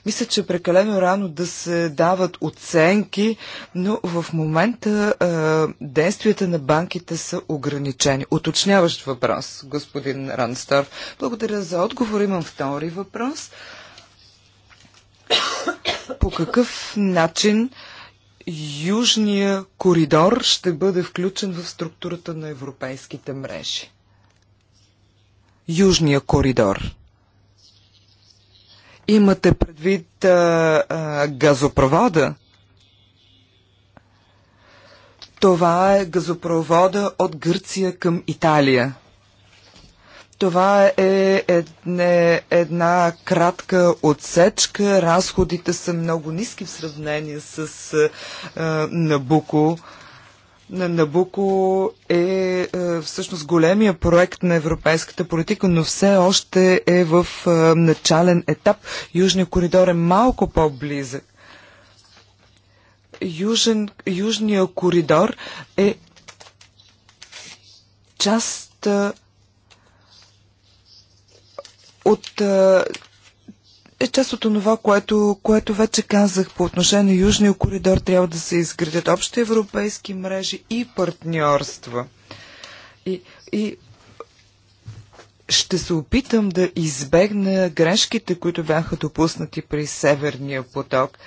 Мисля, че е прекалено рано да се дават оценки, но в момента а, действията на банките са ограничени. Уточняващ въпрос, господин Ранстор. Благодаря за отговор. Имам втори въпрос. По какъв начин Южния коридор ще бъде включен в структурата на европейските мрежи? Южния коридор. Имате предвид а, а, газопровода? Това е газопровода от Гърция към Италия. Това е една, една кратка отсечка. Разходите са много ниски в сравнение с а, Набуко. А, на Набуко е, е всъщност големия проект на европейската политика, но все още е в е, начален етап. Южния коридор е малко по-близък. Южен, южния коридор е част е, от е част от това, което, което вече казах по отношение на Южния коридор. Трябва да се изградят общи европейски мрежи и партньорства. И, и ще се опитам да избегна грешките, които бяха допуснати при Северния поток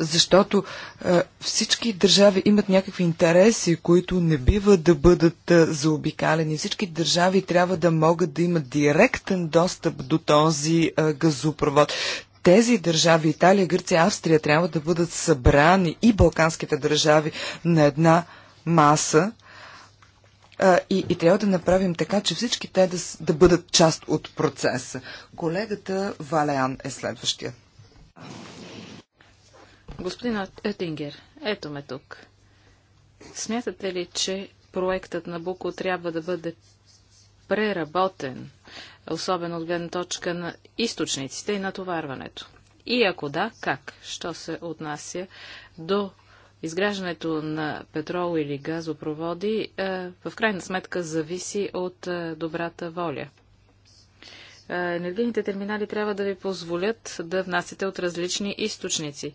защото а, е, всички държави имат някакви интереси, които не бива да бъдат а, е, заобикалени. Всички държави трябва да могат да имат директен достъп до този а, е, газопровод тези държави, Италия, Гърция, Австрия, трябва да бъдат събрани и балканските държави на една маса а, и, и трябва да направим така, че всички те да, да бъдат част от процеса. Колегата Валеан е следващия. Господин Етингер, ето ме тук. Смятате ли, че проектът на Буко трябва да бъде преработен, особено от гледна точка на източниците и натоварването? И ако да, как? Що се отнася до изграждането на петрол или газопроводи, е, в крайна сметка зависи от е, добрата воля. Е, енергийните терминали трябва да ви позволят да внасяте от различни източници.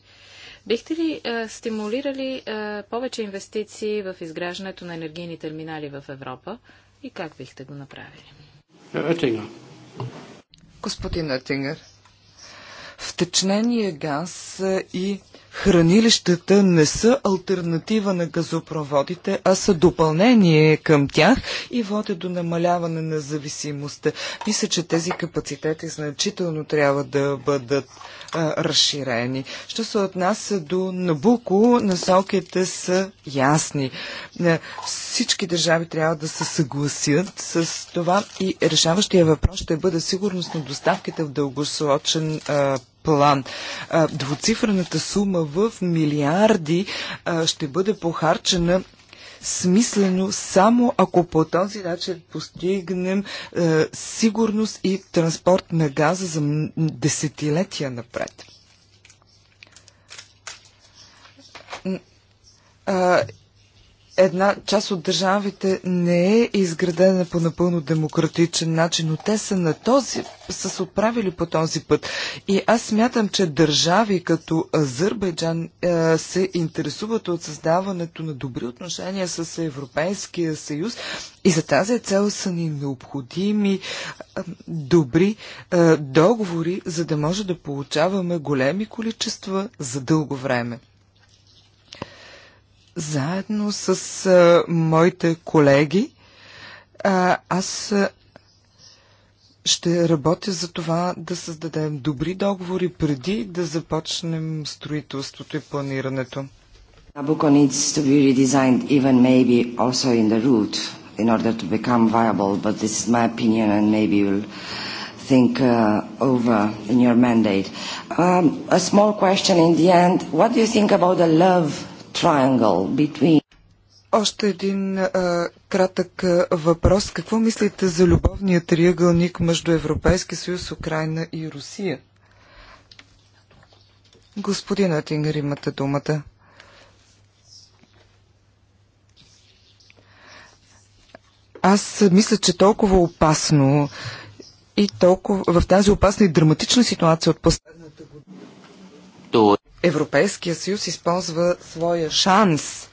Бихте ли е, стимулирали е, повече инвестиции в изграждането на енергийни терминали в Европа и как бихте го направили? Етингър. Господин Етингър, втечнения газ и хранилищата не са альтернатива на газопроводите, а са допълнение към тях и водят до намаляване на зависимостта. Мисля, че тези капацитети значително трябва да бъдат а, разширени. Що се отнася до Набуко, насоките са ясни. Всички държави трябва да се съгласят с това и решаващия въпрос ще бъде сигурност на доставките в дългосрочен а, план. Двуцифрената сума в милиарди ще бъде похарчена смислено само ако по този начин постигнем е, сигурност и транспорт на газа за десетилетия напред една част от държавите не е изградена по напълно демократичен начин, но те са на този, са се отправили по този път. И аз смятам, че държави като Азербайджан е, се интересуват от създаването на добри отношения с Европейския съюз и за тази цел са ни необходими е, добри е, договори, за да може да получаваме големи количества за дълго време. Заедно с а, моите колеги а, аз ще работя за това да създадем добри договори преди да започнем строителството и планирането. Набуко needs to be redesigned even maybe also in the route in order to become viable, but this is my opinion and maybe you'll think uh, over in your mandate. Um, a small question in the end. What do you think about the love triangle between още един а, кратък а, въпрос. Какво мислите за любовния триъгълник между Европейския съюз, Украина и Русия? Господин Атингер, имате думата. Аз мисля, че толкова опасно и толкова в тази опасна и драматична ситуация от последната година Европейския съюз използва своя шанс.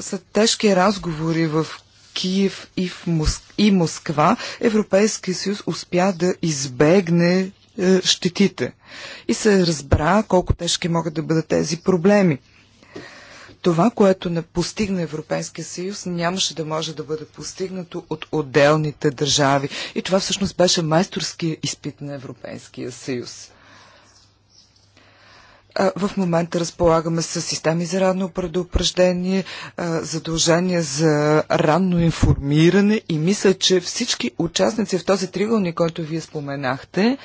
С тежки разговори в Киев и, в Моск... и Москва. Европейския съюз успя да избегне е, щетите. И се разбра колко тежки могат да бъдат тези проблеми. Това, което не постигна Европейския съюз, нямаше да може да бъде постигнато от отделните държави. И това всъщност беше майсторския изпит на Европейския съюз. В момента разполагаме с системи за ранно предупреждение, задължения за ранно информиране и мисля, че всички участници в този тригълник, който вие споменахте,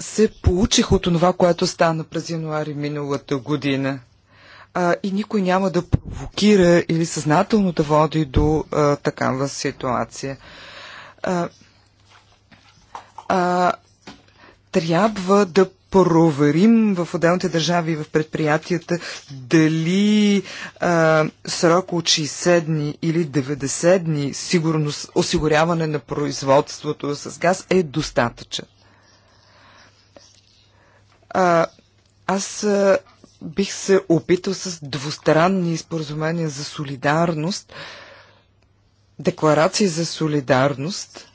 се получих от това, което стана през януари миналата година. И никой няма да провокира или съзнателно да води до такава ситуация а, трябва да проверим в отделните държави и в предприятията дали а, срок от 60 дни или 90 дни сигурност, осигуряване на производството с газ е достатъчен. А, аз а, бих се опитал с двустранни споразумения за солидарност, декларации за солидарност,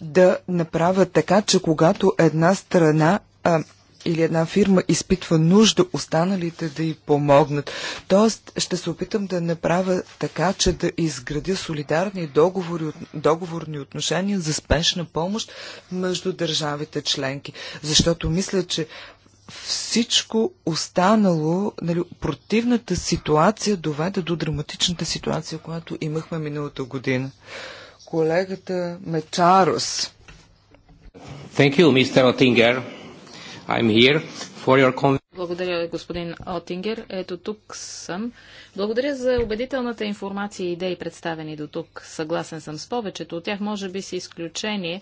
да направя така, че когато една страна а, или една фирма изпитва нужда, останалите да й помогнат. Тоест, ще се опитам да направя така, че да изградя солидарни договори, договорни отношения за спешна помощ между държавите членки. Защото мисля, че всичко останало, нали, противната ситуация доведе до драматичната ситуация, която имахме миналата година. Колегата Мечарос. Thank you, Mr. Oettinger. I'm here for your Благодаря, господин Отингер. Ето тук съм. Благодаря за убедителната информация и идеи, представени до тук. Съгласен съм с повечето от тях, може би си изключение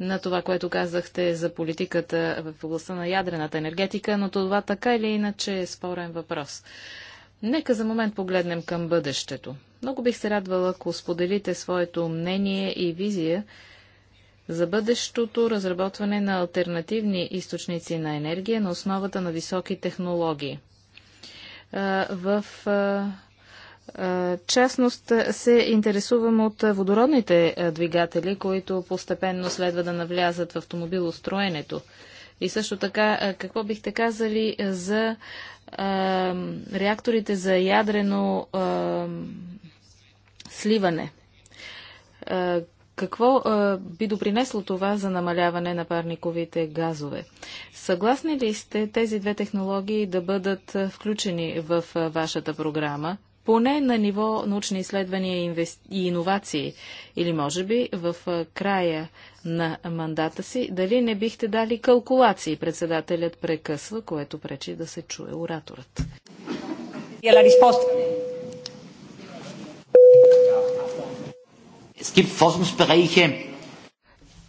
на това, което казахте за политиката в областта на ядрената енергетика, но това така или иначе е спорен въпрос. Нека за момент погледнем към бъдещето. Много бих се радвала, ако споделите своето мнение и визия за бъдещото разработване на альтернативни източници на енергия на основата на високи технологии. В частност се интересувам от водородните двигатели, които постепенно следва да навлязат в автомобилостроенето. И също така, какво бихте казали за реакторите за ядрено сливане? Какво а, би допринесло това за намаляване на парниковите газове? Съгласни ли сте тези две технологии да бъдат включени в а, вашата програма, поне на ниво научни изследвания и иновации? Или може би в края на мандата си, дали не бихте дали калкулации? Председателят прекъсва, което пречи да се чуе ораторът.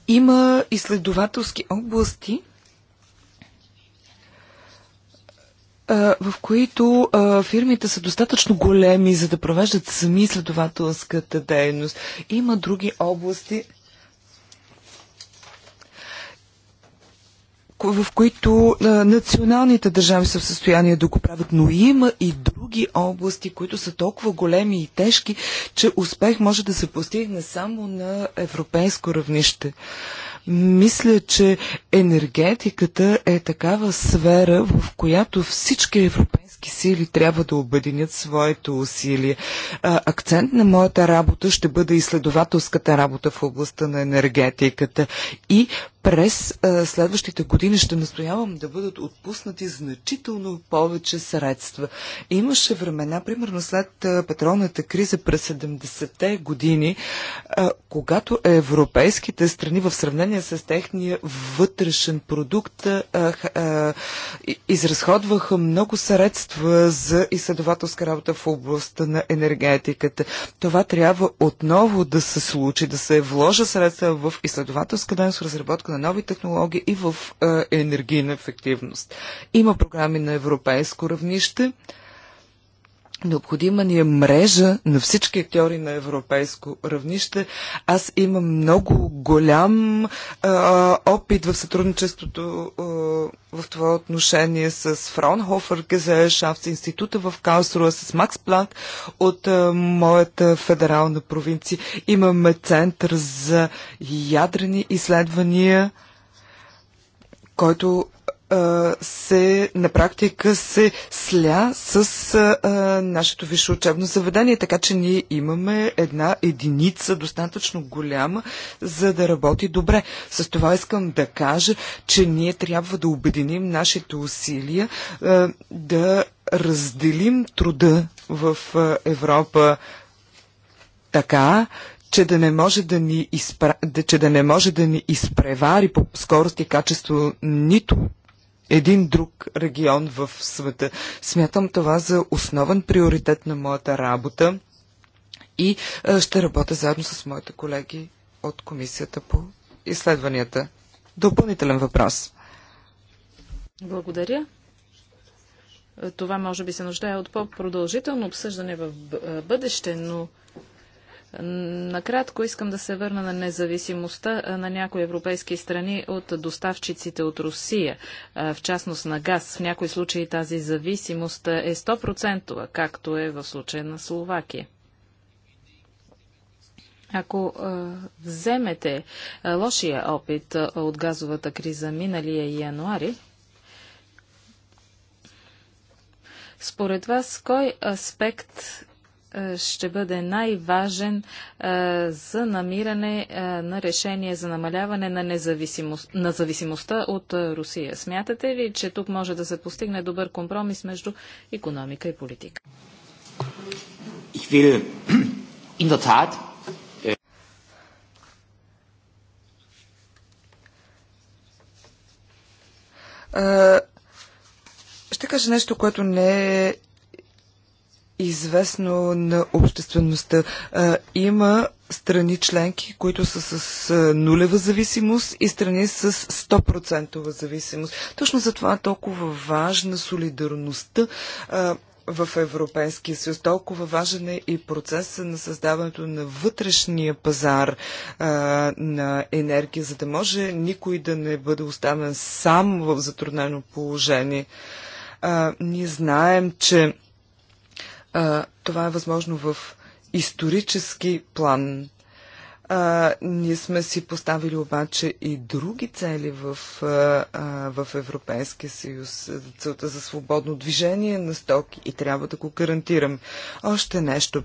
Има изследователски области, в които фирмите са достатъчно големи, за да провеждат сами изследователската дейност. Има други области, в които националните държави са в състояние да го правят, но има и други области, които са толкова големи и тежки, че успех може да се постигне само на европейско равнище. Мисля, че енергетиката е такава сфера, в която всички европейски политически сили трябва да обединят своите усилия. Акцент на моята работа ще бъде изследователската работа в областта на енергетиката и през следващите години ще настоявам да бъдат отпуснати значително повече средства. Имаше времена, примерно след петролната криза през 70-те години, когато европейските страни в сравнение с техния вътрешен продукт изразходваха много средства средства за изследователска работа в областта на енергетиката. Това трябва отново да се случи, да се вложа средства в изследователска дейност, разработка на нови технологии и в е, енергийна ефективност. Има програми на европейско равнище, Необходима ни е мрежа на всички актьори на европейско равнище. Аз имам много голям а, опит в сътрудничеството а, в това отношение с Фраунхофер с е, института в Каусруа, с Макс Планк от а, моята федерална провинция. Имаме център за ядрени изследвания, който се, на практика се сля с а, нашето висше учебно заведение, така че ние имаме една единица достатъчно голяма, за да работи добре. С това искам да кажа, че ние трябва да обединим нашите усилия а, да разделим труда в а, Европа така, че да не може да ни, изпра... че да не може да ни изпревари по скорост и качество нито един друг регион в света. Смятам това за основен приоритет на моята работа и ще работя заедно с моите колеги от Комисията по изследванията. Допълнителен въпрос. Благодаря. Това може би се нуждае от по-продължително обсъждане в бъдеще, но Накратко искам да се върна на независимостта на някои европейски страни от доставчиците от Русия, в частност на газ. В някои случаи тази зависимост е 100%, както е в случая на Словакия. Ако вземете лошия опит от газовата криза миналия януари, според вас кой аспект е, ще бъде най-важен е, за намиране е, на решение за намаляване на, независимост, на зависимостта от Русия. Смятате ли, че тук може да се постигне добър компромис между економика и политика? Will... Tat... ще кажа нещо, което не е известно на обществеността. Има страни членки, които са с нулева зависимост и страни с 100% зависимост. Точно за това е толкова важна солидарността в Европейския съюз. Толкова важен е и процесът на създаването на вътрешния пазар а, на енергия, за да може никой да не бъде оставен сам в затруднено положение. А, ние знаем, че а, това е възможно в исторически план. А, ние сме си поставили обаче и други цели в, а, в Европейския съюз. Целта за свободно движение на стоки и трябва да го гарантирам. Още нещо.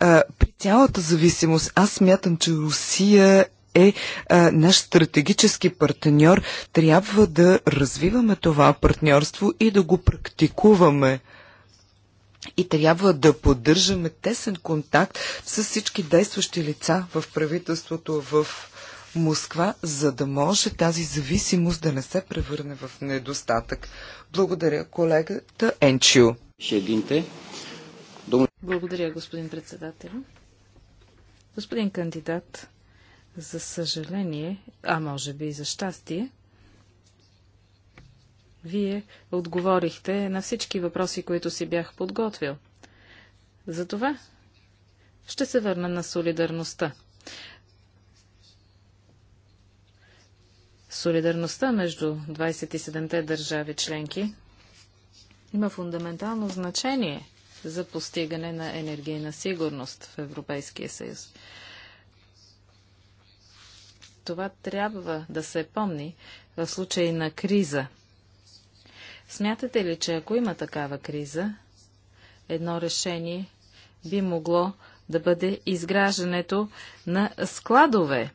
А, при цялата зависимост, аз смятам, че Русия е а, наш стратегически партньор. Трябва да развиваме това партньорство и да го практикуваме и трябва да поддържаме тесен контакт с всички действащи лица в правителството в Москва, за да може тази зависимост да не се превърне в недостатък. Благодаря колегата Енчио. Благодаря, господин председател. Господин кандидат, за съжаление, а може би и за щастие, вие отговорихте на всички въпроси, които си бях подготвил. Затова ще се върна на солидарността. Солидарността между 27-те държави членки има фундаментално значение за постигане на енергийна сигурност в Европейския съюз. Това трябва да се помни в случай на криза – Смятате ли, че ако има такава криза, едно решение би могло да бъде изграждането на складове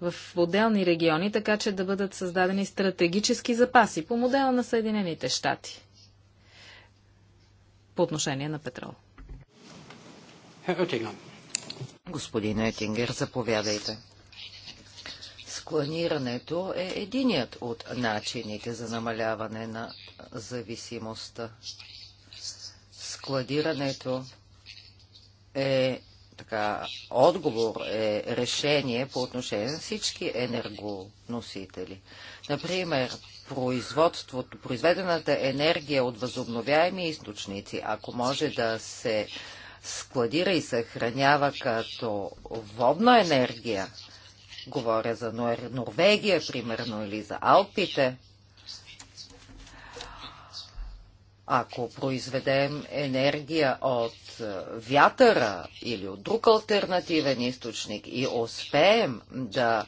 в отделни региони, така че да бъдат създадени стратегически запаси по модела на Съединените щати по отношение на петрол. Господин Етингер, заповядайте. Клонирането е единият от начините за намаляване на зависимостта. Складирането е така, отговор е решение по отношение на всички енергоносители. Например, производството, произведената енергия от възобновяеми източници, ако може да се складира и съхранява като водна енергия, Говоря за Норвегия, примерно, или за Алпите. Ако произведем енергия от е, вятъра или от друг альтернативен източник и успеем да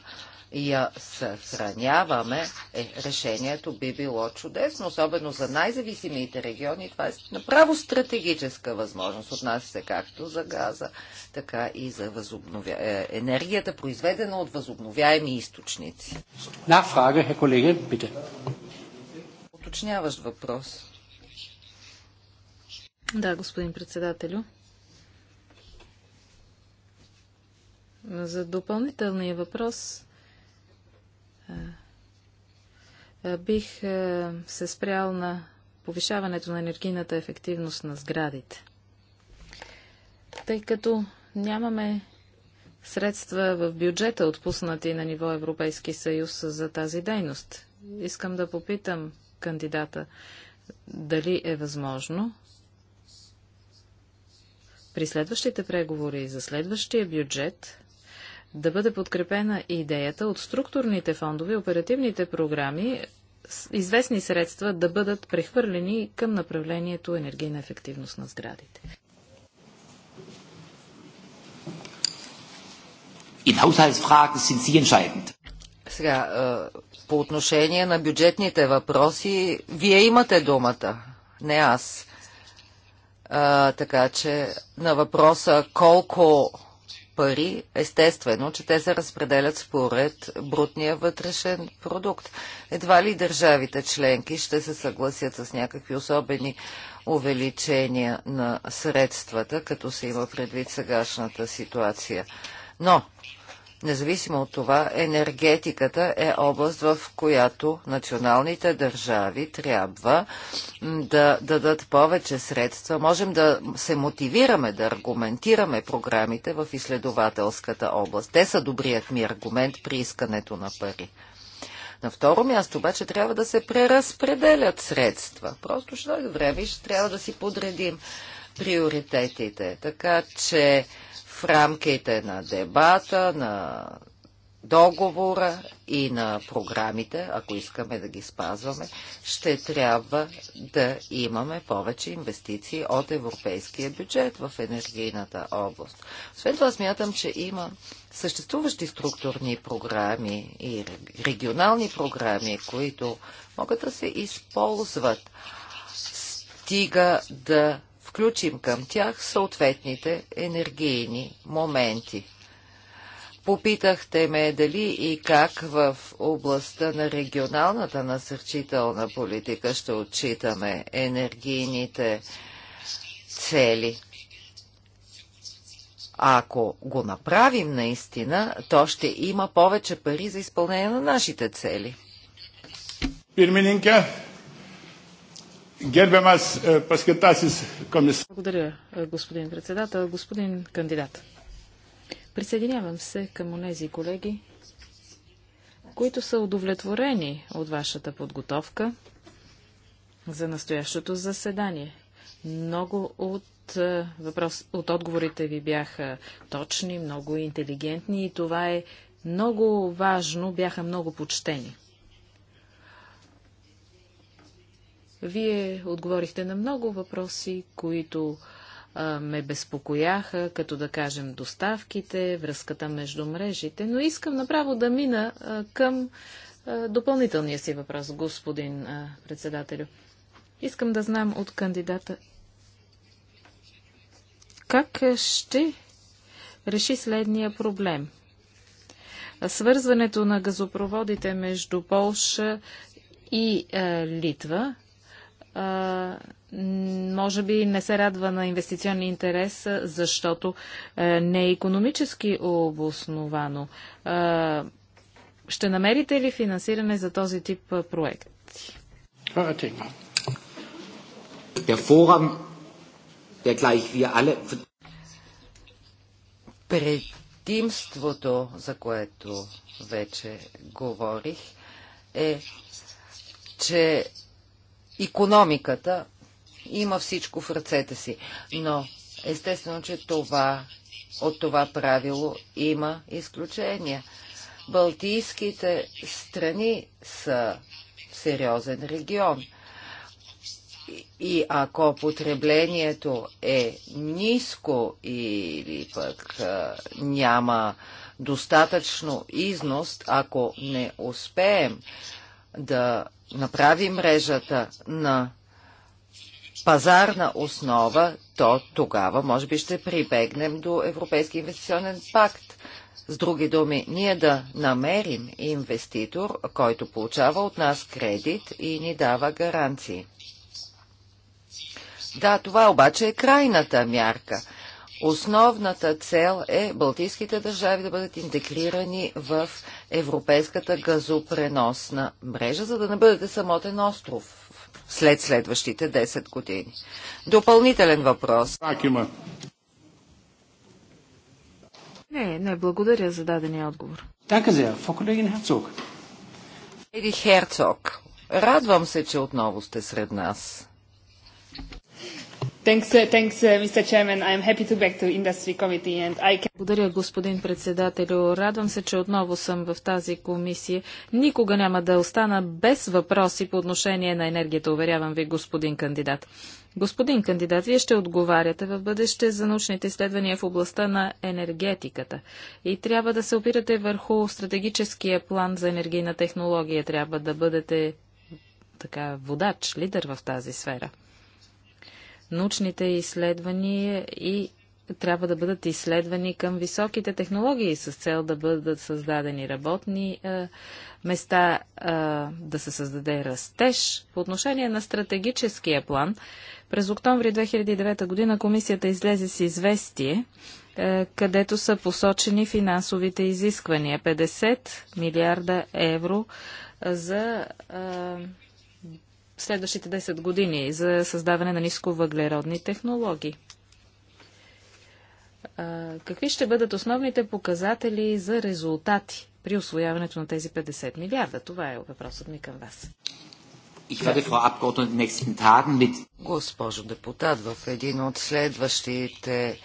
я съхраняваме, е, решението би било чудесно, особено за най-зависимите региони. Това е направо стратегическа възможност. Отнася се както за газа, така и за възобновя... Е, енергията, произведена от възобновяеми източници. фрага, е колеги, пите. Уточняващ въпрос. Да, господин председателю. За допълнителния въпрос Бих се спрял на повишаването на енергийната ефективност на сградите. Тъй като нямаме средства в бюджета, отпуснати на ниво Европейски съюз за тази дейност. Искам да попитам кандидата дали е възможно при следващите преговори за следващия бюджет да бъде подкрепена идеята от структурните фондове оперативните програми известни средства да бъдат прехвърлени към направлението енергийна ефективност на сградите. Сега, е, по отношение на бюджетните въпроси, вие имате думата, не аз. А, е, така че на въпроса колко пари, естествено, че те се разпределят според брутния вътрешен продукт. Едва ли държавите членки ще се съгласят с някакви особени увеличения на средствата, като се има предвид сегашната ситуация. Но Независимо от това, енергетиката е област, в която националните държави трябва да дадат повече средства. Можем да се мотивираме, да аргументираме програмите в изследователската област. Те са добрият ми аргумент при искането на пари. На второ място обаче трябва да се преразпределят средства. Просто ще дойде време и ще трябва да си подредим приоритетите. Така че в рамките на дебата, на договора и на програмите, ако искаме да ги спазваме, ще трябва да имаме повече инвестиции от европейския бюджет в енергийната област. Освен това смятам, че има съществуващи структурни програми и регионални програми, които могат да се използват, стига да подключим към тях съответните енергийни моменти. Попитахте ме дали и как в областта на регионалната насърчителна политика ще отчитаме енергийните цели. Ако го направим наистина, то ще има повече пари за изпълнение на нашите цели. Пирмининка, Гербемас паскетасис комисар. Благодаря, е, господин председател. Господин кандидат, присъединявам се към онези колеги, които са удовлетворени от вашата подготовка за настоящото заседание. Много от, е, въпрос, от отговорите ви бяха точни, много интелигентни и това е много важно, бяха много почтени. Вие отговорихте на много въпроси, които а, ме безпокояха, като да кажем доставките, връзката между мрежите, но искам направо да мина а, към а, допълнителния си въпрос, господин а, председателю. Искам да знам от кандидата как ще реши следния проблем. Свързването на газопроводите между Полша и е, Литва може би не се радва на инвестиционни интерес, защото не е економически обосновано. Ще намерите ли финансиране за този тип проекти? Предимството, за което вече говорих, е, че економиката има всичко в ръцете си. Но естествено, че това, от това правило има изключения. Балтийските страни са сериозен регион. И ако потреблението е ниско или пък няма достатъчно износ, ако не успеем да направи мрежата на пазарна основа, то тогава може би ще прибегнем до Европейски инвестиционен пакт. С други думи, ние да намерим инвеститор, който получава от нас кредит и ни дава гаранции. Да, това обаче е крайната мярка – Основната цел е балтийските държави да бъдат интегрирани в европейската газопреносна мрежа, за да не бъдете самотен остров след следващите 10 години. Допълнителен въпрос. Не, не, благодаря за дадения отговор. Така за, Херцог. Еди Херцог, радвам се, че отново сте сред нас. Thanks, uh, thanks, uh, Mr. Chairman. happy to back to Industry Committee and I can... Благодаря, господин председателю. Радвам се, че отново съм в тази комисия. Никога няма да остана без въпроси по отношение на енергията, уверявам ви, господин кандидат. Господин кандидат, вие ще отговаряте в бъдеще за научните изследвания в областта на енергетиката и трябва да се опирате върху стратегическия план за енергийна технология. Трябва да бъдете така водач, лидер в тази сфера научните изследвания и трябва да бъдат изследвани към високите технологии с цел да бъдат създадени работни места, да се създаде растеж. По отношение на стратегическия план, през октомври 2009 година комисията излезе с известие, където са посочени финансовите изисквания 50 милиарда евро за следващите 10 години за създаване на нисковъглеродни технологии. Какви ще бъдат основните показатели за резултати при освояването на тези 50 милиарда? Това е въпросът ми към вас. Госпожо депутат, в един от следващите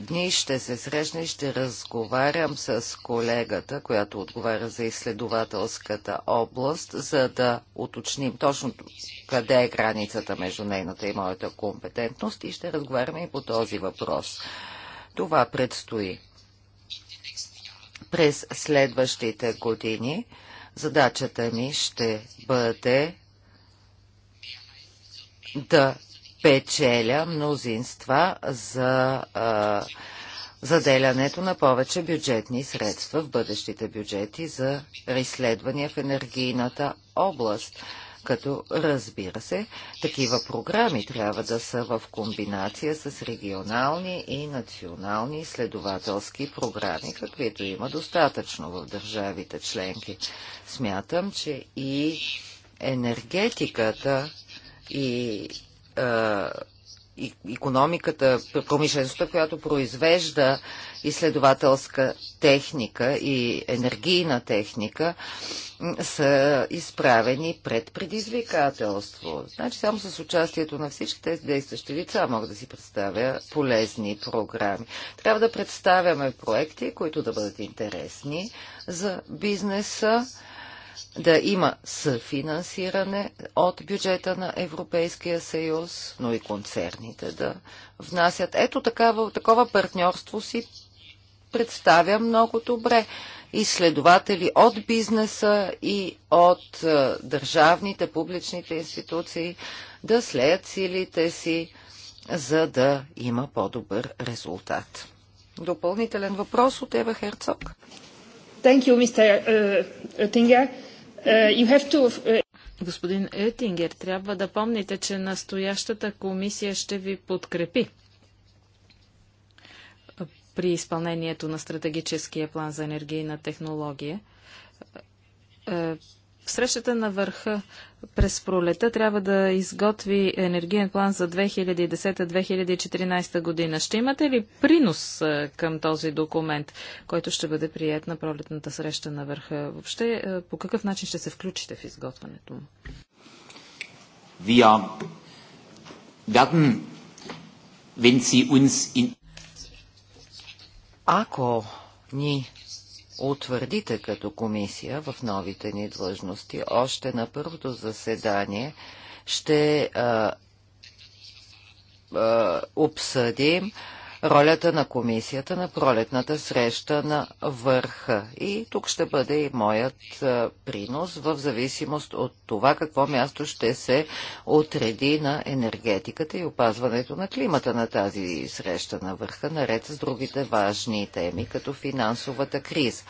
Днес ще се срещна и ще разговарям с колегата, която отговаря за изследователската област, за да уточним точно къде е границата между нейната и моята компетентност и ще разговаряме и по този въпрос. Това предстои. През следващите години задачата ми ще бъде да печеля мнозинства за а, заделянето на повече бюджетни средства в бъдещите бюджети за изследвания в енергийната област. Като разбира се, такива програми трябва да са в комбинация с регионални и национални изследователски програми, каквито има достатъчно в държавите членки. Смятам, че и енергетиката и економиката, промишленността, която произвежда изследователска техника и енергийна техника, са изправени пред предизвикателство. Значи само с участието на всички тези действащи лица мога да си представя полезни програми. Трябва да представяме проекти, които да бъдат интересни за бизнеса, да има съфинансиране от бюджета на Европейския съюз, но и концерните да внасят. Ето такава, такова партньорство си представя много добре. Изследователи от бизнеса и от е, държавните, публичните институции да слеят силите си, за да има по-добър резултат. Допълнителен въпрос от Ева Херцог. Thank you, Mr. Uh, Oettinger. Uh, you have to... Uh, Господин Етингер, трябва да помните, че настоящата комисия ще ви подкрепи при изпълнението на стратегическия план за енергийна технология е, в срещата на върха през пролета трябва да изготви енергиен план за 2010-2014 година. Ще имате ли принос към този документ, който ще бъде прият на пролетната среща на върха? Въобще, по какъв начин ще се включите в изготвянето му? Ако ни утвърдите като комисия в новите ни длъжности. Още на първото заседание ще а, а, обсъдим ролята на комисията на пролетната среща на върха. И тук ще бъде и моят е, принос в зависимост от това какво място ще се отреди на енергетиката и опазването на климата на тази среща на върха, наред с другите важни теми, като финансовата криза.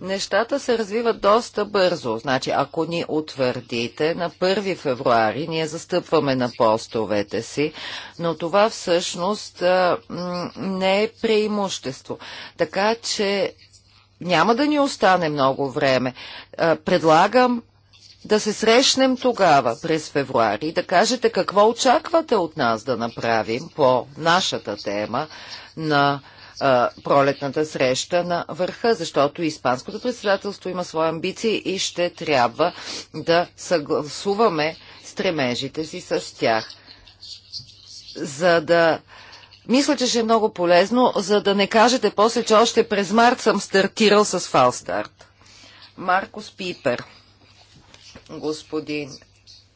Нещата се развиват доста бързо. Значи, ако ни утвърдите на 1 февруари, ние застъпваме на постовете си, но това всъщност не е преимущество. Така че няма да ни остане много време. предлагам да се срещнем тогава през февруари и да кажете какво очаквате от нас да направим по нашата тема на пролетната среща на върха, защото Испанското председателство има свои амбиции и ще трябва да съгласуваме стремежите си с тях. За да мисля, че ще е много полезно, за да не кажете после, че още през март съм стартирал с фалстарт. Маркус Пипер. Господин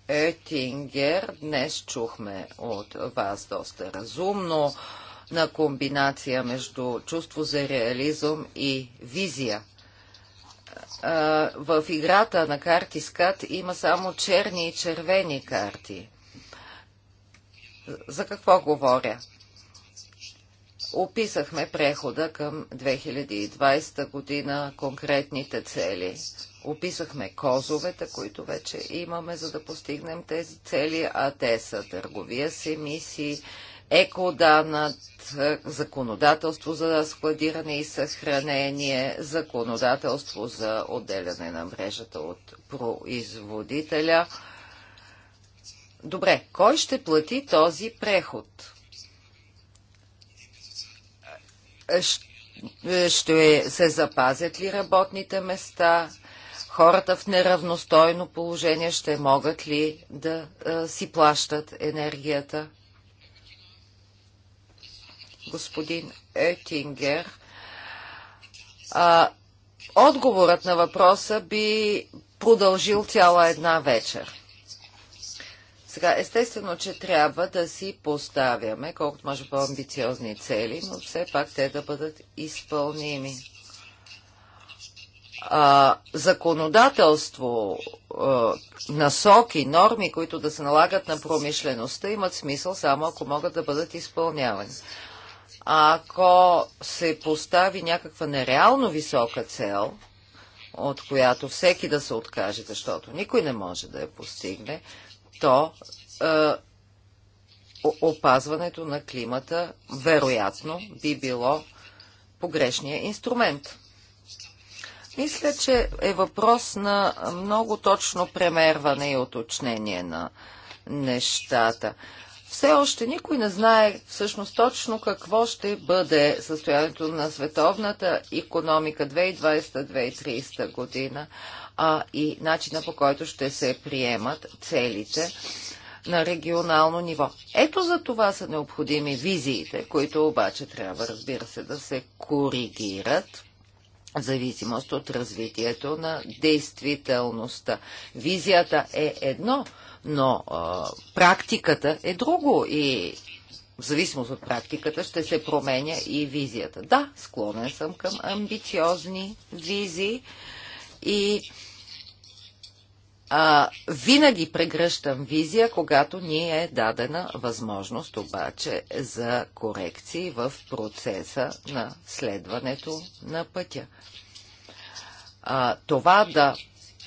Етингер, днес чухме от вас доста разумно, на комбинация между чувство за реализъм и визия. В играта на карти скат има само черни и червени карти. За какво говоря? Описахме прехода към 2020 година, конкретните цели. Описахме козовете, които вече имаме, за да постигнем тези цели, а те са търговия с емисии, екоданът, е, законодателство за складиране и съхранение, законодателство за отделяне на мрежата от производителя. Добре, кой ще плати този преход? Ще се запазят ли работните места? Хората в неравностойно положение ще могат ли да е, си плащат енергията? господин Етингер, а, отговорът на въпроса би продължил цяла една вечер. Сега, естествено, че трябва да си поставяме колкото може по-амбициозни цели, но все пак те да бъдат изпълними. А, законодателство, а, насоки, норми, които да се налагат на промишлеността, имат смисъл само ако могат да бъдат изпълнявани. Ако се постави някаква нереално висока цел, от която всеки да се откаже, защото никой не може да я постигне, то е, опазването на климата вероятно би било погрешния инструмент. Мисля, че е въпрос на много точно премерване и оточнение на нещата все още никой не знае всъщност точно какво ще бъде състоянието на световната економика 2020-2030 година а и начина по който ще се приемат целите на регионално ниво. Ето за това са необходими визиите, които обаче трябва, разбира се, да се коригират в зависимост от развитието на действителността. Визията е едно – но а, практиката е друго и в зависимост от практиката ще се променя и визията. Да, склонен съм към амбициозни визии и а, винаги прегръщам визия, когато ни е дадена възможност обаче за корекции в процеса на следването на пътя. А, това да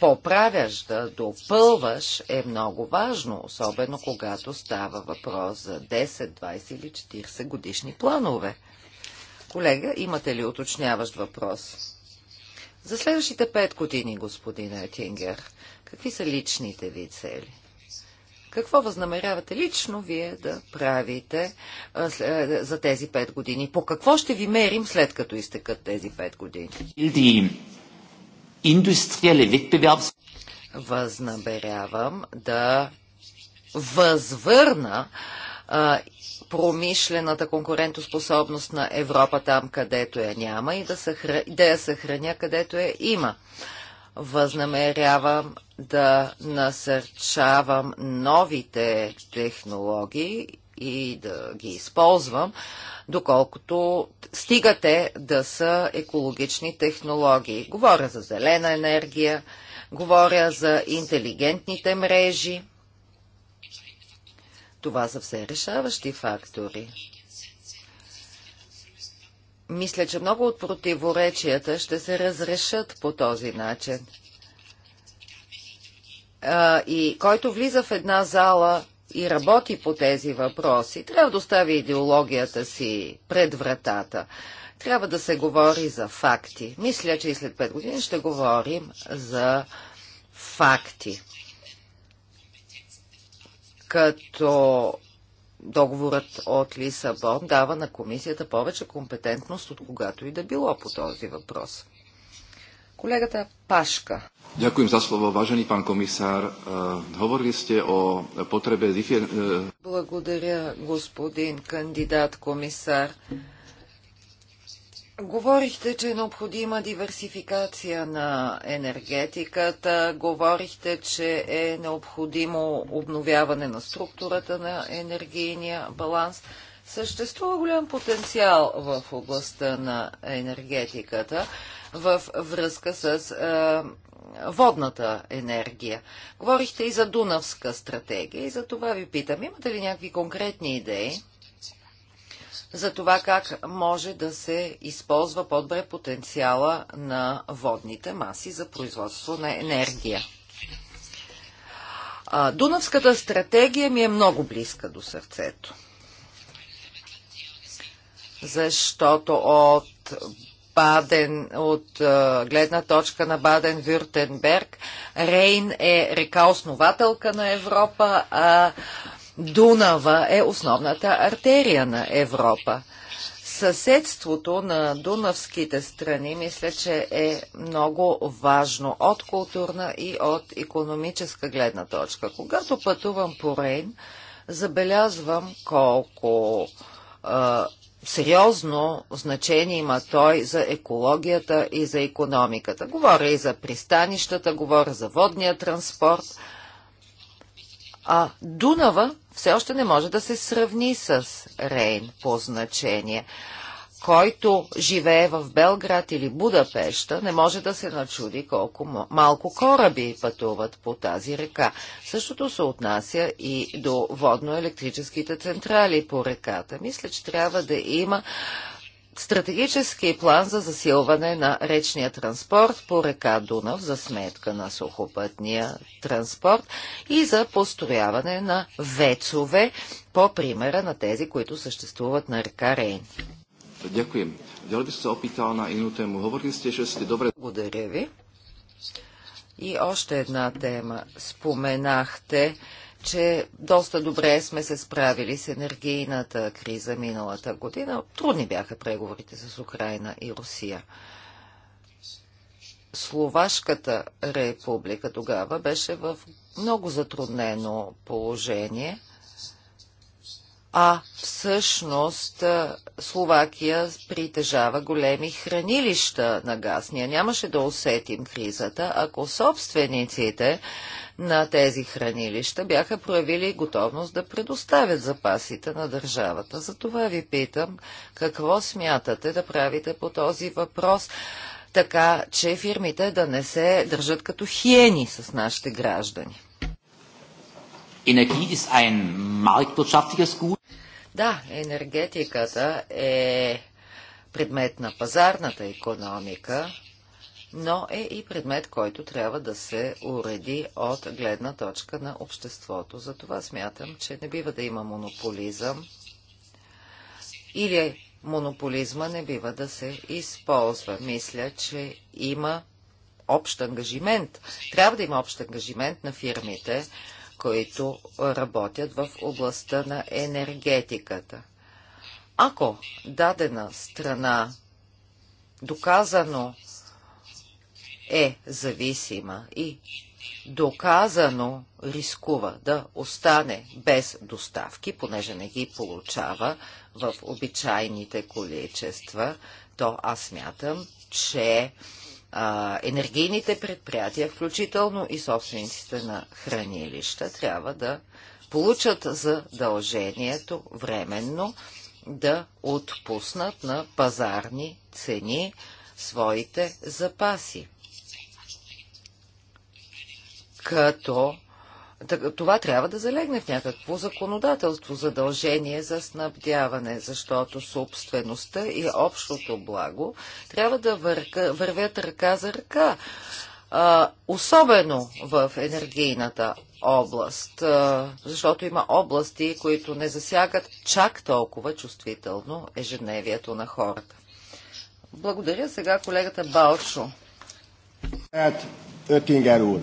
поправяш, да допълваш е много важно, особено когато става въпрос за 10, 20 или 40 годишни планове. Колега, имате ли уточняващ въпрос? За следващите 5 години, господин Етингер, какви са личните ви цели? Какво възнамерявате лично вие да правите а, за тези 5 години? По какво ще ви мерим след като изтекат тези 5 години? industrielle Wettbewerbs... Възнамерявам да възвърна а, промишлената конкурентоспособност на Европа там, където я няма и да, съхра... да я съхраня където я има. Възнамерявам да насърчавам новите технологии и да ги използвам, доколкото стигате да са екологични технологии. Говоря за зелена енергия, говоря за интелигентните мрежи. Това са все решаващи фактори. Мисля, че много от противоречията ще се разрешат по този начин. и който влиза в една зала, и работи по тези въпроси, трябва да остави идеологията си пред вратата. Трябва да се говори за факти. Мисля, че и след 5 години ще говорим за факти. Като договорът от Лисабон дава на комисията повече компетентност от когато и да било по този въпрос. Колегата Пашка. Ďakujem за слово, vážený pán комисар. Говорили сте о потребе... Благодаря, господин кандидат комисар. Говорихте, че е необходима диверсификация на енергетиката, говорихте, че е необходимо обновяване на структурата на енергийния баланс. Съществува голям потенциал в областта на енергетиката в връзка с е, водната енергия. Говорихте и за Дунавска стратегия и за това ви питам, имате ли някакви конкретни идеи за това как може да се използва по-добре потенциала на водните маси за производство на енергия? Дунавската стратегия ми е много близка до сърцето, защото от Баден, от гледна точка на Баден-Вюртенберг. Рейн е река основателка на Европа, а Дунава е основната артерия на Европа. Съседството на дунавските страни мисля, че е много важно от културна и от економическа гледна точка. Когато пътувам по Рейн, забелязвам колко сериозно значение има той за екологията и за економиката. Говоря и за пристанищата, говоря за водния транспорт. А Дунава все още не може да се сравни с Рейн по значение който живее в Белград или Будапеща, не може да се начуди колко малко кораби пътуват по тази река. Същото се отнася и до водно-електрическите централи по реката. Мисля, че трябва да има стратегически план за засилване на речния транспорт по река Дунав за сметка на сухопътния транспорт и за построяване на вецове по примера на тези, които съществуват на река Рейн. Ďakujem. Ďalej by som sa opýtal на inú tému. Hovorili ste, че сте добре... Благодаря ви. И още една тема. Споменахте, че доста добре сме се справили с енергийната криза миналата година. Трудни бяха преговорите с Украина и Русия. Словашката република тогава беше в много затруднено положение – а всъщност Словакия притежава големи хранилища на газ. Ние нямаше да усетим кризата, ако собствениците на тези хранилища бяха проявили готовност да предоставят запасите на държавата. Затова ви питам, какво смятате да правите по този въпрос, така че фирмите да не се държат като хиени с нашите граждани? Енергия е един marktwirtschaftliches Gut. Да, енергетиката е предмет на пазарната економика, но е и предмет, който трябва да се уреди от гледна точка на обществото. Затова смятам, че не бива да има монополизъм или монополизма не бива да се използва. Мисля, че има общ ангажимент. Трябва да има общ ангажимент на фирмите които работят в областта на енергетиката. Ако дадена страна доказано е зависима и доказано рискува да остане без доставки, понеже не ги получава в обичайните количества, то аз мятам, че а, енергийните предприятия, включително и собствениците на хранилища, трябва да получат задължението временно да отпуснат на пазарни цени своите запаси. Като това трябва да залегне в някакво законодателство, задължение за снабдяване, защото собствеността и общото благо трябва да върка, вървят ръка за ръка. А, особено в енергийната област, а, защото има области, които не засягат чак толкова чувствително ежедневието на хората. Благодаря сега колегата Балчо. úr,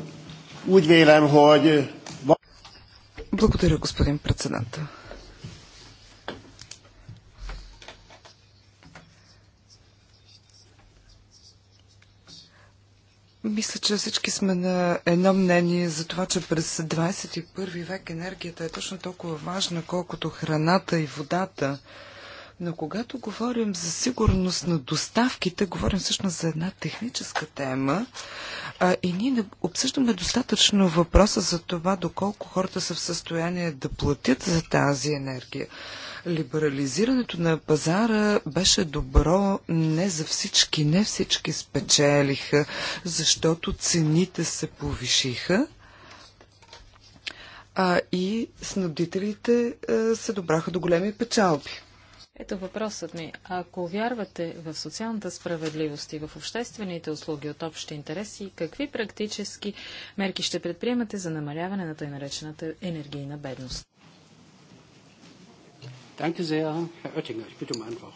úgy vélem, hogy благодаря, господин председател. Мисля, че всички сме на едно мнение за това, че през 21 век енергията е точно толкова важна, колкото храната и водата. Но когато говорим за сигурност на доставките, говорим всъщност за една техническа тема а, и ние не обсъждаме достатъчно въпроса за това доколко хората са в състояние да платят за тази енергия. Либерализирането на пазара беше добро не за всички, не всички спечелиха, защото цените се повишиха а, и снабдителите а, се добраха до големи печалби. Ето въпросът ми. Ако вярвате в социалната справедливост и в обществените услуги от общи интереси, какви практически мерки ще предприемате за намаляване на тъй наречената енергийна бедност? Um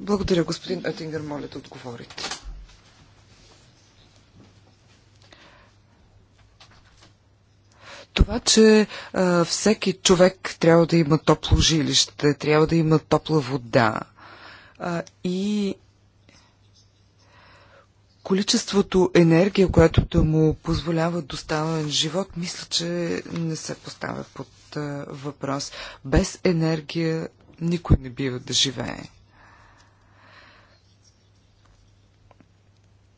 Благодаря, господин Оттингер. Моля да отговорите. Това, че а, всеки човек трябва да има топло жилище, трябва да има топла вода а, и количеството енергия, която да му позволява доставен живот, мисля, че не се поставя под а, въпрос. Без енергия никой не бива да живее.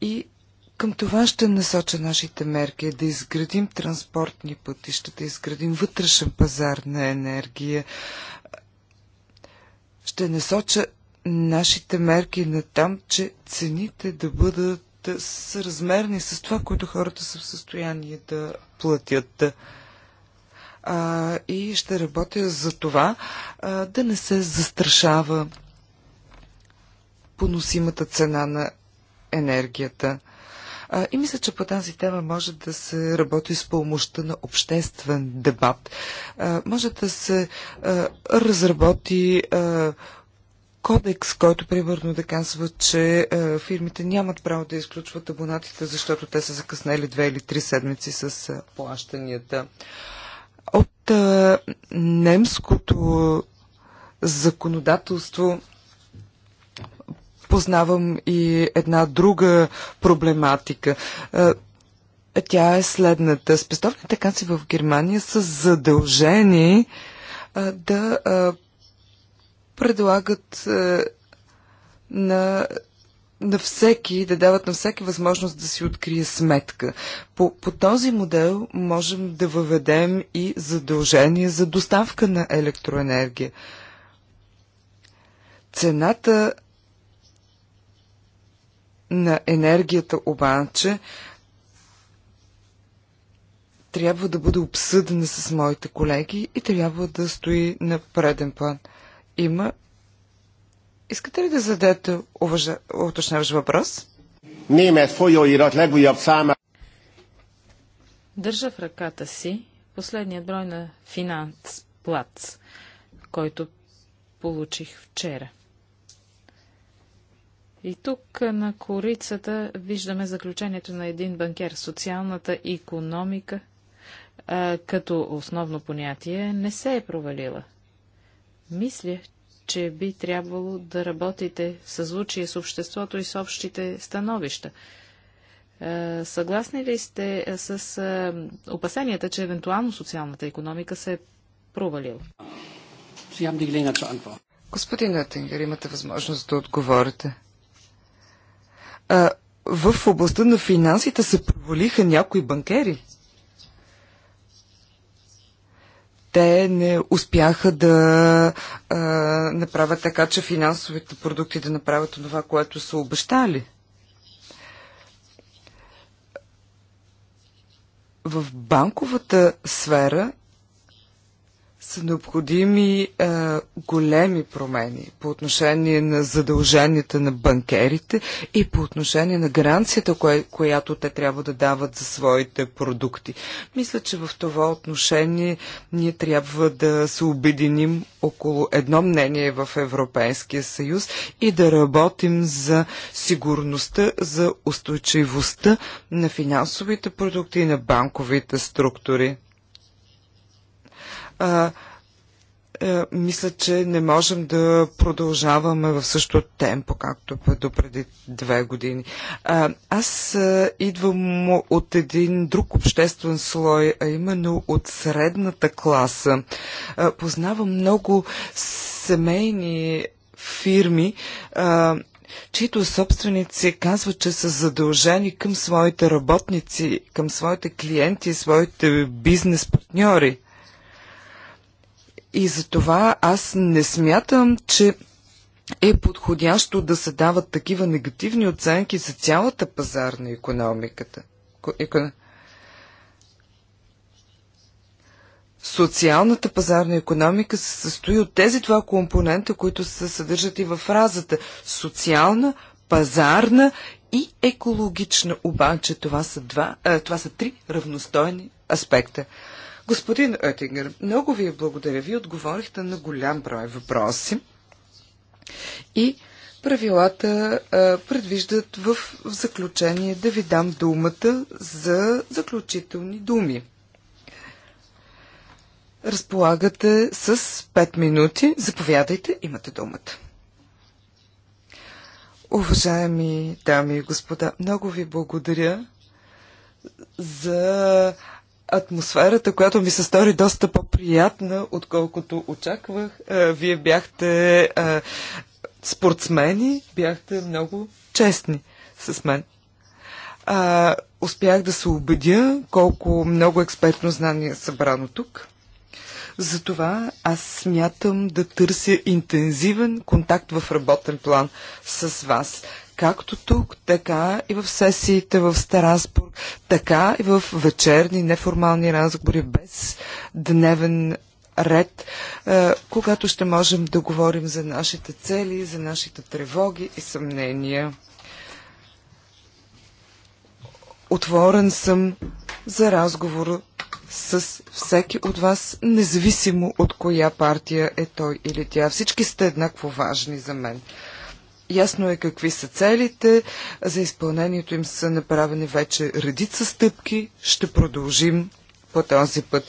И към това ще насоча нашите мерки, да изградим транспортни пътища, да изградим вътрешен пазар на енергия. Ще насоча нашите мерки на там, че цените да бъдат съразмерни с това, което хората са в състояние да платят. А, и ще работя за това а, да не се застрашава поносимата цена на енергията. И мисля, че по тази тема може да се работи с помощта на обществен дебат. Може да се разработи кодекс, който примерно да казва, че е, фирмите нямат право да изключват абонатите, защото те са закъснели две или три седмици с е, плащанията. От е, немското законодателство познавам и една друга проблематика. Тя е следната. Спестовните канци в Германия са задължени да предлагат на на всеки, да дават на всеки възможност да си открие сметка. По, по този модел можем да въведем и задължение за доставка на електроенергия. Цената на енергията обаче трябва да бъде обсъдена с моите колеги и трябва да стои на преден план. Има. Искате ли да зададете уважа... уточняваш въпрос? Немет folyóirat legújabb Държа в ръката си последният брой на финансплац, който получих вчера. И тук на корицата виждаме заключението на един банкер. Социалната економика а, като основно понятие не се е провалила. Мисля, че би трябвало да работите в съзвучие с обществото и с общите становища. Съгласни ли сте с опасенията, че евентуално социалната економика се е провалила? Господин Натингер, имате възможност да отговорите в областта на финансите се провалиха някои банкери. Те не успяха да а, направят така, че финансовите продукти да направят това, което са обещали. В банковата сфера са необходими е, големи промени по отношение на задълженията на банкерите и по отношение на гаранцията, кое, която те трябва да дават за своите продукти. Мисля, че в това отношение ние трябва да се обединим около едно мнение в Европейския съюз и да работим за сигурността, за устойчивостта на финансовите продукти и на банковите структури а, а, е, мисля, че не можем да продължаваме в същото темпо, както до преди две години. А, аз а, е, идвам от един друг обществен слой, а именно от средната класа. А, познавам много семейни фирми, а, чието собственици казват, че са задължени към своите работници, към своите клиенти, своите бизнес партньори. И затова аз не смятам, че е подходящо да се дават такива негативни оценки за цялата пазарна економиката. Социалната пазарна економика се състои от тези два компонента, които се съдържат и в фразата социална, пазарна и екологична. Обаче това са, два, а, е, това са три равностойни аспекта. Господин Оттингер, много ви благодаря. Вие отговорихте на голям брой въпроси. И правилата а, предвиждат в, в заключение да ви дам думата за заключителни думи. Разполагате с 5 минути. Заповядайте, имате думата. Уважаеми дами и господа, много ви благодаря за атмосферата, която ми се стори доста по-приятна, отколкото очаквах. Е, вие бяхте е, спортсмени, бяхте много честни с мен. А, е, успях да се убедя колко много експертно знание е събрано тук. Затова аз смятам да търся интензивен контакт в работен план с вас както тук, така и в сесиите в Старасбург, така и в вечерни неформални разговори без дневен ред, е, когато ще можем да говорим за нашите цели, за нашите тревоги и съмнения. Отворен съм за разговор с всеки от вас, независимо от коя партия е той или тя. Всички сте еднакво важни за мен. Ясно е какви са целите. За изпълнението им са направени вече редица стъпки. Ще продължим по този път.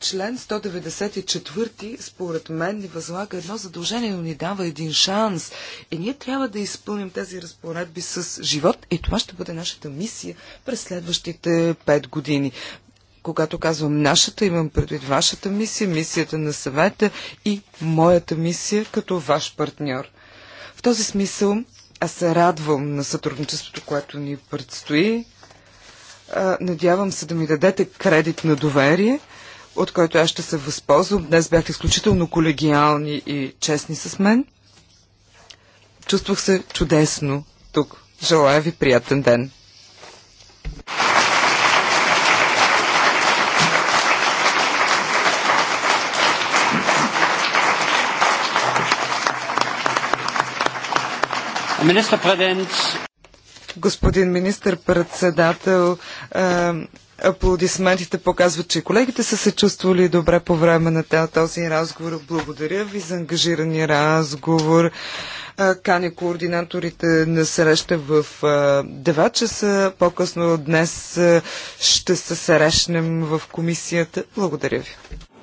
Член 194 според мен ни възлага едно задължение, но ни дава един шанс. И ние трябва да изпълним тези разпоредби с живот и това ще бъде нашата мисия през следващите 5 години. Когато казвам нашата, имам предвид вашата мисия, мисията на съвета и моята мисия като ваш партньор този смисъл аз се радвам на сътрудничеството, което ни предстои. Надявам се да ми дадете кредит на доверие, от който аз ще се възползвам. Днес бяхте изключително колегиални и честни с мен. Чувствах се чудесно тук. Желая ви приятен ден! Господин министър-председател, е, аплодисментите показват, че колегите са се чувствали добре по време на този разговор. Благодаря ви за ангажирания разговор. Е, кани координаторите на среща в 9 е, часа. По-късно днес ще се срещнем в комисията. Благодаря ви.